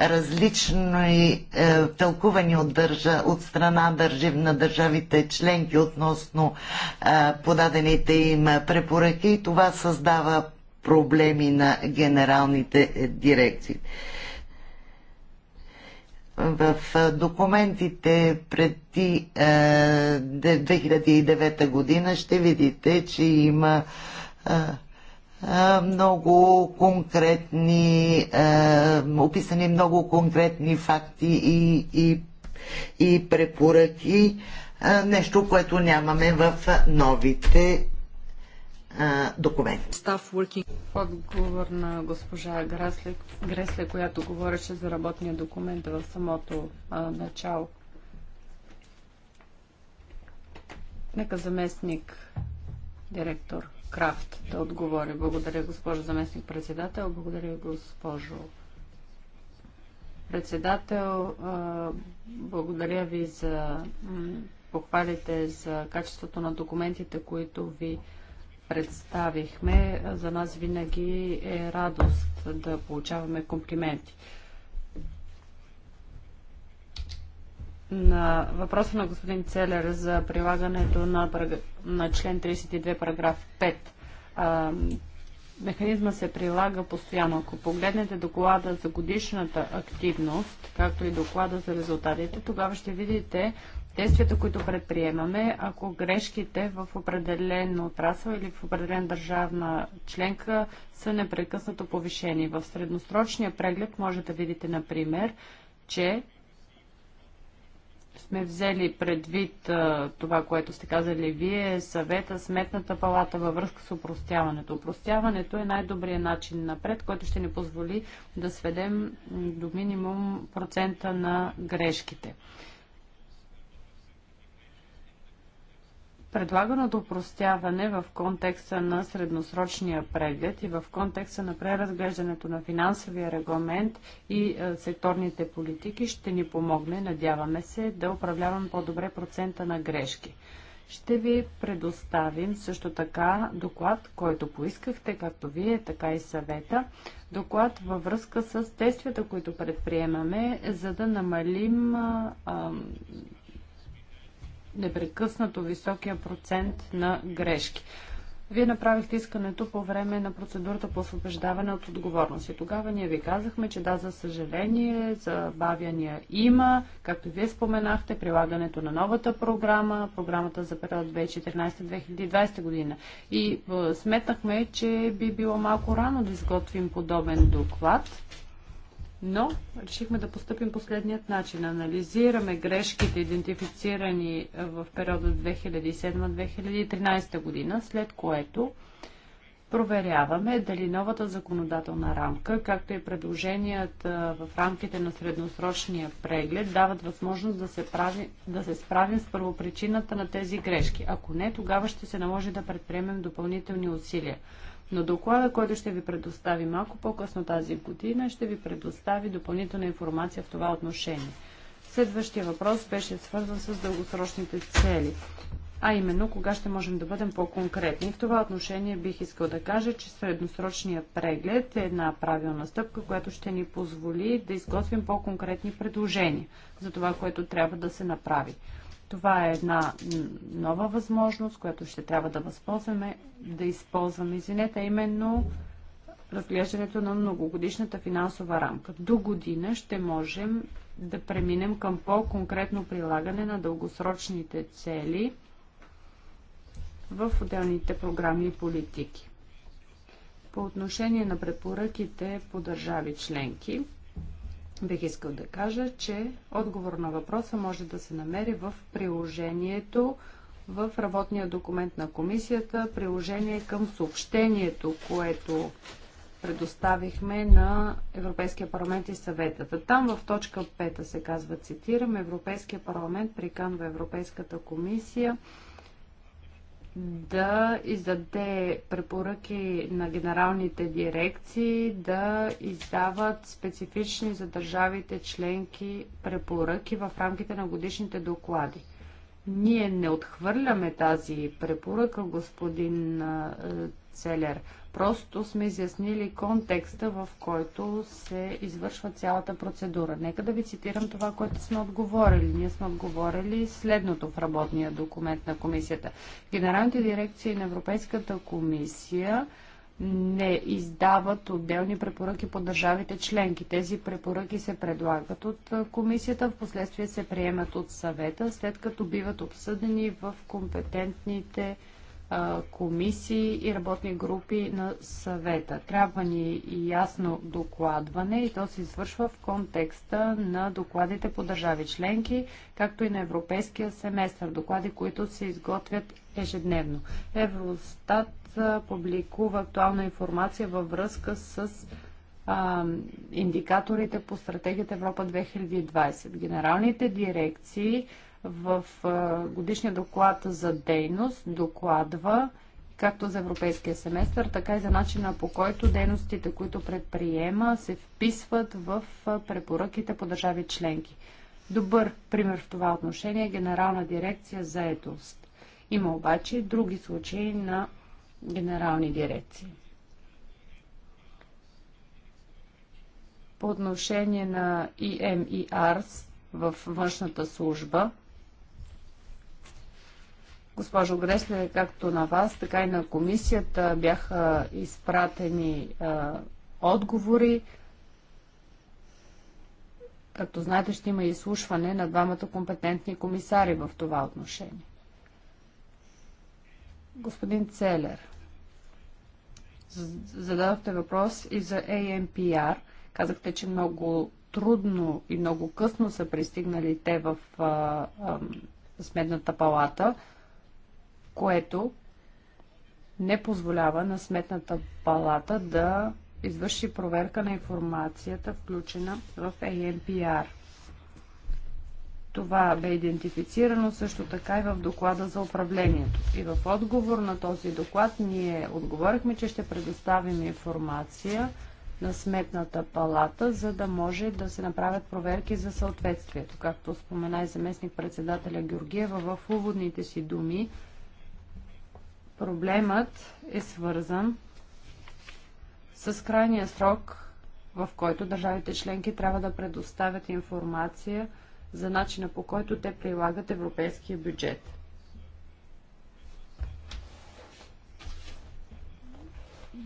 различни е, тълкувани от, държа, от страна държи, на държавите членки относно е, подадените им препоръки и това създава проблеми на генералните е, дирекции. В е, документите преди е, 2009 година ще видите, че има е, много конкретни, описани много конкретни факти и, и, и препоръки, нещо, което нямаме в новите документи. В отговор на госпожа Гресле, Гресле, която говореше за работния документ в самото а, начало. Нека заместник директор Крафт да отговори. Благодаря, госпожо заместник председател. Благодаря, госпожо председател. Благодаря ви за похвалите за качеството на документите, които ви представихме. За нас винаги е радост да получаваме комплименти. на въпроса на господин Целер за прилагането на, на член 32, параграф 5. А, механизма се прилага постоянно. Ако погледнете доклада за годишната активност, както и доклада за резултатите, тогава ще видите действията, които предприемаме. Ако грешките в определен отрасъл или в определен държавна членка са непрекъснато повишени. В средносрочния преглед може да видите, например, че сме взели предвид това, което сте казали вие, съвета, сметната палата във връзка с упростяването. Упростяването е най-добрият начин напред, който ще ни позволи да сведем до минимум процента на грешките. Предлаганото упростяване в контекста на средносрочния преглед и в контекста на преразглеждането на финансовия регламент и е, секторните политики ще ни помогне, надяваме се, да управляваме по-добре процента на грешки. Ще ви предоставим също така доклад, който поискахте, както вие, така и съвета. Доклад във връзка с действията, които предприемаме, за да намалим а, е, а, непрекъснато високия процент на грешки. Вие направихте искането по време на процедурата по освобождаване от отговорност. И тогава ние ви казахме, че да, за съжаление, забавяния има. Както вие споменахте, прилагането на новата програма, програмата за период 2014-2020 година. И е, сметнахме, че би било малко рано да изготвим подобен доклад но решихме да поступим последният начин. Анализираме грешките, идентифицирани в периода 2007-2013 година, след което проверяваме дали новата законодателна рамка, както и предложенията в рамките на средносрочния преглед, дават възможност да се, прави, да се справим с първопричината на тези грешки. Ако не, тогава ще се наложи да предприемем допълнителни усилия. Но доклада, който ще ви предостави малко по-късно тази година, ще ви предостави допълнителна информация в това отношение. Следващия въпрос беше свързан с дългосрочните цели, а именно кога ще можем да бъдем по-конкретни. В това отношение бих искал да кажа, че средносрочният преглед е една правилна стъпка, която ще ни позволи да изготвим по-конкретни предложения за това, което трябва да се направи. Това е една нова възможност, която ще трябва да възползваме, да използваме, извинете, именно разглеждането на многогодишната финансова рамка. До година ще можем да преминем към по-конкретно прилагане на дългосрочните цели в отделните програми и политики. По отношение на препоръките по държави членки, Бих искал да кажа, че отговор на въпроса може да се намери в приложението в работния документ на комисията, приложение към съобщението, което предоставихме на Европейския парламент и съветата. Там в точка 5 се казва, цитирам, Европейския парламент приканва Европейската комисия да издаде препоръки на генералните дирекции да издават специфични за държавите членки препоръки в рамките на годишните доклади. Ние не отхвърляме тази препоръка, господин Целер. Просто сме изяснили контекста, в който се извършва цялата процедура. Нека да ви цитирам това, което сме отговорили. Ние сме отговорили следното в работния документ на комисията. Генералните дирекции на Европейската комисия не издават отделни препоръки по държавите членки. Тези препоръки се предлагат от комисията, в последствие се приемат от съвета, след като биват обсъдени в компетентните комисии и работни групи на съвета. Трябва ни и ясно докладване и то се извършва в контекста на докладите по държави членки, както и на европейския семестър, доклади, които се изготвят ежедневно. Евростат публикува актуална информация във връзка с а, индикаторите по стратегията Европа 2020. Генералните дирекции в годишния доклад за дейност докладва както за европейския семестър, така и за начина по който дейностите, които предприема, се вписват в препоръките по държави членки. Добър пример в това отношение е Генерална дирекция за етост. Има обаче други случаи на генерални дирекции. По отношение на EMERS в външната служба – Госпожо Гресле, както на вас, така и на комисията бяха изпратени отговори. Както знаете, ще има изслушване на двамата компетентни комисари в това отношение. Господин Целер, зададохте въпрос и за AMPR. Казахте, че много трудно и много късно са пристигнали те в а, а, Сметната палата което не позволява на Сметната палата да извърши проверка на информацията, включена в ANPR. Това бе идентифицирано също така и в доклада за управлението. И в отговор на този доклад ние отговорихме, че ще предоставим информация на Сметната палата, за да може да се направят проверки за съответствието. Както спомена и заместник председателя Георгиева в уводните си думи, Проблемът е свързан с крайния срок, в който държавите членки трябва да предоставят информация за начина по който те прилагат европейския бюджет.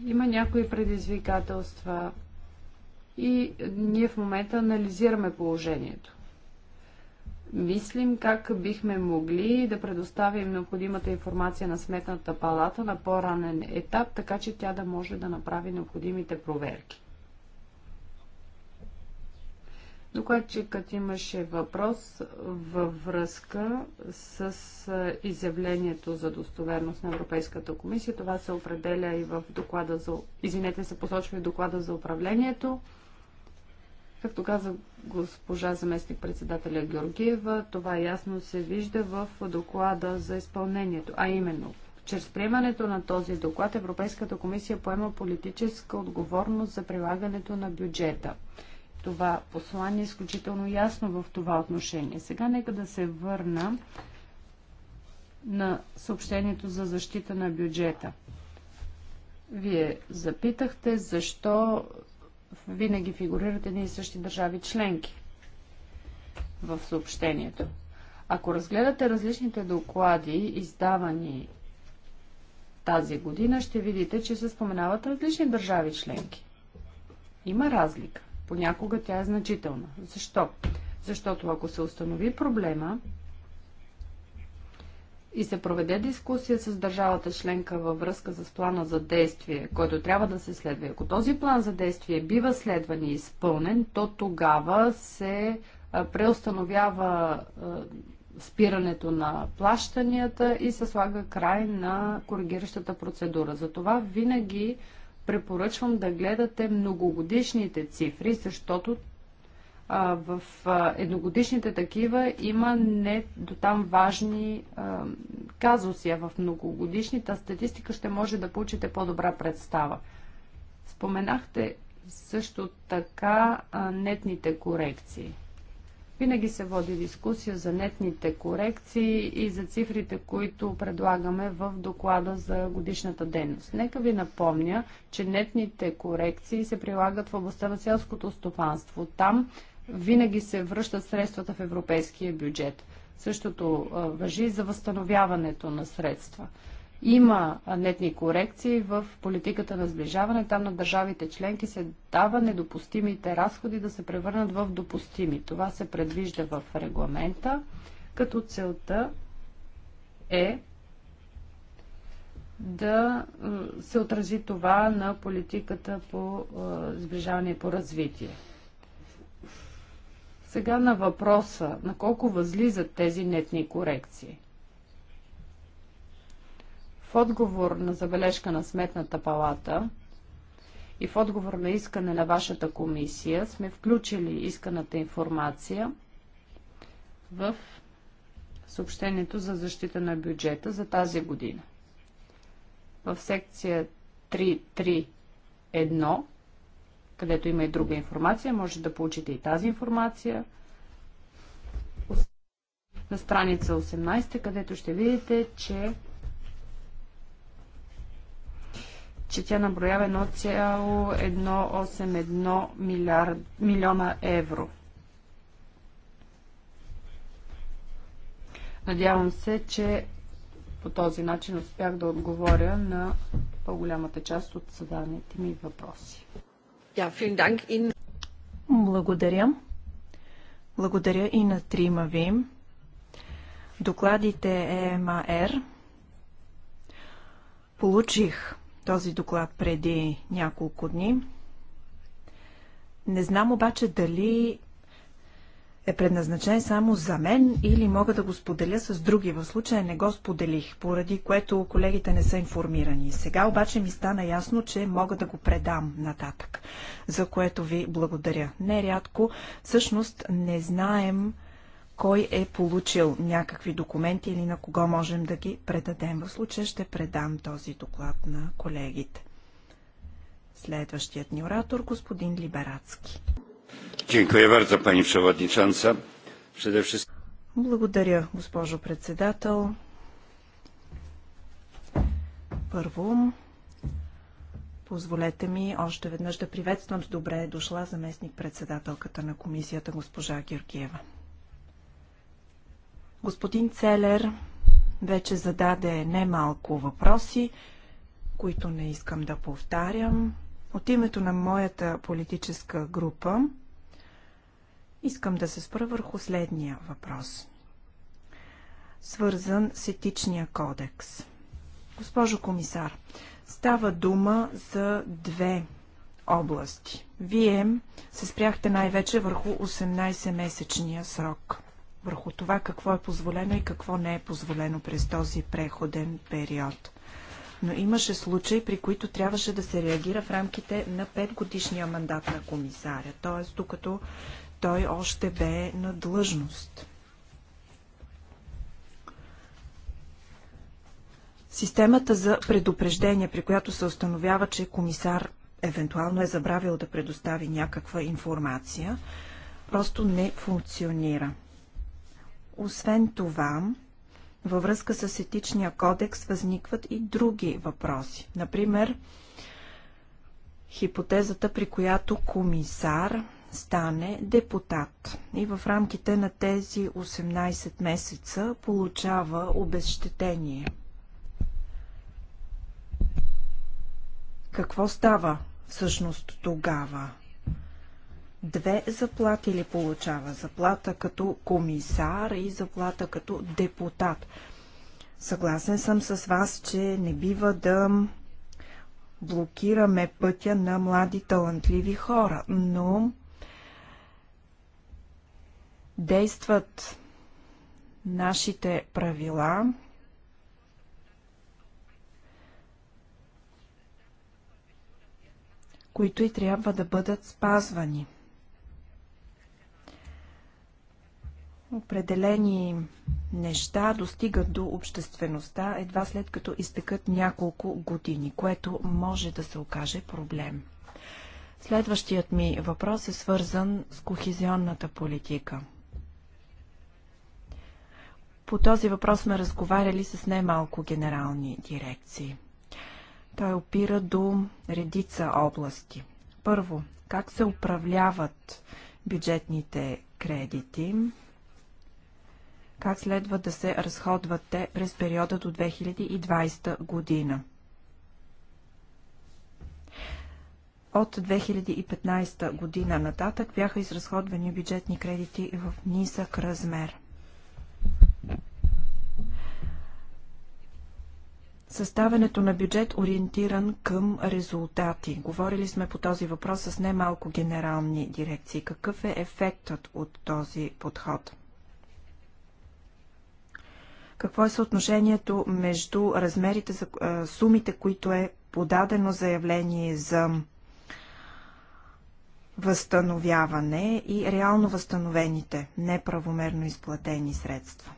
Има някои предизвикателства и ние в момента анализираме положението мислим как бихме могли да предоставим необходимата информация на Сметната палата на по-ранен етап, така че тя да може да направи необходимите проверки. Докладчикът имаше въпрос във връзка с изявлението за достоверност на Европейската комисия. Това се определя и в доклада за... Извинете, се посочва и в доклада за управлението. Както каза госпожа заместник председателя Георгиева, това ясно се вижда в доклада за изпълнението, а именно чрез приемането на този доклад Европейската комисия поема политическа отговорност за прилагането на бюджета. Това послание е изключително ясно в това отношение. Сега нека да се върна на съобщението за защита на бюджета. Вие запитахте защо винаги фигурират едни и същи държави членки в съобщението. Ако разгледате различните доклади, издавани тази година, ще видите, че се споменават различни държави членки. Има разлика. Понякога тя е значителна. Защо? Защото ако се установи проблема, и се проведе дискусия с държавата членка във връзка с плана за действие, който трябва да се следва. Ако този план за действие бива следван и изпълнен, то тогава се преустановява спирането на плащанията и се слага край на коригиращата процедура. Затова винаги препоръчвам да гледате многогодишните цифри, защото в едногодишните такива има не до там важни казуси, а в многогодишната статистика ще може да получите по-добра представа. Споменахте също така нетните корекции. Винаги се води дискусия за нетните корекции и за цифрите, които предлагаме в доклада за годишната дейност. Нека ви напомня, че нетните корекции се прилагат в областта на селското стопанство. Там винаги се връщат средствата в европейския бюджет. Същото въжи за възстановяването на средства. Има нетни корекции в политиката на сближаване. Там на държавите членки се дава недопустимите разходи да се превърнат в допустими. Това се предвижда в регламента, като целта е да се отрази това на политиката по сближаване и по развитие. Сега на въпроса, на колко възлизат тези нетни корекции? В отговор на забележка на Сметната палата и в отговор на искане на вашата комисия сме включили исканата информация в съобщението за защита на бюджета за тази година. В секция 3.3.1 където има и друга информация. Може да получите и тази информация на страница 18, където ще видите, че че тя наброява 1,181 милиард, милиона евро. Надявам се, че по този начин успях да отговоря на по-голямата част от зададените ми въпроси. Yeah, Благодаря. Благодаря и на трима ви. Докладите ЕМАР. Получих този доклад преди няколко дни. Не знам обаче дали е предназначен само за мен или мога да го споделя с други. В случая не го споделих, поради което колегите не са информирани. Сега обаче ми стана ясно, че мога да го предам нататък, за което ви благодаря. Нерядко, всъщност не знаем кой е получил някакви документи или на кого можем да ги предадем. В случая ще предам този доклад на колегите. Следващият ни оратор, господин Либерацки. Благодаря, госпожо председател. Първо, позволете ми още веднъж да приветствам с добре дошла заместник председателката на комисията госпожа Георгиева. Господин Целер вече зададе немалко въпроси, които не искам да повтарям. От името на моята политическа група Искам да се спра върху следния въпрос, свързан с етичния кодекс. Госпожо комисар, става дума за две области. Вие се спряхте най-вече върху 18-месечния срок, върху това какво е позволено и какво не е позволено през този преходен период. Но имаше случаи, при които трябваше да се реагира в рамките на 5-годишния мандат на комисаря, т.е. докато той още бе на длъжност. Системата за предупреждение, при която се установява, че комисар евентуално е забравил да предостави някаква информация, просто не функционира. Освен това, във връзка с етичния кодекс възникват и други въпроси. Например, хипотезата, при която комисар стане депутат и в рамките на тези 18 месеца получава обезщетение. Какво става всъщност тогава? Две заплати ли получава? Заплата като комисар и заплата като депутат. Съгласен съм с вас, че не бива да блокираме пътя на млади талантливи хора, но действат нашите правила, които и трябва да бъдат спазвани. Определени неща достигат до обществеността едва след като изтекат няколко години, което може да се окаже проблем. Следващият ми въпрос е свързан с кохезионната политика – по този въпрос сме разговаряли с немалко генерални дирекции. Той опира до редица области. Първо, как се управляват бюджетните кредити, как следва да се разходват те през периода до 2020 година. От 2015 година нататък бяха изразходвани бюджетни кредити в нисък размер – съставянето на бюджет ориентиран към резултати. Говорили сме по този въпрос с немалко генерални дирекции. Какъв е ефектът от този подход? Какво е съотношението между размерите, за, сумите, които е подадено заявление за възстановяване и реално възстановените неправомерно изплатени средства?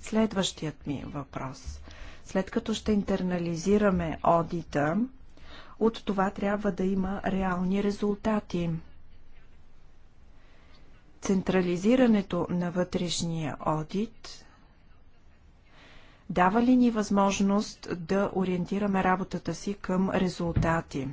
Следващият ми въпрос – след като ще интернализираме одита, от това трябва да има реални резултати. Централизирането на вътрешния одит дава ли ни възможност да ориентираме работата си към резултати?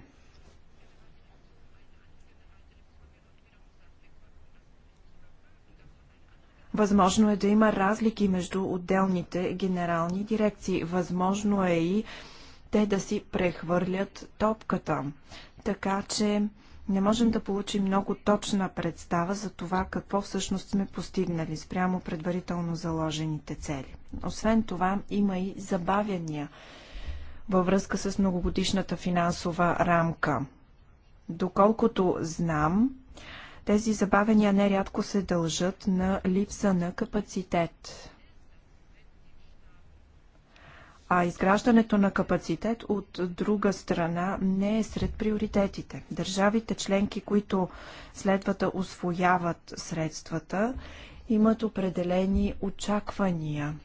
Възможно е да има разлики между отделните генерални дирекции. Възможно е и те да си прехвърлят топката. Така че не можем да получим много точна представа за това какво всъщност сме постигнали спрямо предварително заложените цели. Освен това има и забавяния във връзка с многогодишната финансова рамка. Доколкото знам, тези забавения нерядко се дължат на липса на капацитет. А изграждането на капацитет от друга страна не е сред приоритетите. Държавите членки, които следва да освояват средствата, имат определени очаквания.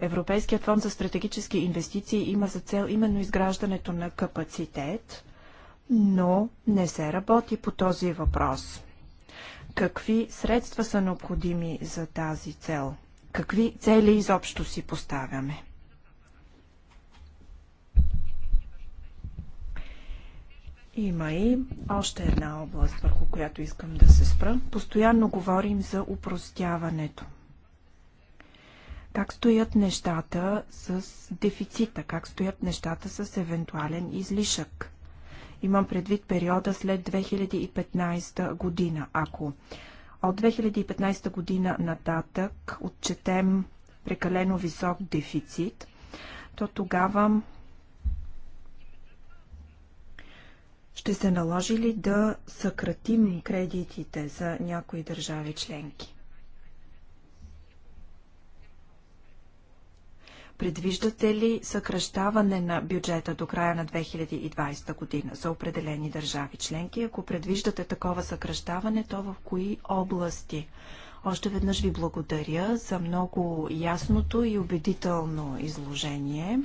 Европейският фонд за стратегически инвестиции има за цел именно изграждането на капацитет, но не се работи по този въпрос. Какви средства са необходими за тази цел? Какви цели изобщо си поставяме? Има и още една област, върху която искам да се спра. Постоянно говорим за упростяването. Как стоят нещата с дефицита? Как стоят нещата с евентуален излишък? Имам предвид периода след 2015 година. Ако от 2015 година нататък отчетем прекалено висок дефицит, то тогава ще се наложи ли да съкратим кредитите за някои държави членки? Предвиждате ли съкръщаване на бюджета до края на 2020 година за определени държави членки? Ако предвиждате такова съкръщаване, то в кои области? Още веднъж ви благодаря за много ясното и убедително изложение.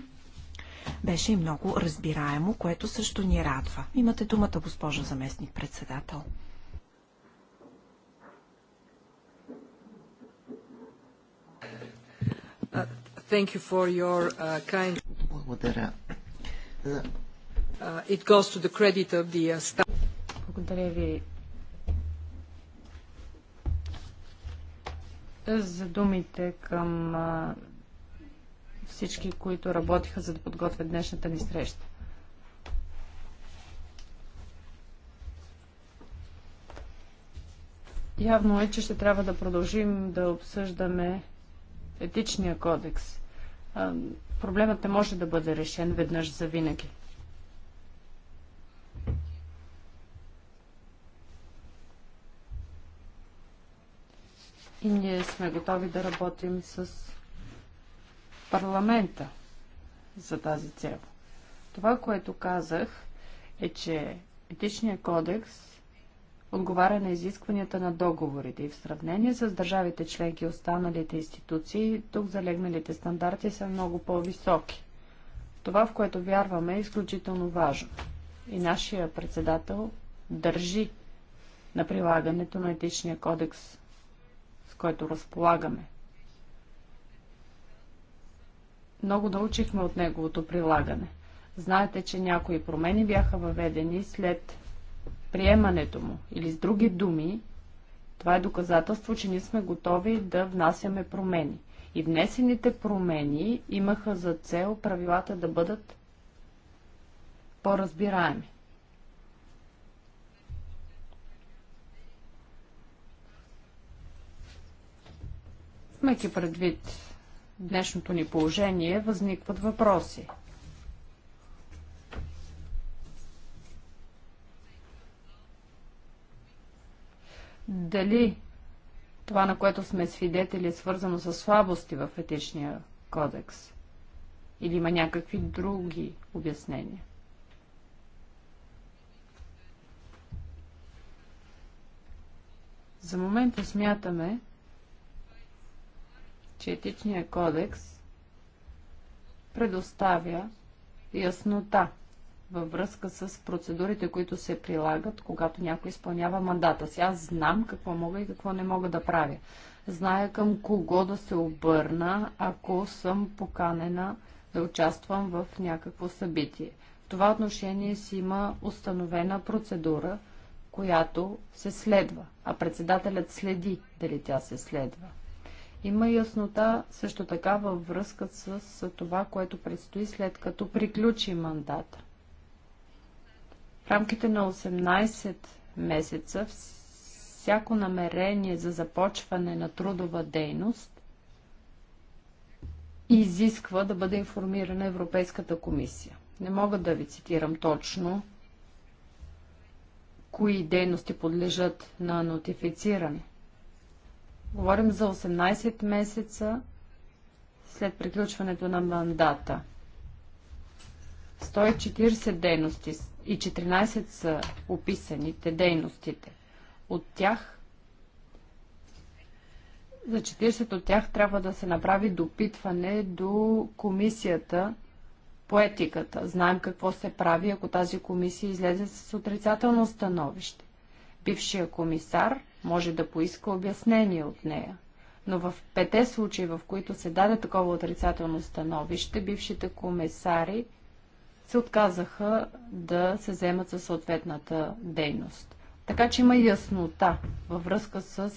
Беше и много разбираемо, което също ни радва. Имате думата, госпожо заместник председател. Thank you for your uh, kind... Благодаря. За... Uh, it goes to the credit of the uh, staff. Благодаря ви за думите към всички, които работиха за да подготвят днешната ни среща. Явно е, че ще трябва да продължим да обсъждаме етичния кодекс. Проблемът не може да бъде решен веднъж за винаги. И ние сме готови да работим с парламента за тази цел. Това, което казах, е, че етичният кодекс отговаря на изискванията на договорите и в сравнение с държавите членки и останалите институции, тук залегналите стандарти са много по-високи. Това, в което вярваме, е изключително важно. И нашия председател държи на прилагането на етичния кодекс, с който разполагаме. Много научихме от неговото прилагане. Знаете, че някои промени бяха въведени след приемането му. Или с други думи, това е доказателство, че ние сме готови да внасяме промени. И внесените промени имаха за цел правилата да бъдат по-разбираеми. Имайки предвид днешното ни положение, възникват въпроси. дали това, на което сме свидетели, е свързано с слабости в етичния кодекс? Или има някакви други обяснения? За момента смятаме, че Етичният кодекс предоставя яснота във връзка с процедурите, които се прилагат, когато някой изпълнява мандата си. Аз знам какво мога и какво не мога да правя. Зная към кого да се обърна, ако съм поканена да участвам в някакво събитие. В това отношение си има установена процедура, която се следва, а председателят следи дали тя се следва. Има яснота също така във връзка с това, което предстои след като приключи мандата. В рамките на 18 месеца всяко намерение за започване на трудова дейност изисква да бъде информирана Европейската комисия. Не мога да ви цитирам точно кои дейности подлежат на нотифициране. Говорим за 18 месеца след приключването на мандата. 140 дейности и 14 са описаните дейностите. От тях за 40 от тях трябва да се направи допитване до комисията по етиката. Знаем какво се прави, ако тази комисия излезе с отрицателно становище. Бившия комисар може да поиска обяснение от нея. Но в пете случаи, в които се даде такова отрицателно становище, бившите комисари се отказаха да се вземат за съответната дейност. Така че има яснота във връзка с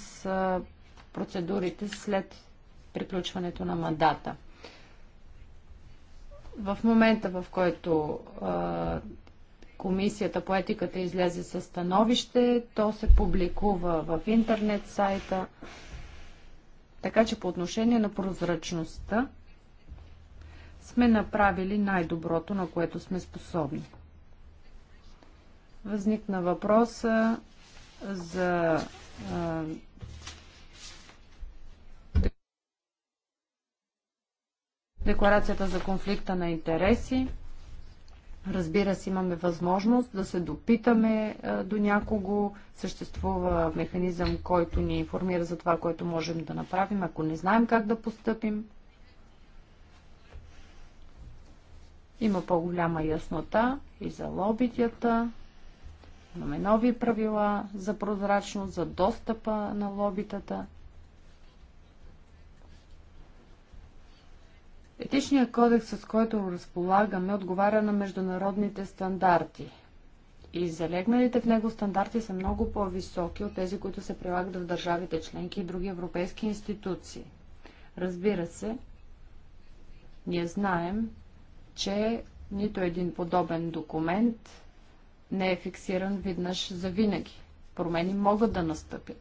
процедурите след приключването на мандата. В момента, в който Комисията по етиката излезе със становище, то се публикува в интернет сайта. Така че по отношение на прозрачността сме направили най-доброто, на което сме способни. Възникна въпроса за а, декларацията за конфликта на интереси. Разбира се, имаме възможност да се допитаме а, до някого. Съществува механизъм, който ни информира за това, което можем да направим, ако не знаем как да постъпим. Има по-голяма яснота и за лобитията. Имаме нови правила за прозрачност, за достъпа на лобитата. Етичният кодекс, с който разполагаме, отговаря на международните стандарти. И залегналите в него стандарти са много по-високи от тези, които се прилагат в държавите членки и други европейски институции. Разбира се, ние знаем, че нито един подобен документ не е фиксиран виднъж за винаги. Промени могат да настъпят.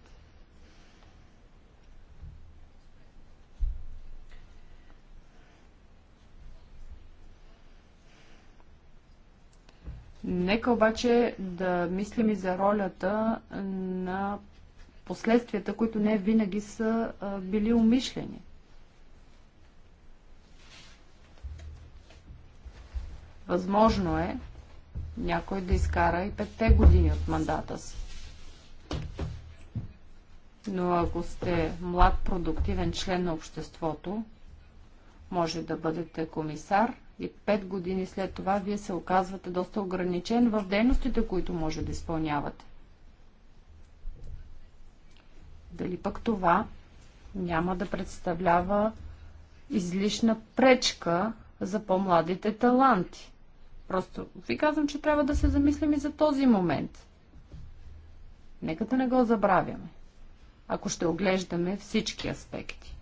Нека обаче да мислим и за ролята на последствията, които не винаги са били умишлени. Възможно е някой да изкара и петте години от мандата си. Но ако сте млад, продуктивен член на обществото, може да бъдете комисар и пет години след това вие се оказвате доста ограничен в дейностите, които може да изпълнявате. Дали пък това няма да представлява излишна пречка за по-младите таланти? Просто ви казвам, че трябва да се замислим и за този момент. Нека да не го забравяме, ако ще оглеждаме всички аспекти.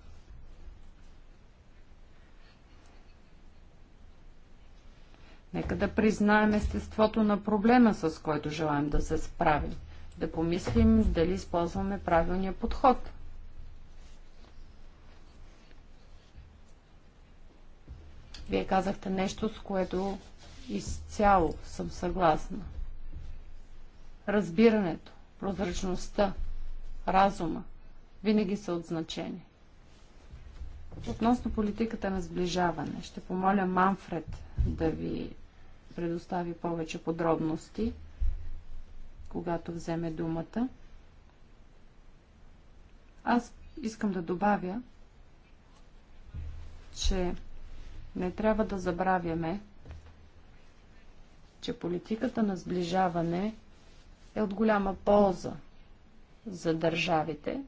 Нека да признаем естеството на проблема, с който желаем да се справим. Да помислим дали използваме правилния подход. Вие казахте нещо, с което Изцяло съм съгласна. Разбирането, прозрачността, разума винаги са от значение. Относно политиката на сближаване, ще помоля Манфред да ви предостави повече подробности, когато вземе думата. Аз искам да добавя, че не трябва да забравяме, че политиката на сближаване е от голяма полза за държавите,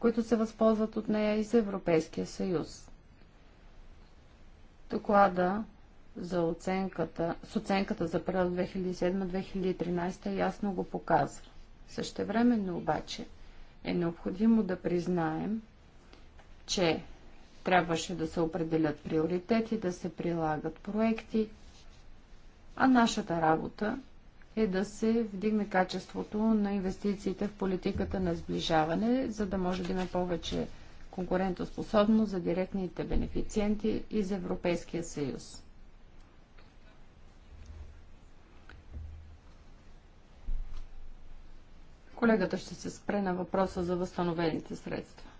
които се възползват от нея и за Европейския съюз. Доклада за оценката, с оценката за период 2007-2013 ясно го показва. Същевременно обаче е необходимо да признаем, че трябваше да се определят приоритети, да се прилагат проекти – а нашата работа е да се вдигне качеството на инвестициите в политиката на сближаване, за да може да има повече конкурентоспособност за директните бенефициенти и за Европейския съюз. Колегата ще се спре на въпроса за възстановените средства.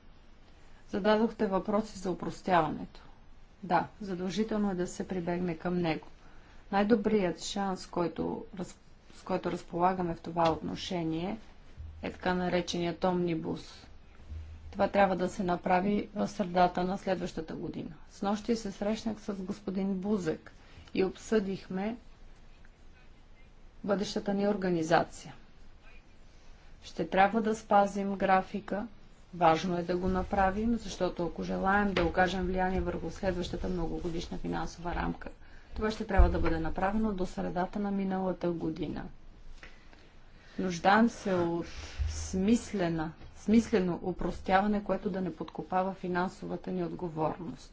Зададохте въпроси за упростяването. Да, задължително е да се прибегне към него. Най-добрият шанс, който, с който разполагаме в това отношение, е така нареченият омнибус. Това трябва да се направи в средата на следващата година. С нощи се срещнах с господин Бузек и обсъдихме бъдещата ни организация. Ще трябва да спазим графика. Важно е да го направим, защото ако желаем да окажем влияние върху следващата многогодишна финансова рамка това ще трябва да бъде направено до средата на миналата година. Нуждаем се от смислена, смислено упростяване, което да не подкопава финансовата ни отговорност.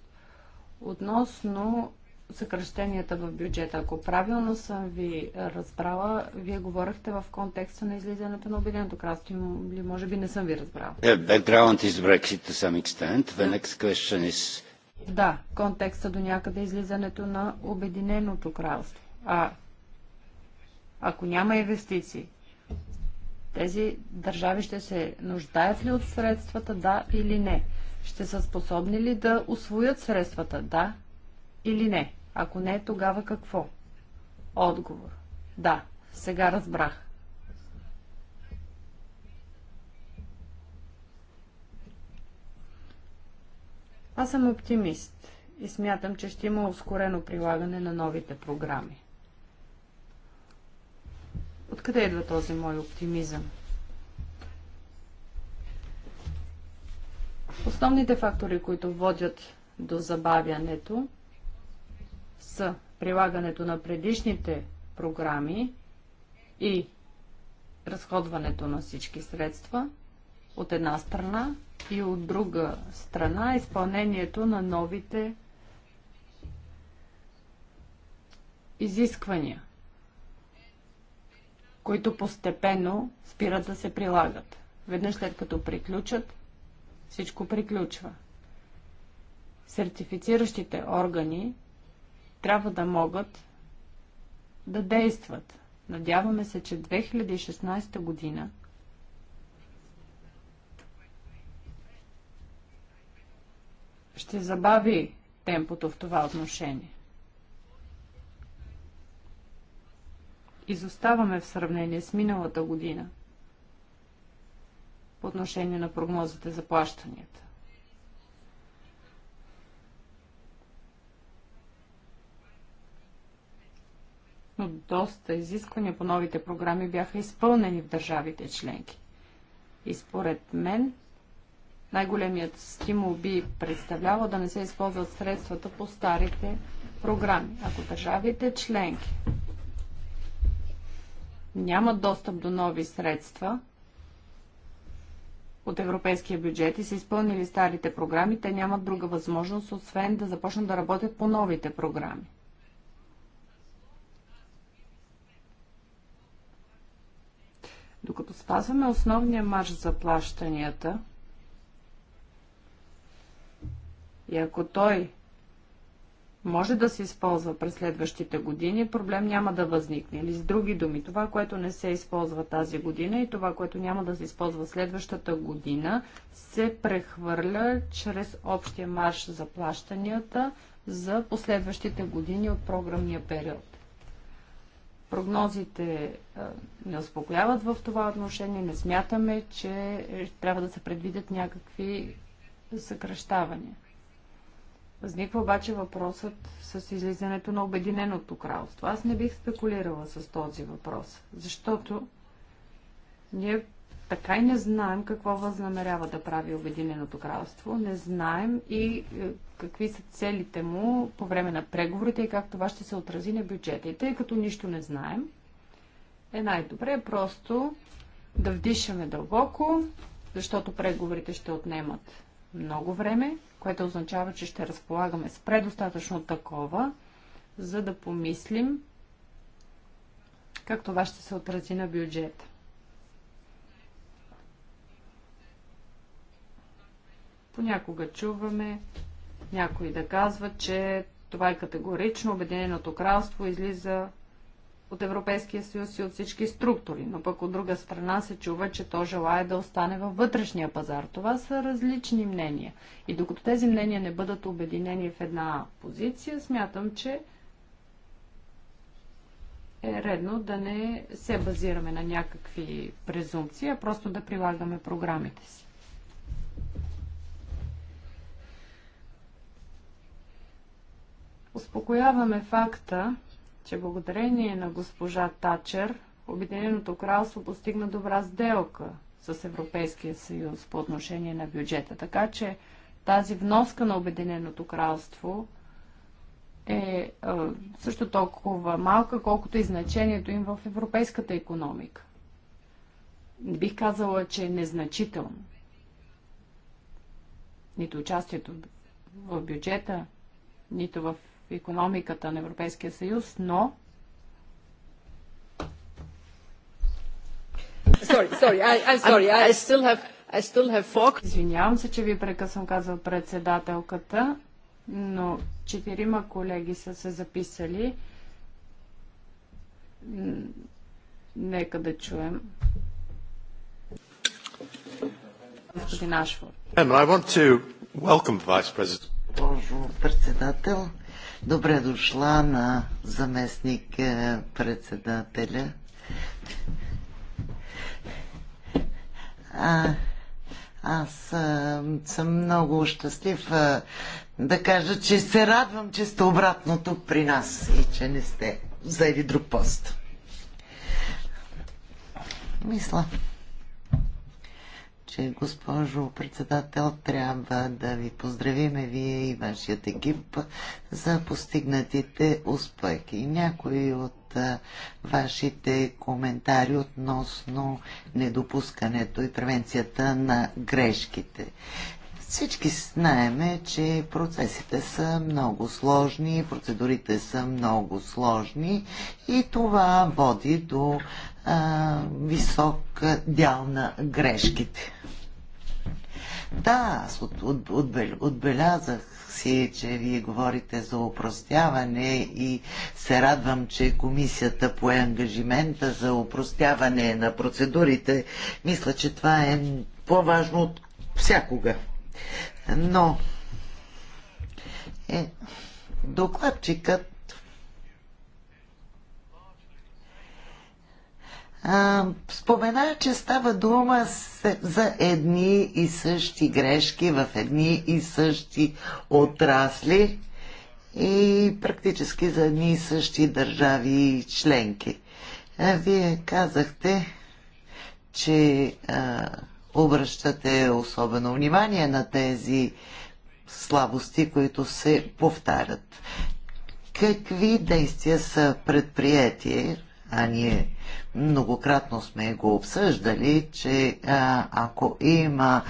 Относно съкръщенията в бюджета. Ако правилно съм ви разбрала, вие говорихте в контекста на излизането на Обединеното кралство може би не съм ви разбрала. Yeah, background is Brexit to some extent. The next question is да, контекста до някъде излизането на Обединеното кралство. А ако няма инвестиции, тези държави ще се нуждаят ли от средствата, да или не? Ще са способни ли да освоят средствата, да или не? Ако не, тогава какво? Отговор. Да, сега разбрах. Аз съм оптимист и смятам, че ще има ускорено прилагане на новите програми. Откъде идва този мой оптимизъм? Основните фактори, които водят до забавянето, са прилагането на предишните програми и разходването на всички средства, от една страна и от друга страна изпълнението на новите изисквания, които постепенно спират да се прилагат. Веднъж след като приключат, всичко приключва. Сертифициращите органи трябва да могат да действат. Надяваме се, че 2016 година ще забави темпото в това отношение. Изоставаме в сравнение с миналата година по отношение на прогнозите за плащанията. но доста изисквания по новите програми бяха изпълнени в държавите членки. И според мен най-големият стимул би представлявал да не се използват средствата по старите програми. Ако държавите членки нямат достъп до нови средства от европейския бюджет и са изпълнили старите програми, те нямат друга възможност, освен да започнат да работят по новите програми. Докато спазваме основния марш за плащанията, И ако той може да се използва през следващите години, проблем няма да възникне. Или с други думи, това, което не се използва тази година и това, което няма да се използва следващата година, се прехвърля чрез общия марш за плащанията за последващите години от програмния период. Прогнозите е, не успокояват в това отношение. Не смятаме, че е, трябва да се предвидят някакви съкръщавания. Възниква обаче въпросът с излизането на Обединеното кралство. Аз не бих спекулирала с този въпрос, защото ние така и не знаем какво възнамерява да прави Обединеното кралство. Не знаем и е, какви са целите му по време на преговорите и как това ще се отрази на бюджета. И тъй като нищо не знаем, е най-добре просто да вдишаме дълбоко, защото преговорите ще отнемат много време което означава, че ще разполагаме с предостатъчно такова, за да помислим как това ще се отрази на бюджета. Понякога чуваме някои да казват, че това е категорично, Обединеното кралство излиза от Европейския съюз и от всички структури, но пък от друга страна се чува, че то желая да остане във вътрешния пазар. Това са различни мнения. И докато тези мнения не бъдат обединени в една позиция, смятам, че е редно да не се базираме на някакви презумпции, а просто да прилагаме програмите си. Успокояваме факта, че благодарение на госпожа Тачер Обединеното кралство постигна добра сделка с Европейския съюз по отношение на бюджета. Така че тази вноска на Обединеното кралство е, е също толкова малка, колкото и значението им в европейската економика. Бих казала, че е незначително. Нито участието в бюджета, нито в економиката на Европейския съюз, но Извинявам се, че ви прекъсвам, казва председателката, но четирима колеги са се записали. Нека да чуем. Господин Ашфорд. Госпожо председател, Добре дошла на заместник е, председателя. А, аз а, е, съм много щастлив а, е, да кажа, че се радвам, че сте обратно тук при нас и че не сте заели друг пост. Мисля че, госпожо председател, трябва да ви поздравиме вие и вашият екип за постигнатите успехи. Някои от вашите коментари относно недопускането и превенцията на грешките. Всички знаеме, че процесите са много сложни, процедурите са много сложни и това води до а, висок дял на грешките. Да, аз от, от, от, отбелязах си, че вие говорите за упростяване и се радвам, че комисията по ангажимента за упростяване на процедурите. Мисля, че това е по-важно от всякога. Но е, докладчикът спомена, че става дума за едни и същи грешки в едни и същи отрасли и практически за едни и същи държави и членки. Вие казахте, че а, обръщате особено внимание на тези слабости, които се повтарят. Какви действия са предприятие, а ние многократно сме го обсъждали, че ако има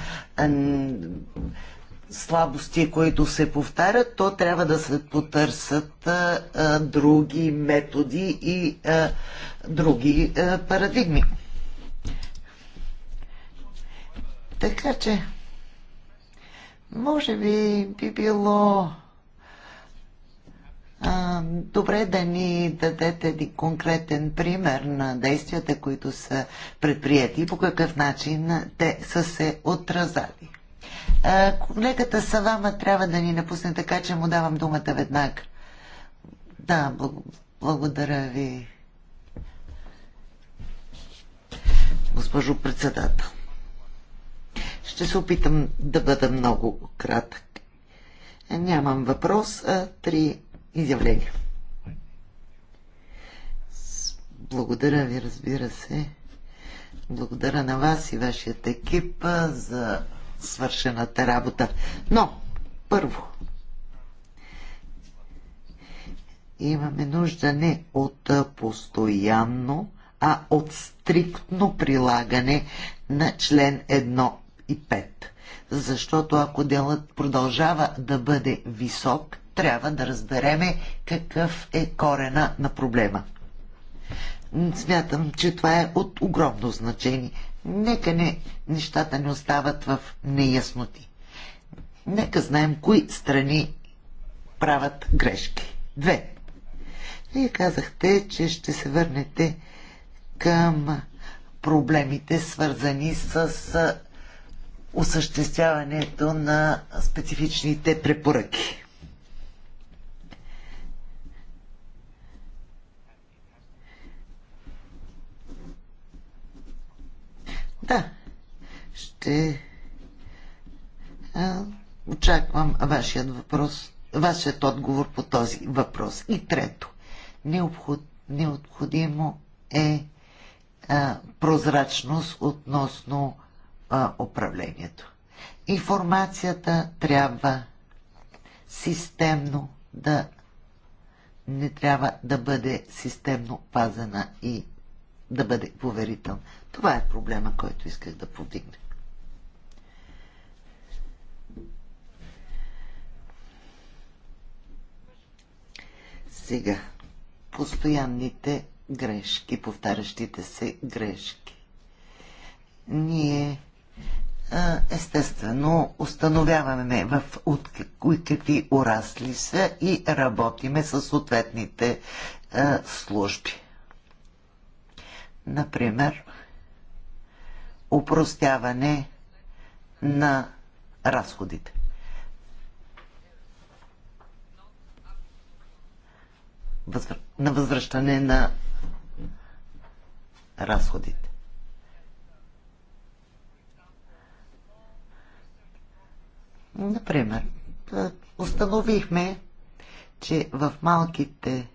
слабости, които се повтарят, то трябва да се потърсят а, а, други методи и а, други а, парадигми. Така че, може би би било Добре е да ни дадете един конкретен пример на действията, които са предприяти и по какъв начин те са се отразали. Колегата Савама трябва да ни напусне, така че му давам думата веднага. Да, благодаря ви, госпожо председател. Ще се опитам да бъда много кратък. Нямам въпрос, а три изявления. Благодаря ви, разбира се. Благодаря на вас и вашият екип за свършената работа. Но, първо, имаме нужда не от постоянно, а от стриктно прилагане на член 1 и 5. Защото ако делът продължава да бъде висок, трябва да разбереме какъв е корена на проблема. Смятам, че това е от огромно значение. Нека не, нещата не остават в неясноти. Нека знаем кои страни правят грешки. Две. Вие казахте, че ще се върнете към проблемите, свързани с осъществяването на специфичните препоръки. Да, ще а, очаквам вашият въпрос, вашият отговор по този въпрос. И трето, необход, необходимо е а, прозрачност относно а, управлението. Информацията трябва системно да не трябва да бъде системно пазена и да бъде поверителна. Това е проблема, който исках да повдигна. Сега, постоянните грешки, повтарящите се грешки. Ние естествено установяваме в от какви урасли са и работиме с съответните служби. Например, упростяване на разходите. на възвръщане на разходите. Например, установихме, че в малките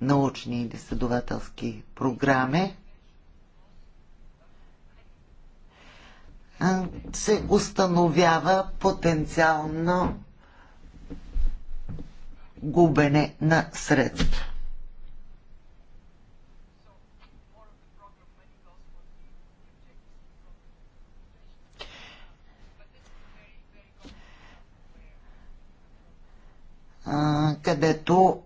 научни и изследователски програми се установява потенциално губене на средства. където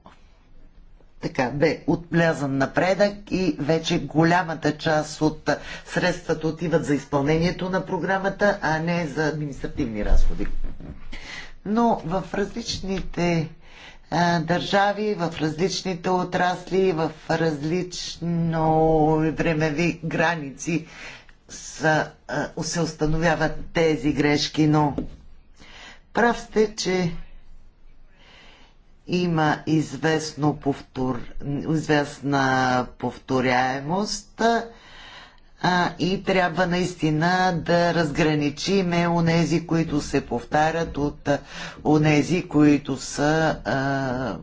така бе отплязан напредък и вече голямата част от средствата отиват за изпълнението на програмата, а не за административни разходи. Но в различните държави, в различните отрасли, в различно времеви граници са, се установяват тези грешки, но прав сте, че има известно повтор, известна повторяемост а, и трябва наистина да разграничиме онези, които се повтарят от онези, които са а,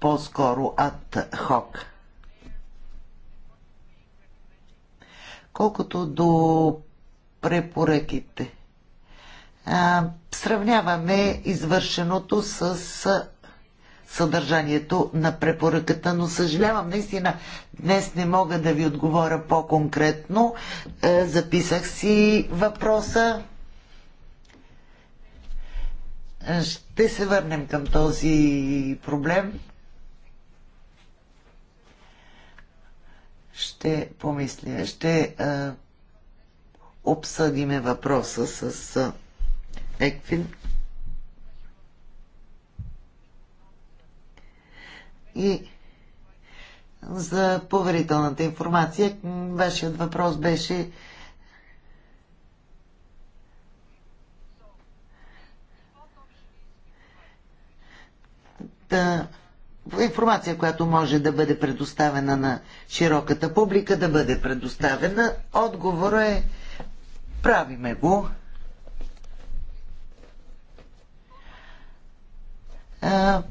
по-скоро ад хок. Колкото до препоръките – сравняваме извършеното с съдържанието на препоръката, но съжалявам, наистина днес не мога да ви отговоря по-конкретно. Е, записах си въпроса. Е, ще се върнем към този проблем. Ще помисля, ще е, обсъдиме въпроса с Еквин. И за поверителната информация, вашият въпрос беше да информация, която може да бъде предоставена на широката публика, да бъде предоставена. Отговорът е правиме го.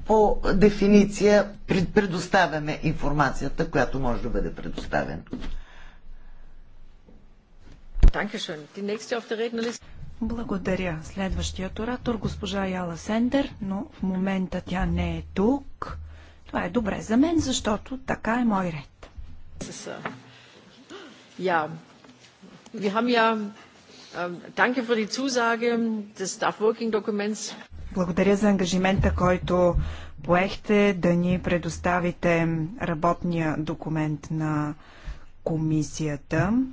по дефиниция предоставяме информацията, която може да бъде предоставена. Благодаря. Следващият оратор, госпожа Яла Сендер, но в момента тя не е тук. Това е добре за мен, защото така е мой ред. Ja, wir haben ja, danke für die Zusage des daf благодаря за ангажимента, който поехте да ни предоставите работния документ на комисията.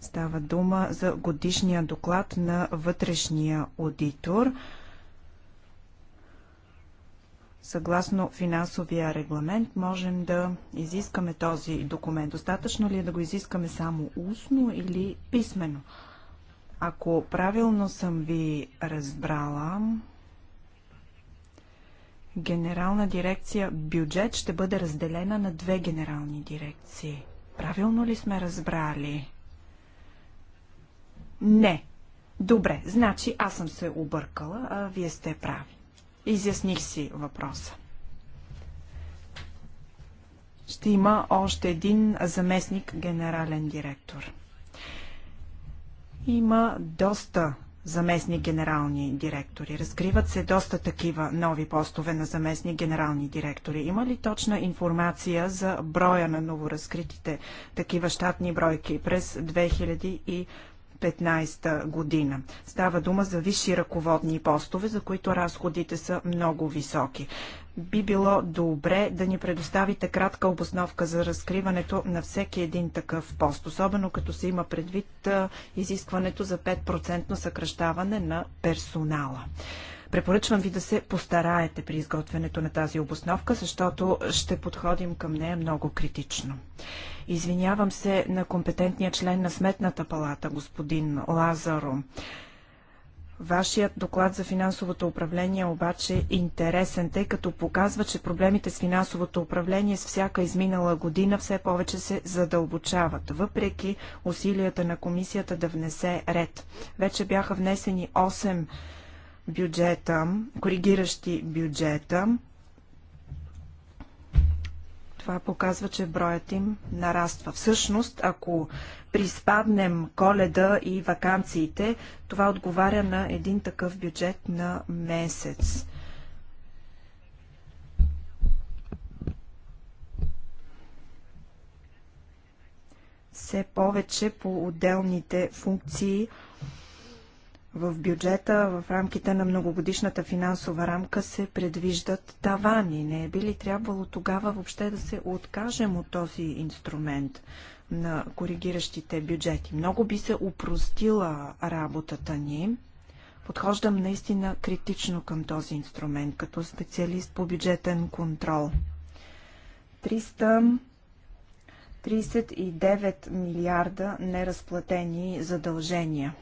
Става дума за годишния доклад на вътрешния аудитор. Съгласно финансовия регламент можем да изискаме този документ. Достатъчно ли е да го изискаме само устно или писменно? Ако правилно съм ви разбрала, генерална дирекция бюджет ще бъде разделена на две генерални дирекции. Правилно ли сме разбрали? Не. Добре, значи аз съм се объркала, а вие сте прави. Изясних си въпроса. Ще има още един заместник генерален директор. Има доста заместни генерални директори. Разкриват се доста такива нови постове на заместни генерални директори. Има ли точна информация за броя на новоразкритите такива щатни бройки през 2015 година? Става дума за висши ръководни постове, за които разходите са много високи би било добре да ни предоставите кратка обосновка за разкриването на всеки един такъв пост, особено като се има предвид изискването за 5% съкръщаване на персонала. Препоръчвам ви да се постараете при изготвянето на тази обосновка, защото ще подходим към нея много критично. Извинявам се на компетентния член на Сметната палата, господин Лазаро. Вашият доклад за финансовото управление е обаче е интересен, тъй като показва, че проблемите с финансовото управление с всяка изминала година все повече се задълбочават, въпреки усилията на комисията да внесе ред. Вече бяха внесени 8 бюджета, коригиращи бюджета. Това показва, че броят им нараства. Всъщност, ако приспаднем коледа и вакансиите, това отговаря на един такъв бюджет на месец. Все повече по отделните функции – в бюджета, в рамките на многогодишната финансова рамка се предвиждат тавани. Не е би ли трябвало тогава въобще да се откажем от този инструмент на коригиращите бюджети? Много би се упростила работата ни. Подхождам наистина критично към този инструмент, като специалист по бюджетен контрол. 300 39 милиарда неразплатени задължения.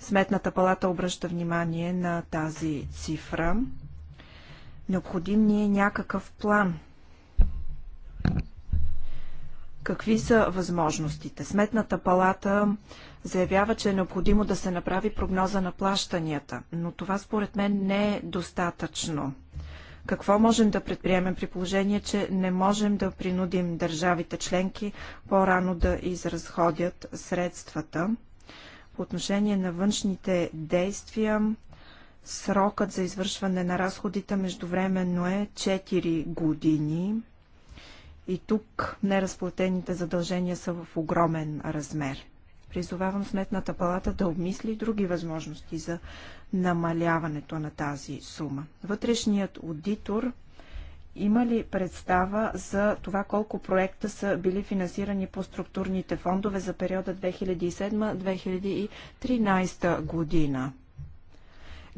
Сметната палата обръща внимание на тази цифра. Необходим ни е някакъв план. Какви са възможностите? Сметната палата заявява, че е необходимо да се направи прогноза на плащанията, но това според мен не е достатъчно. Какво можем да предприемем при положение, че не можем да принудим държавите членки по-рано да изразходят средствата? По отношение на външните действия, срокът за извършване на разходите междувременно е 4 години. И тук неразплатените задължения са в огромен размер. Призовавам Сметната палата да обмисли други възможности за намаляването на тази сума. Вътрешният аудитор има ли представа за това колко проекта са били финансирани по структурните фондове за периода 2007-2013 година?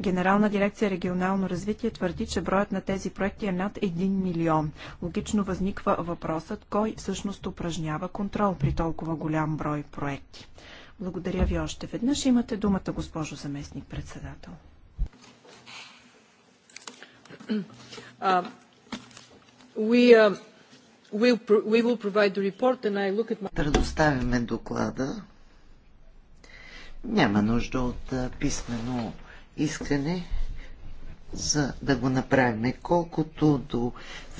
Генерална дирекция регионално развитие твърди, че броят на тези проекти е над 1 милион. Логично възниква въпросът, кой всъщност упражнява контрол при толкова голям брой проекти. Благодаря ви още веднъж. Имате думата, госпожо заместник председател. Um, Предоставяме доклада. Няма нужда от писмено искане, за да го направим. Колкото до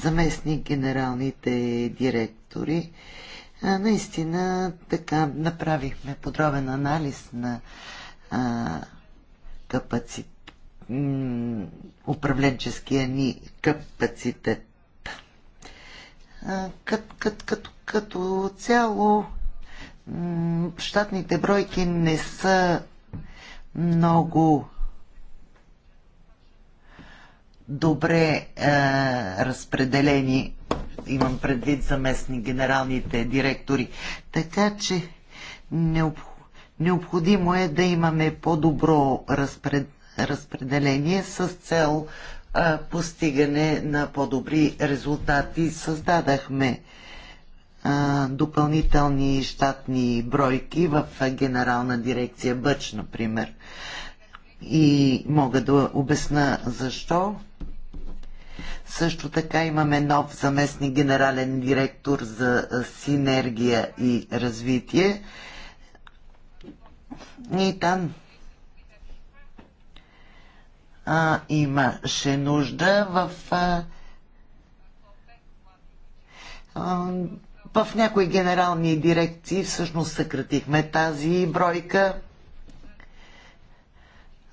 заместник генералните директори, наистина така направихме подробен анализ на капаци... управленческия ни капацитет като, кът, кът, като цяло щатните бройки не са много добре е, разпределени, имам предвид заместни генералните директори. Така че необходимо е да имаме по-добро разпред, разпределение с цел постигане на по-добри резултати. Създадахме допълнителни щатни бройки в Генерална дирекция Бъч, например. И мога да обясна защо. Също така имаме нов заместник генерален директор за синергия и развитие. И там а, имаше нужда в. А, а, в някои генерални дирекции всъщност съкратихме тази бройка,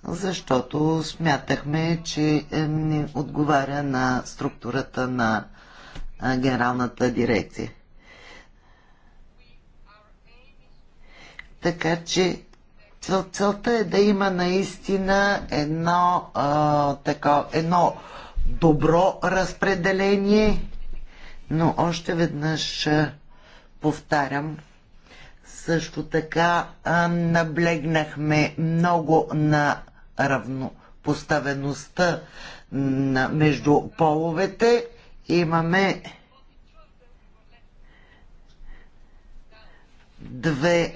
защото смятахме, че е, не отговаря на структурата на генералната дирекция. Така че Цел, целта е да има наистина едно, а, така, едно добро разпределение, но още веднъж а, повтарям, също така а, наблегнахме много на равнопоставеността на, между половете. Имаме две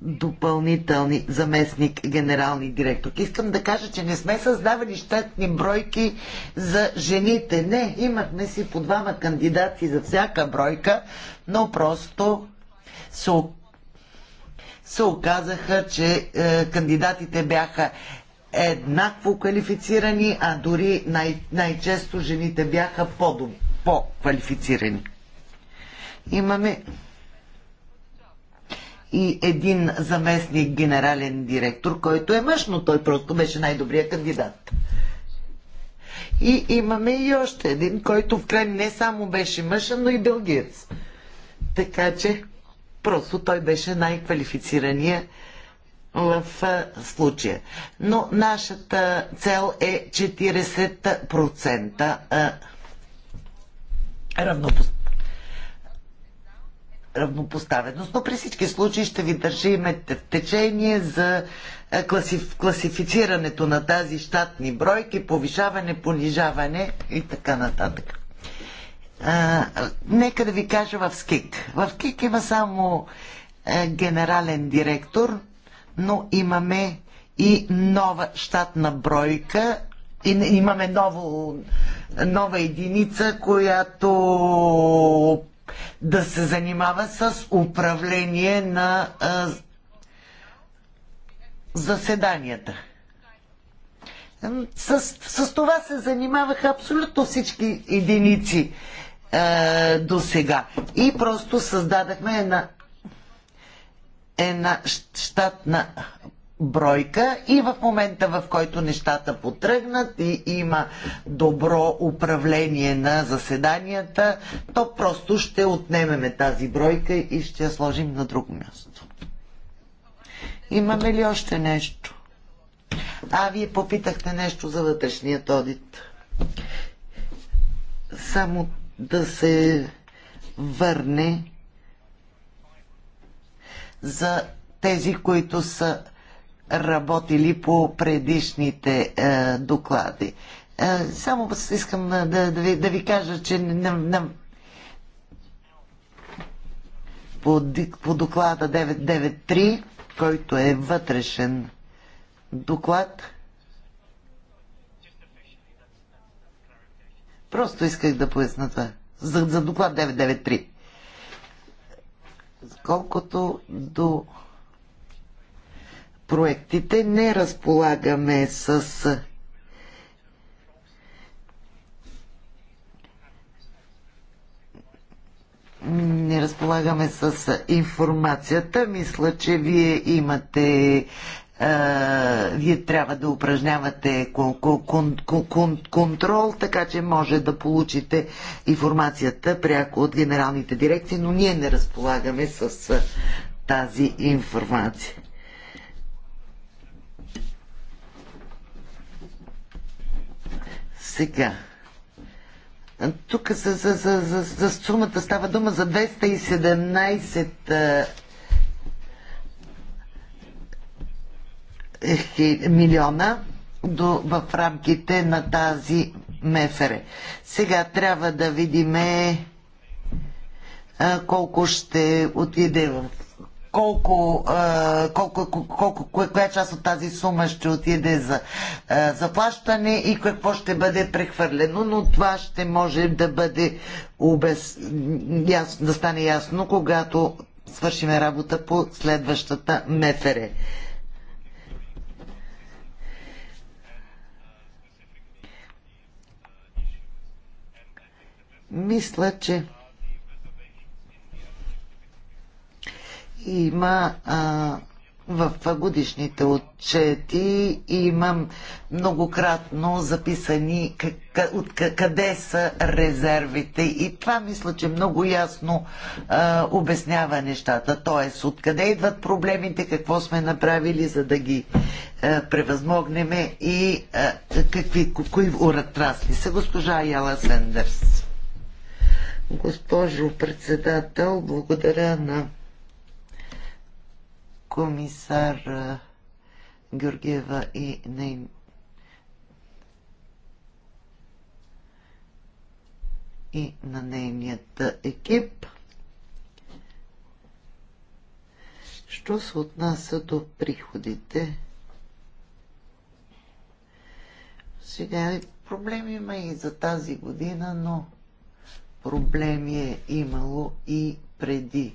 допълнителни заместник генерални директор. Искам да кажа, че не сме създавали щатни бройки за жените. Не, имахме си по двама кандидати за всяка бройка, но просто се, се оказаха, че е, кандидатите бяха еднакво квалифицирани, а дори най- най-често жените бяха по-квалифицирани. По Имаме и един заместник генерален директор, който е мъж, но той просто беше най добрия кандидат. И имаме и още един, който в край не само беше мъж, но и белгиец. Така че просто той беше най-квалифицирания в случая. Но нашата цел е 40% равнопоставеност равнопоставеност. Но при всички случаи ще ви държиме в течение за е, класиф, класифицирането на тази щатни бройки, повишаване, понижаване и така нататък. А, нека да ви кажа в СКИК. В СКИК има само е, генерален директор, но имаме и нова щатна бройка и имаме ново, нова единица, която да се занимава с управление на а, заседанията. С, с това се занимаваха абсолютно всички единици а, до сега. И просто създадахме една, една щатна бройка и в момента, в който нещата потръгнат и има добро управление на заседанията, то просто ще отнемеме тази бройка и ще я сложим на друго място. Имаме ли още нещо? А, вие попитахте нещо за вътрешният одит. Само да се върне за тези, които са работили по предишните е, доклади. Е, само искам да, да, ви, да ви кажа, че на, на, по, по доклада 993, който е вътрешен доклад, Просто исках да поясна това. За, за доклад 993. Колкото до проектите. Не разполагаме с не разполагаме с информацията. Мисля, че вие имате вие трябва да упражнявате контрол, така че може да получите информацията пряко от генералните дирекции, но ние не разполагаме с тази информация. Сега. Тук за, за, за, за, за сумата става дума за 217 е, милиона до, в рамките на тази мефере. Сега трябва да видиме колко ще отиде в колко, колко, колко, коя част от тази сума ще отиде за заплащане и какво ще бъде прехвърлено, но това ще може да бъде обез... да стане ясно, когато свършиме работа по следващата МФР. Мисля, че има а, в годишните отчети и имам многократно записани от къде са резервите и това мисля, че много ясно а, обяснява нещата. Тоест, откъде идват проблемите, какво сме направили, за да ги а, превъзмогнеме и а, какви, кои уратрасли са госпожа Яла Сендерс. Госпожо председател, благодаря на комисар Георгиева и нейн и на нейният екип. Що се отнася до приходите? Сега проблем има и за тази година, но проблеми е имало и преди.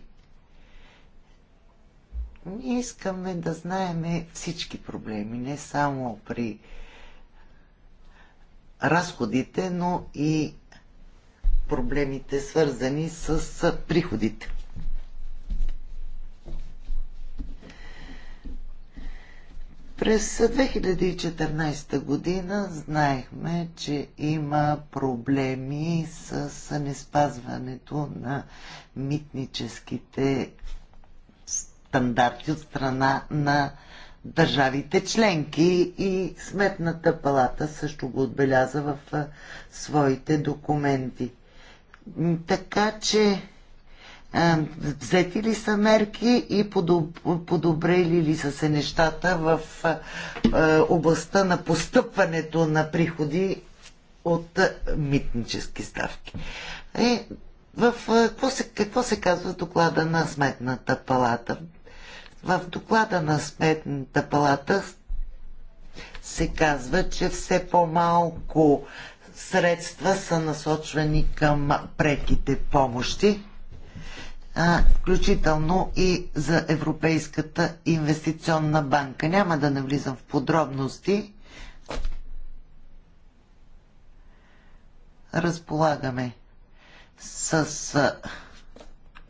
Ние искаме да знаеме всички проблеми, не само при разходите, но и проблемите, свързани с приходите. През 2014 година знаехме, че има проблеми с неспазването на митническите стандарти от страна на държавите членки и Сметната палата също го отбеляза в своите документи. Така че взети ли са мерки и подобрели ли са се нещата в областта на постъпването на приходи от митнически ставки. Е, в, какво, се, какво се казва в доклада на Сметната палата? В доклада на Сметната палата се казва, че все по-малко средства са насочвани към преките помощи, включително и за Европейската инвестиционна банка. Няма да навлизам в подробности. Разполагаме с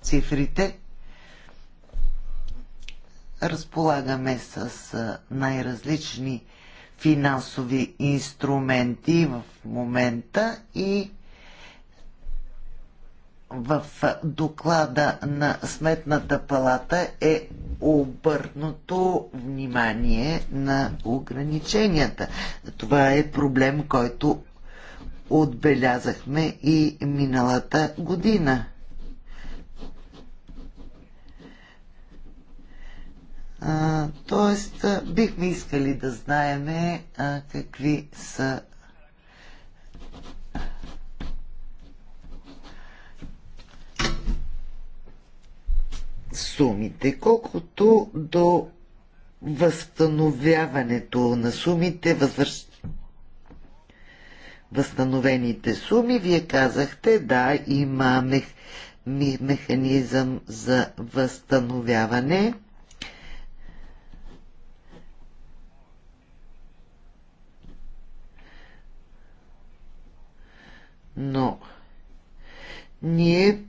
цифрите разполагаме с най-различни финансови инструменти в момента и в доклада на Сметната палата е обърнато внимание на ограниченията. Това е проблем, който отбелязахме и миналата година. Тоест, бихме искали да знаеме какви са сумите. Колкото до възстановяването на сумите, възвърш... възстановените суми, вие казахте, да, има мех... механизъм за възстановяване. но ние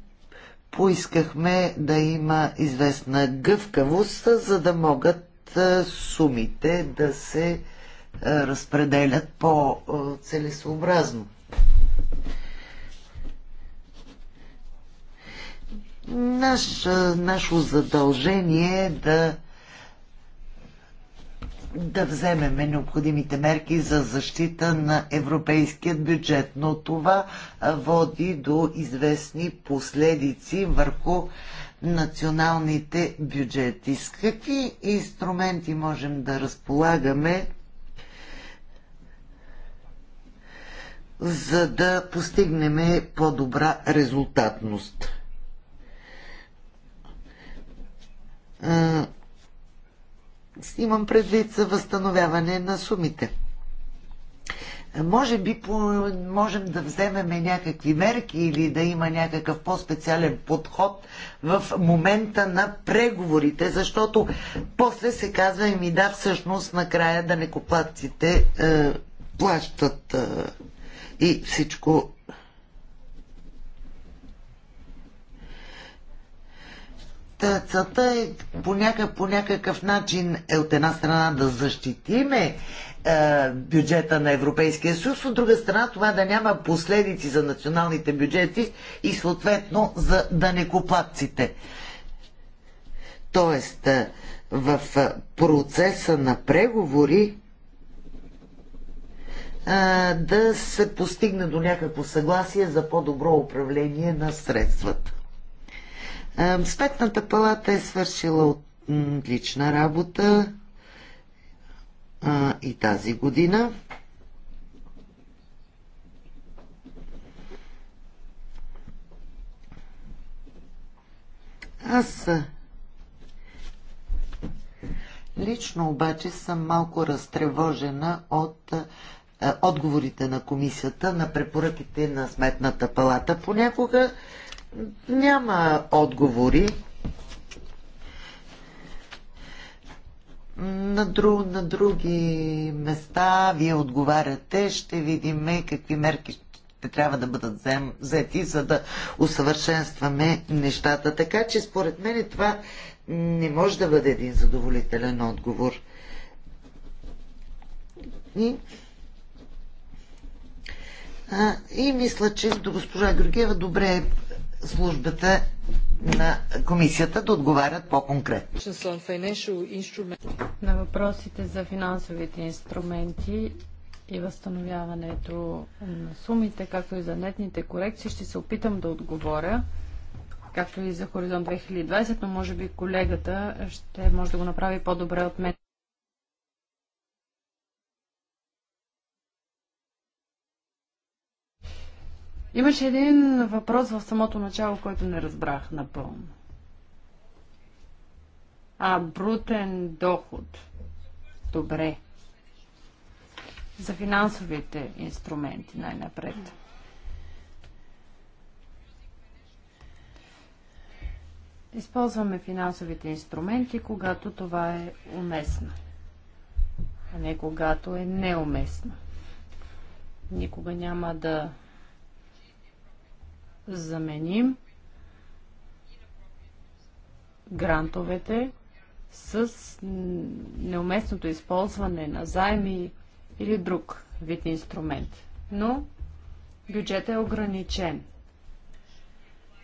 поискахме да има известна гъвкавост, за да могат е, сумите да се е, разпределят по-целесообразно. Наш, е, наше задължение е да да вземеме необходимите мерки за защита на европейският бюджет, но това води до известни последици върху националните бюджети. С какви инструменти можем да разполагаме, за да постигнем по-добра резултатност? имам предвид за възстановяване на сумите. Може би по, можем да вземем някакви мерки или да има някакъв по-специален подход в момента на преговорите, защото после се казва и ми да, всъщност накрая да некоплатците е, плащат е, и всичко Е, целта е по, някакъв, по някакъв начин е от една страна да защитиме е, бюджета на Европейския съюз, от друга страна това да няма последици за националните бюджети и съответно за данекоплатците. Тоест, е, в процеса на преговори да се постигне до някакво съгласие за по-добро управление на средствата. Сметната палата е свършила отлична работа и тази година. Аз лично обаче съм малко разтревожена от отговорите на комисията на препоръките на Сметната палата. Понякога няма отговори на, друг, на други места вие отговаряте. Ще видим какви мерки ще трябва да бъдат взети, за да усъвършенстваме нещата. Така че според мен това не може да бъде един задоволителен отговор. И, а, и мисля, че до госпожа Георгиева добре е службата на комисията да отговарят по-конкретно. На въпросите за финансовите инструменти и възстановяването на сумите, както и за нетните корекции, ще се опитам да отговоря, както и за Хоризонт 2020, но може би колегата ще може да го направи по-добре от мен. Имаше един въпрос в самото начало, който не разбрах напълно. А, брутен доход. Добре. За финансовите инструменти най-напред. Използваме финансовите инструменти, когато това е уместно, а не когато е неуместно. Никога няма да заменим грантовете с неуместното използване на заеми или друг вид инструмент. Но бюджетът е ограничен.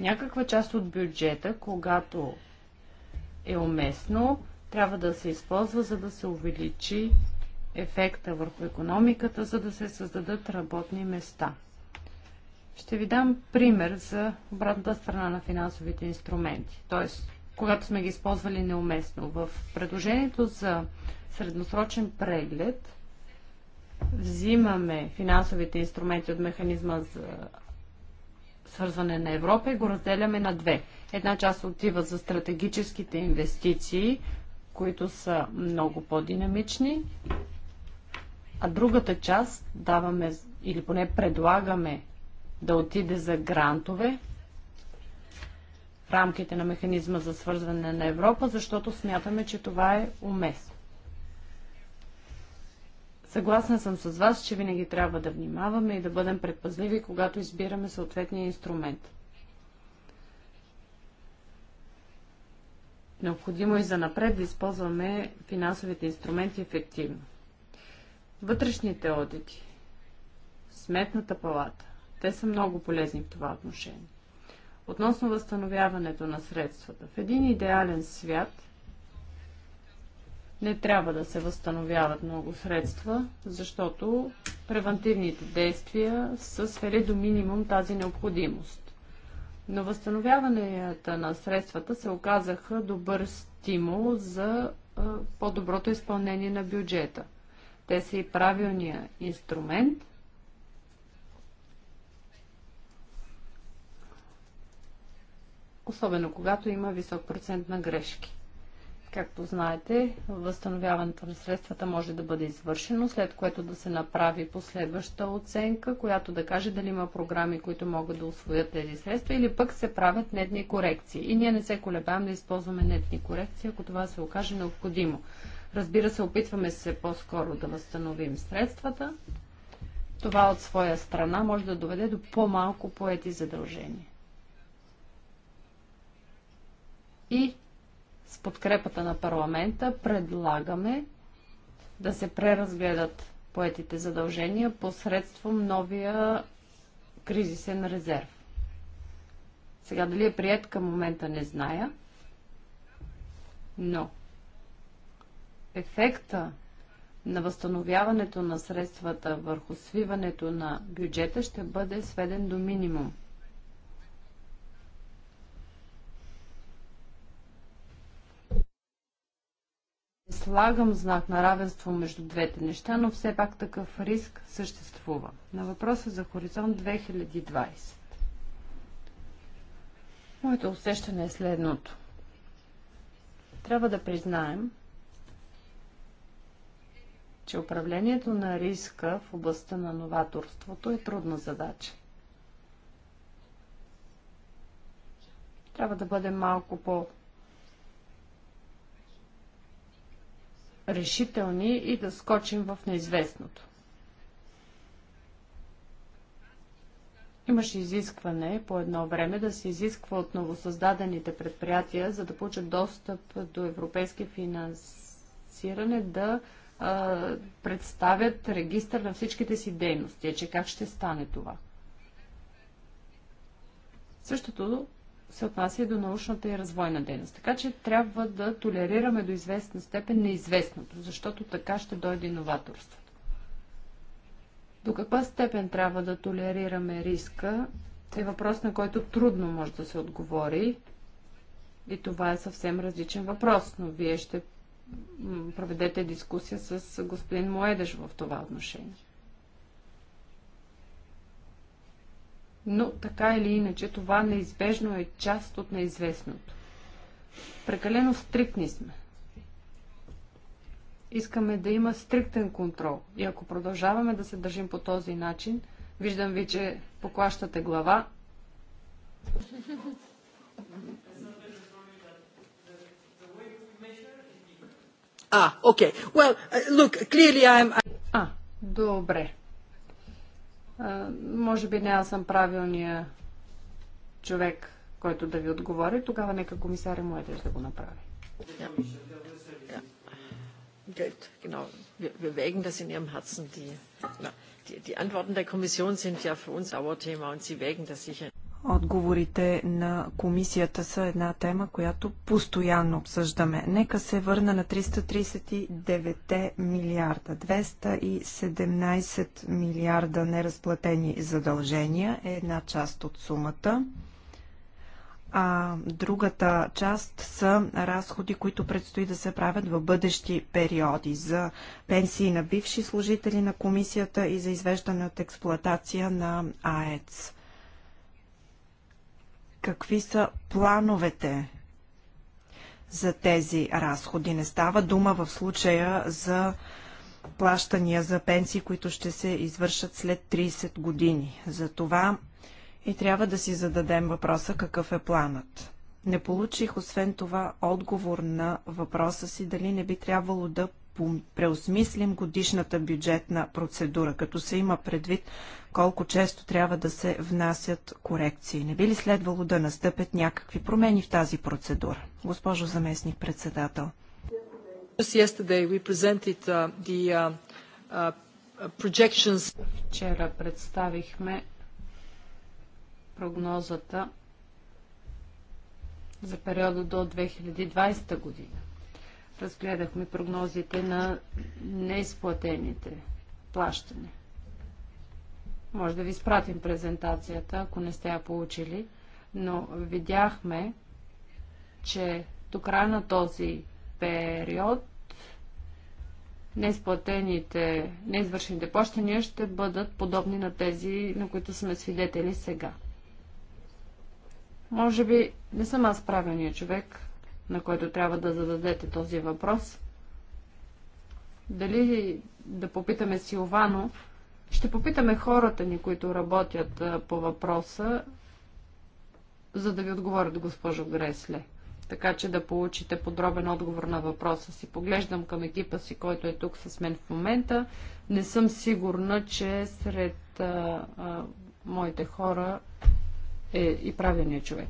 Някаква част от бюджета, когато е уместно, трябва да се използва, за да се увеличи ефекта върху економиката, за да се създадат работни места. Ще ви дам пример за обратната страна на финансовите инструменти, т.е. когато сме ги използвали неуместно. В предложението за средносрочен преглед взимаме финансовите инструменти от механизма за свързване на Европа и го разделяме на две. Една част отива за стратегическите инвестиции, които са много по-динамични, а другата част даваме или поне предлагаме да отиде за грантове в рамките на механизма за свързване на Европа, защото смятаме, че това е уместно. Съгласна съм с вас, че винаги трябва да внимаваме и да бъдем предпазливи, когато избираме съответния инструмент. Необходимо и е за напред да използваме финансовите инструменти ефективно. Вътрешните одити, сметната палата, те са много полезни в това отношение. Относно възстановяването на средствата. В един идеален свят не трябва да се възстановяват много средства, защото превентивните действия са свели до минимум тази необходимост. Но възстановяванията на средствата се оказаха добър стимул за по-доброто изпълнение на бюджета. Те са и правилния инструмент, особено когато има висок процент на грешки. Както знаете, възстановяването на средствата може да бъде извършено, след което да се направи последваща оценка, която да каже дали има програми, които могат да освоят тези средства или пък се правят нетни корекции. И ние не се колебаем да използваме нетни корекции, ако това се окаже необходимо. Разбира се, опитваме се по-скоро да възстановим средствата. Това от своя страна може да доведе до по-малко поети задължения. И с подкрепата на парламента предлагаме да се преразгледат поетите задължения посредством новия кризисен резерв. Сега дали е прият към момента не зная, но ефекта на възстановяването на средствата върху свиването на бюджета ще бъде сведен до минимум – слагам знак на равенство между двете неща, но все пак такъв риск съществува. На въпроса за хоризонт 2020. Моето усещане е следното. Трябва да признаем, че управлението на риска в областта на новаторството е трудна задача. Трябва да бъдем малко по- решителни и да скочим в неизвестното. Имаше изискване по едно време да се изисква от новосъздадените предприятия, за да получат достъп до европейски финансиране, да а, представят регистър на всичките си дейности. Е, че как ще стане това? Същото се отнася и до научната и развойна дейност. Така че трябва да толерираме до известна степен неизвестното, защото така ще дойде иноваторството. До каква степен трябва да толерираме риска е въпрос, на който трудно може да се отговори. И това е съвсем различен въпрос, но вие ще проведете дискусия с господин Моедеш в това отношение. но така или иначе това неизбежно е част от неизвестното. Прекалено стриктни сме. Искаме да има стриктен контрол и ако продължаваме да се държим по този начин, виждам ви, че поклащате глава. А, ah, Okay. Well, uh, look, clearly I'm... А, добре може би не аз съм правилния човек, който да ви отговори. Тогава нека комисаря Моедеш да го направи. Geld, genau. Wir, wir wägen das in Ihrem Herzen. Die, die, die Antworten der Kommission sind ja für uns Dauerthema und Sie wägen das sicher. Отговорите на комисията са една тема, която постоянно обсъждаме. Нека се върна на 339 милиарда. 217 милиарда неразплатени задължения е една част от сумата. А другата част са разходи, които предстои да се правят в бъдещи периоди за пенсии на бивши служители на комисията и за извеждане от експлоатация на АЕЦ. Какви са плановете за тези разходи? Не става дума в случая за плащания за пенсии, които ще се извършат след 30 години. За това и трябва да си зададем въпроса какъв е планът. Не получих освен това отговор на въпроса си дали не би трябвало да преосмислим годишната бюджетна процедура, като се има предвид колко често трябва да се внасят корекции. Не би ли следвало да настъпят някакви промени в тази процедура? Госпожо заместник председател. Uh, uh, uh, Вчера представихме прогнозата за периода до 2020 година разгледахме прогнозите на неизплатените плащане. Може да ви спратим презентацията, ако не сте я получили, но видяхме, че до края на този период неизплатените, неизвършените плащания ще бъдат подобни на тези, на които сме свидетели сега. Може би не съм аз правилният човек, на който трябва да зададете този въпрос. Дали да попитаме Силвано, ще попитаме хората ни, които работят по въпроса, за да ви отговорят, госпожо Гресле. Така че да получите подробен отговор на въпроса си. Поглеждам към екипа си, който е тук с мен в момента. Не съм сигурна, че сред а, а, моите хора е и правилният човек.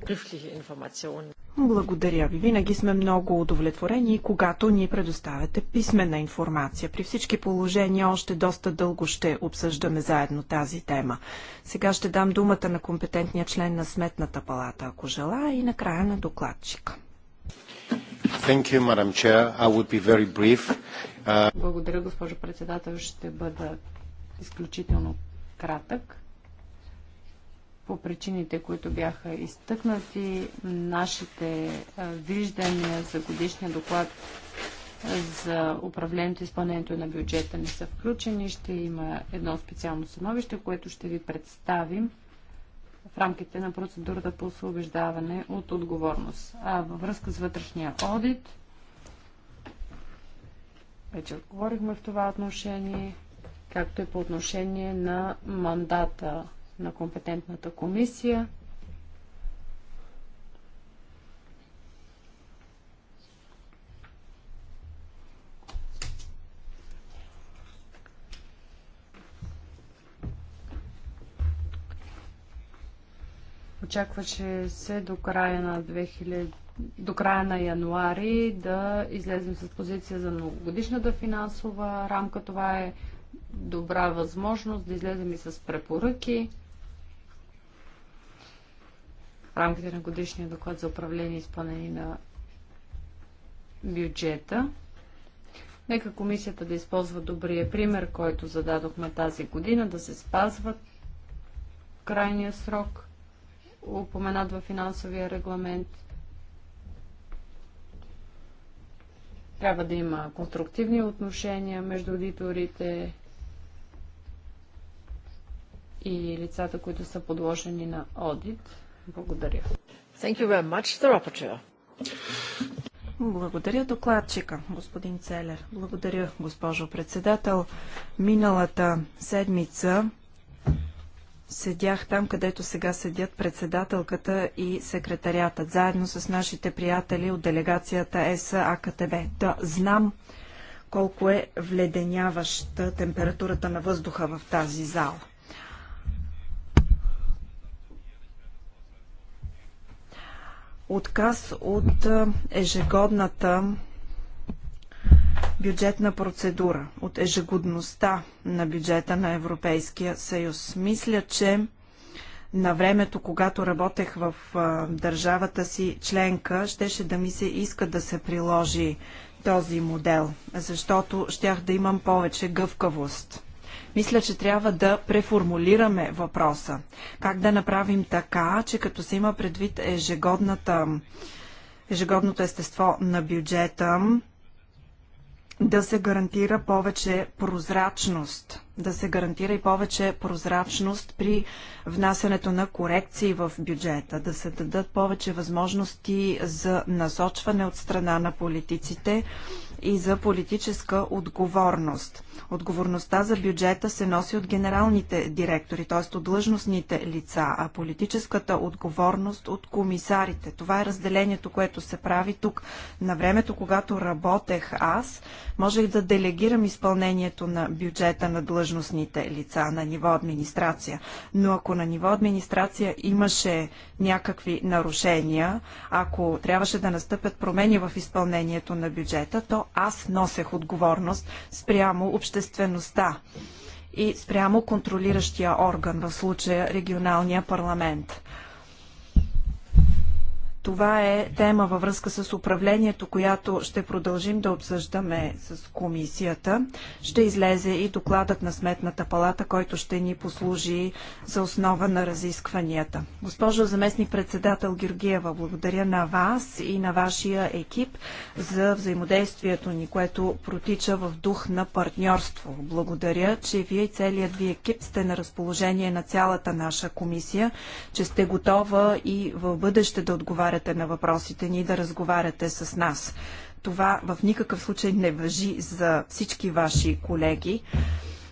Благодаря ви. Винаги сме много удовлетворени, когато ни предоставяте писмена информация. При всички положения още доста дълго ще обсъждаме заедно тази тема. Сега ще дам думата на компетентния член на Сметната палата, ако желая, и накрая на докладчика. You, uh... Благодаря, госпожо председател. Ще бъда изключително кратък по причините, които бяха изтъкнати, нашите виждания за годишния доклад за управлението и изпълнението на бюджета не са включени. Ще има едно специално становище, което ще ви представим в рамките на процедурата по освобождаване от отговорност. А във връзка с вътрешния одит, вече отговорихме в това отношение, както и по отношение на мандата на компетентната комисия. Очакваше се до края на 2000 до края на януари да излезем с позиция за многогодишната финансова рамка. Това е добра възможност да излезем и с препоръки рамките на годишния доклад за управление и изпълнение на бюджета. Нека комисията да използва добрия пример, който зададохме тази година, да се спазва крайния срок, упоменат във финансовия регламент. Трябва да има конструктивни отношения между аудиторите и лицата, които са подложени на одит. Благодаря. Thank you very much, the rapporteur. Благодаря докладчика, господин Целер. Благодаря, госпожо председател. Миналата седмица седях там, където сега седят председателката и секретарята, заедно с нашите приятели от делегацията ЕСА АКТБ. Да, знам колко е вледеняваща температурата на въздуха в тази зала. отказ от ежегодната бюджетна процедура, от ежегодността на бюджета на Европейския съюз. Мисля, че на времето, когато работех в държавата си членка, щеше да ми се иска да се приложи този модел, защото щях да имам повече гъвкавост. Мисля, че трябва да преформулираме въпроса. Как да направим така, че като се има предвид ежегодната, ежегодното естество на бюджета, да се гарантира повече прозрачност. Да се гарантира и повече прозрачност при внасянето на корекции в бюджета. Да се дадат повече възможности за насочване от страна на политиците и за политическа отговорност. Отговорността за бюджета се носи от генералните директори, т.е. от длъжностните лица, а политическата отговорност от комисарите. Това е разделението, което се прави тук. На времето, когато работех аз, можех да делегирам изпълнението на бюджета на длъжностните лица на ниво администрация. Но ако на ниво администрация имаше някакви нарушения, ако трябваше да настъпят промени в изпълнението на бюджета, то аз носех отговорност спрямо обществеността и спрямо контролиращия орган, в случая регионалния парламент. Това е тема във връзка с управлението, която ще продължим да обсъждаме с комисията. Ще излезе и докладът на Сметната палата, който ще ни послужи за основа на разискванията. Госпожо заместник председател Георгиева, благодаря на вас и на вашия екип за взаимодействието ни, което протича в дух на партньорство. Благодаря, че вие и целият ви екип сте на разположение на цялата наша комисия, че сте готова и в бъдеще да отговаряте отговаряте на въпросите ни и да разговаряте с нас. Това в никакъв случай не въжи за всички ваши колеги,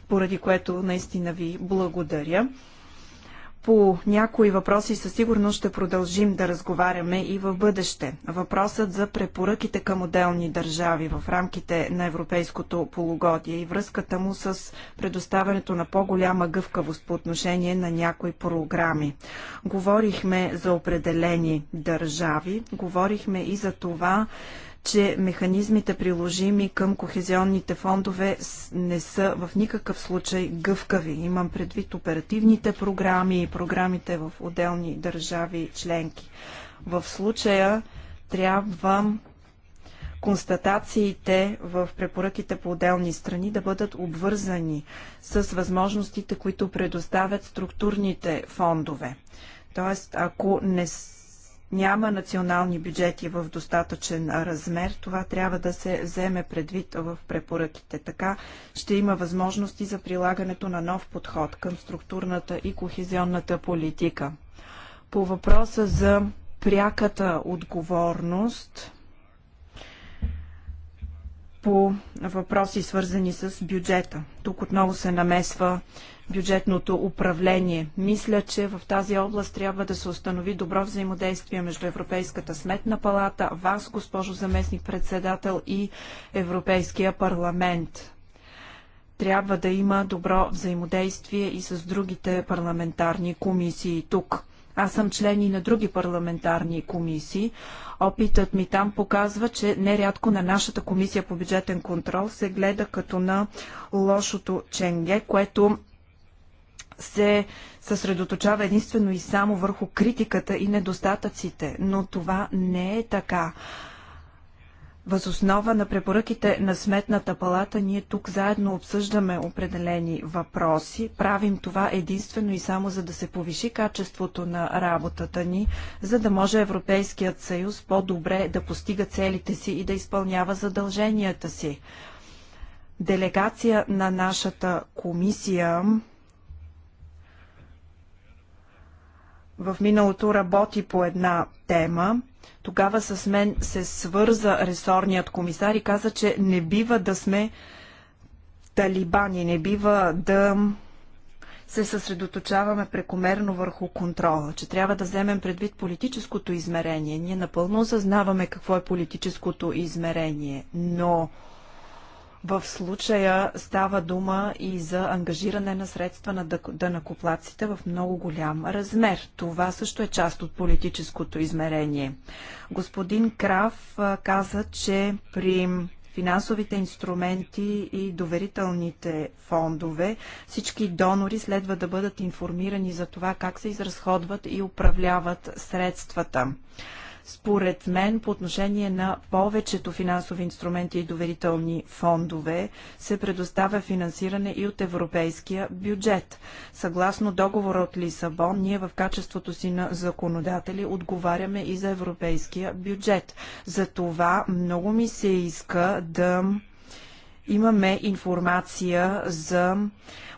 поради което наистина ви благодаря. По някои въпроси със сигурност ще продължим да разговаряме и в бъдеще. Въпросът за препоръките към отделни държави в рамките на европейското полугодие и връзката му с предоставянето на по-голяма гъвкавост по отношение на някои програми. Говорихме за определени държави, говорихме и за това, че механизмите приложими към кохезионните фондове не са в никакъв случай гъвкави. Имам предвид оперативните програми и програмите в отделни държави членки. В случая трябва констатациите в препоръките по отделни страни да бъдат обвързани с възможностите, които предоставят структурните фондове. Тоест, ако не няма национални бюджети в достатъчен размер. Това трябва да се вземе предвид в препоръките. Така ще има възможности за прилагането на нов подход към структурната и кохезионната политика. По въпроса за пряката отговорност по въпроси свързани с бюджета. Тук отново се намесва бюджетното управление. Мисля, че в тази област трябва да се установи добро взаимодействие между Европейската сметна палата, вас, госпожо заместник председател и Европейския парламент. Трябва да има добро взаимодействие и с другите парламентарни комисии тук. Аз съм член и на други парламентарни комисии. Опитът ми там показва, че нерядко на нашата комисия по бюджетен контрол се гледа като на лошото ченге, което се съсредоточава единствено и само върху критиката и недостатъците, но това не е така. Възоснова на препоръките на Сметната палата ние тук заедно обсъждаме определени въпроси. Правим това единствено и само за да се повиши качеството на работата ни, за да може Европейският съюз по-добре да постига целите си и да изпълнява задълженията си. Делегация на нашата комисия в миналото работи по една тема. Тогава с мен се свърза ресорният комисар и каза, че не бива да сме талибани, не бива да се съсредоточаваме прекомерно върху контрола, че трябва да вземем предвид политическото измерение. Ние напълно осъзнаваме какво е политическото измерение, но в случая става дума и за ангажиране на средства на дънакоплаците в много голям размер. Това също е част от политическото измерение. Господин Крав каза, че при финансовите инструменти и доверителните фондове. Всички донори следва да бъдат информирани за това как се изразходват и управляват средствата. Според мен, по отношение на повечето финансови инструменти и доверителни фондове, се предоставя финансиране и от европейския бюджет. Съгласно договора от Лисабон, ние в качеството си на законодатели отговаряме и за европейския бюджет. За това много ми се иска да имаме информация за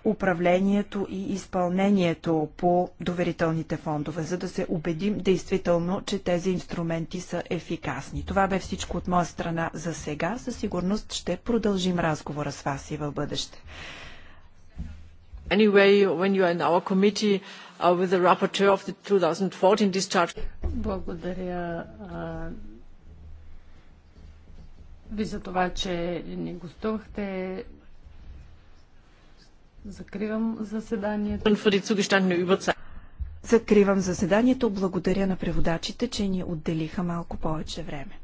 управлението и изпълнението по доверителните фондове, за да се убедим действително, че тези инструменти са ефикасни. Това бе всичко от моя страна за сега. Със сигурност ще продължим разговора с вас и в бъдеще. Anyway, when you are in our committee, uh, with the rapporteur of the 2014 discharge. Благодаря а, uh, ви за това, че ни гостувахте. Закривам заседанието. Закривам заседанието. Благодаря на преводачите, че ни отделиха малко повече време.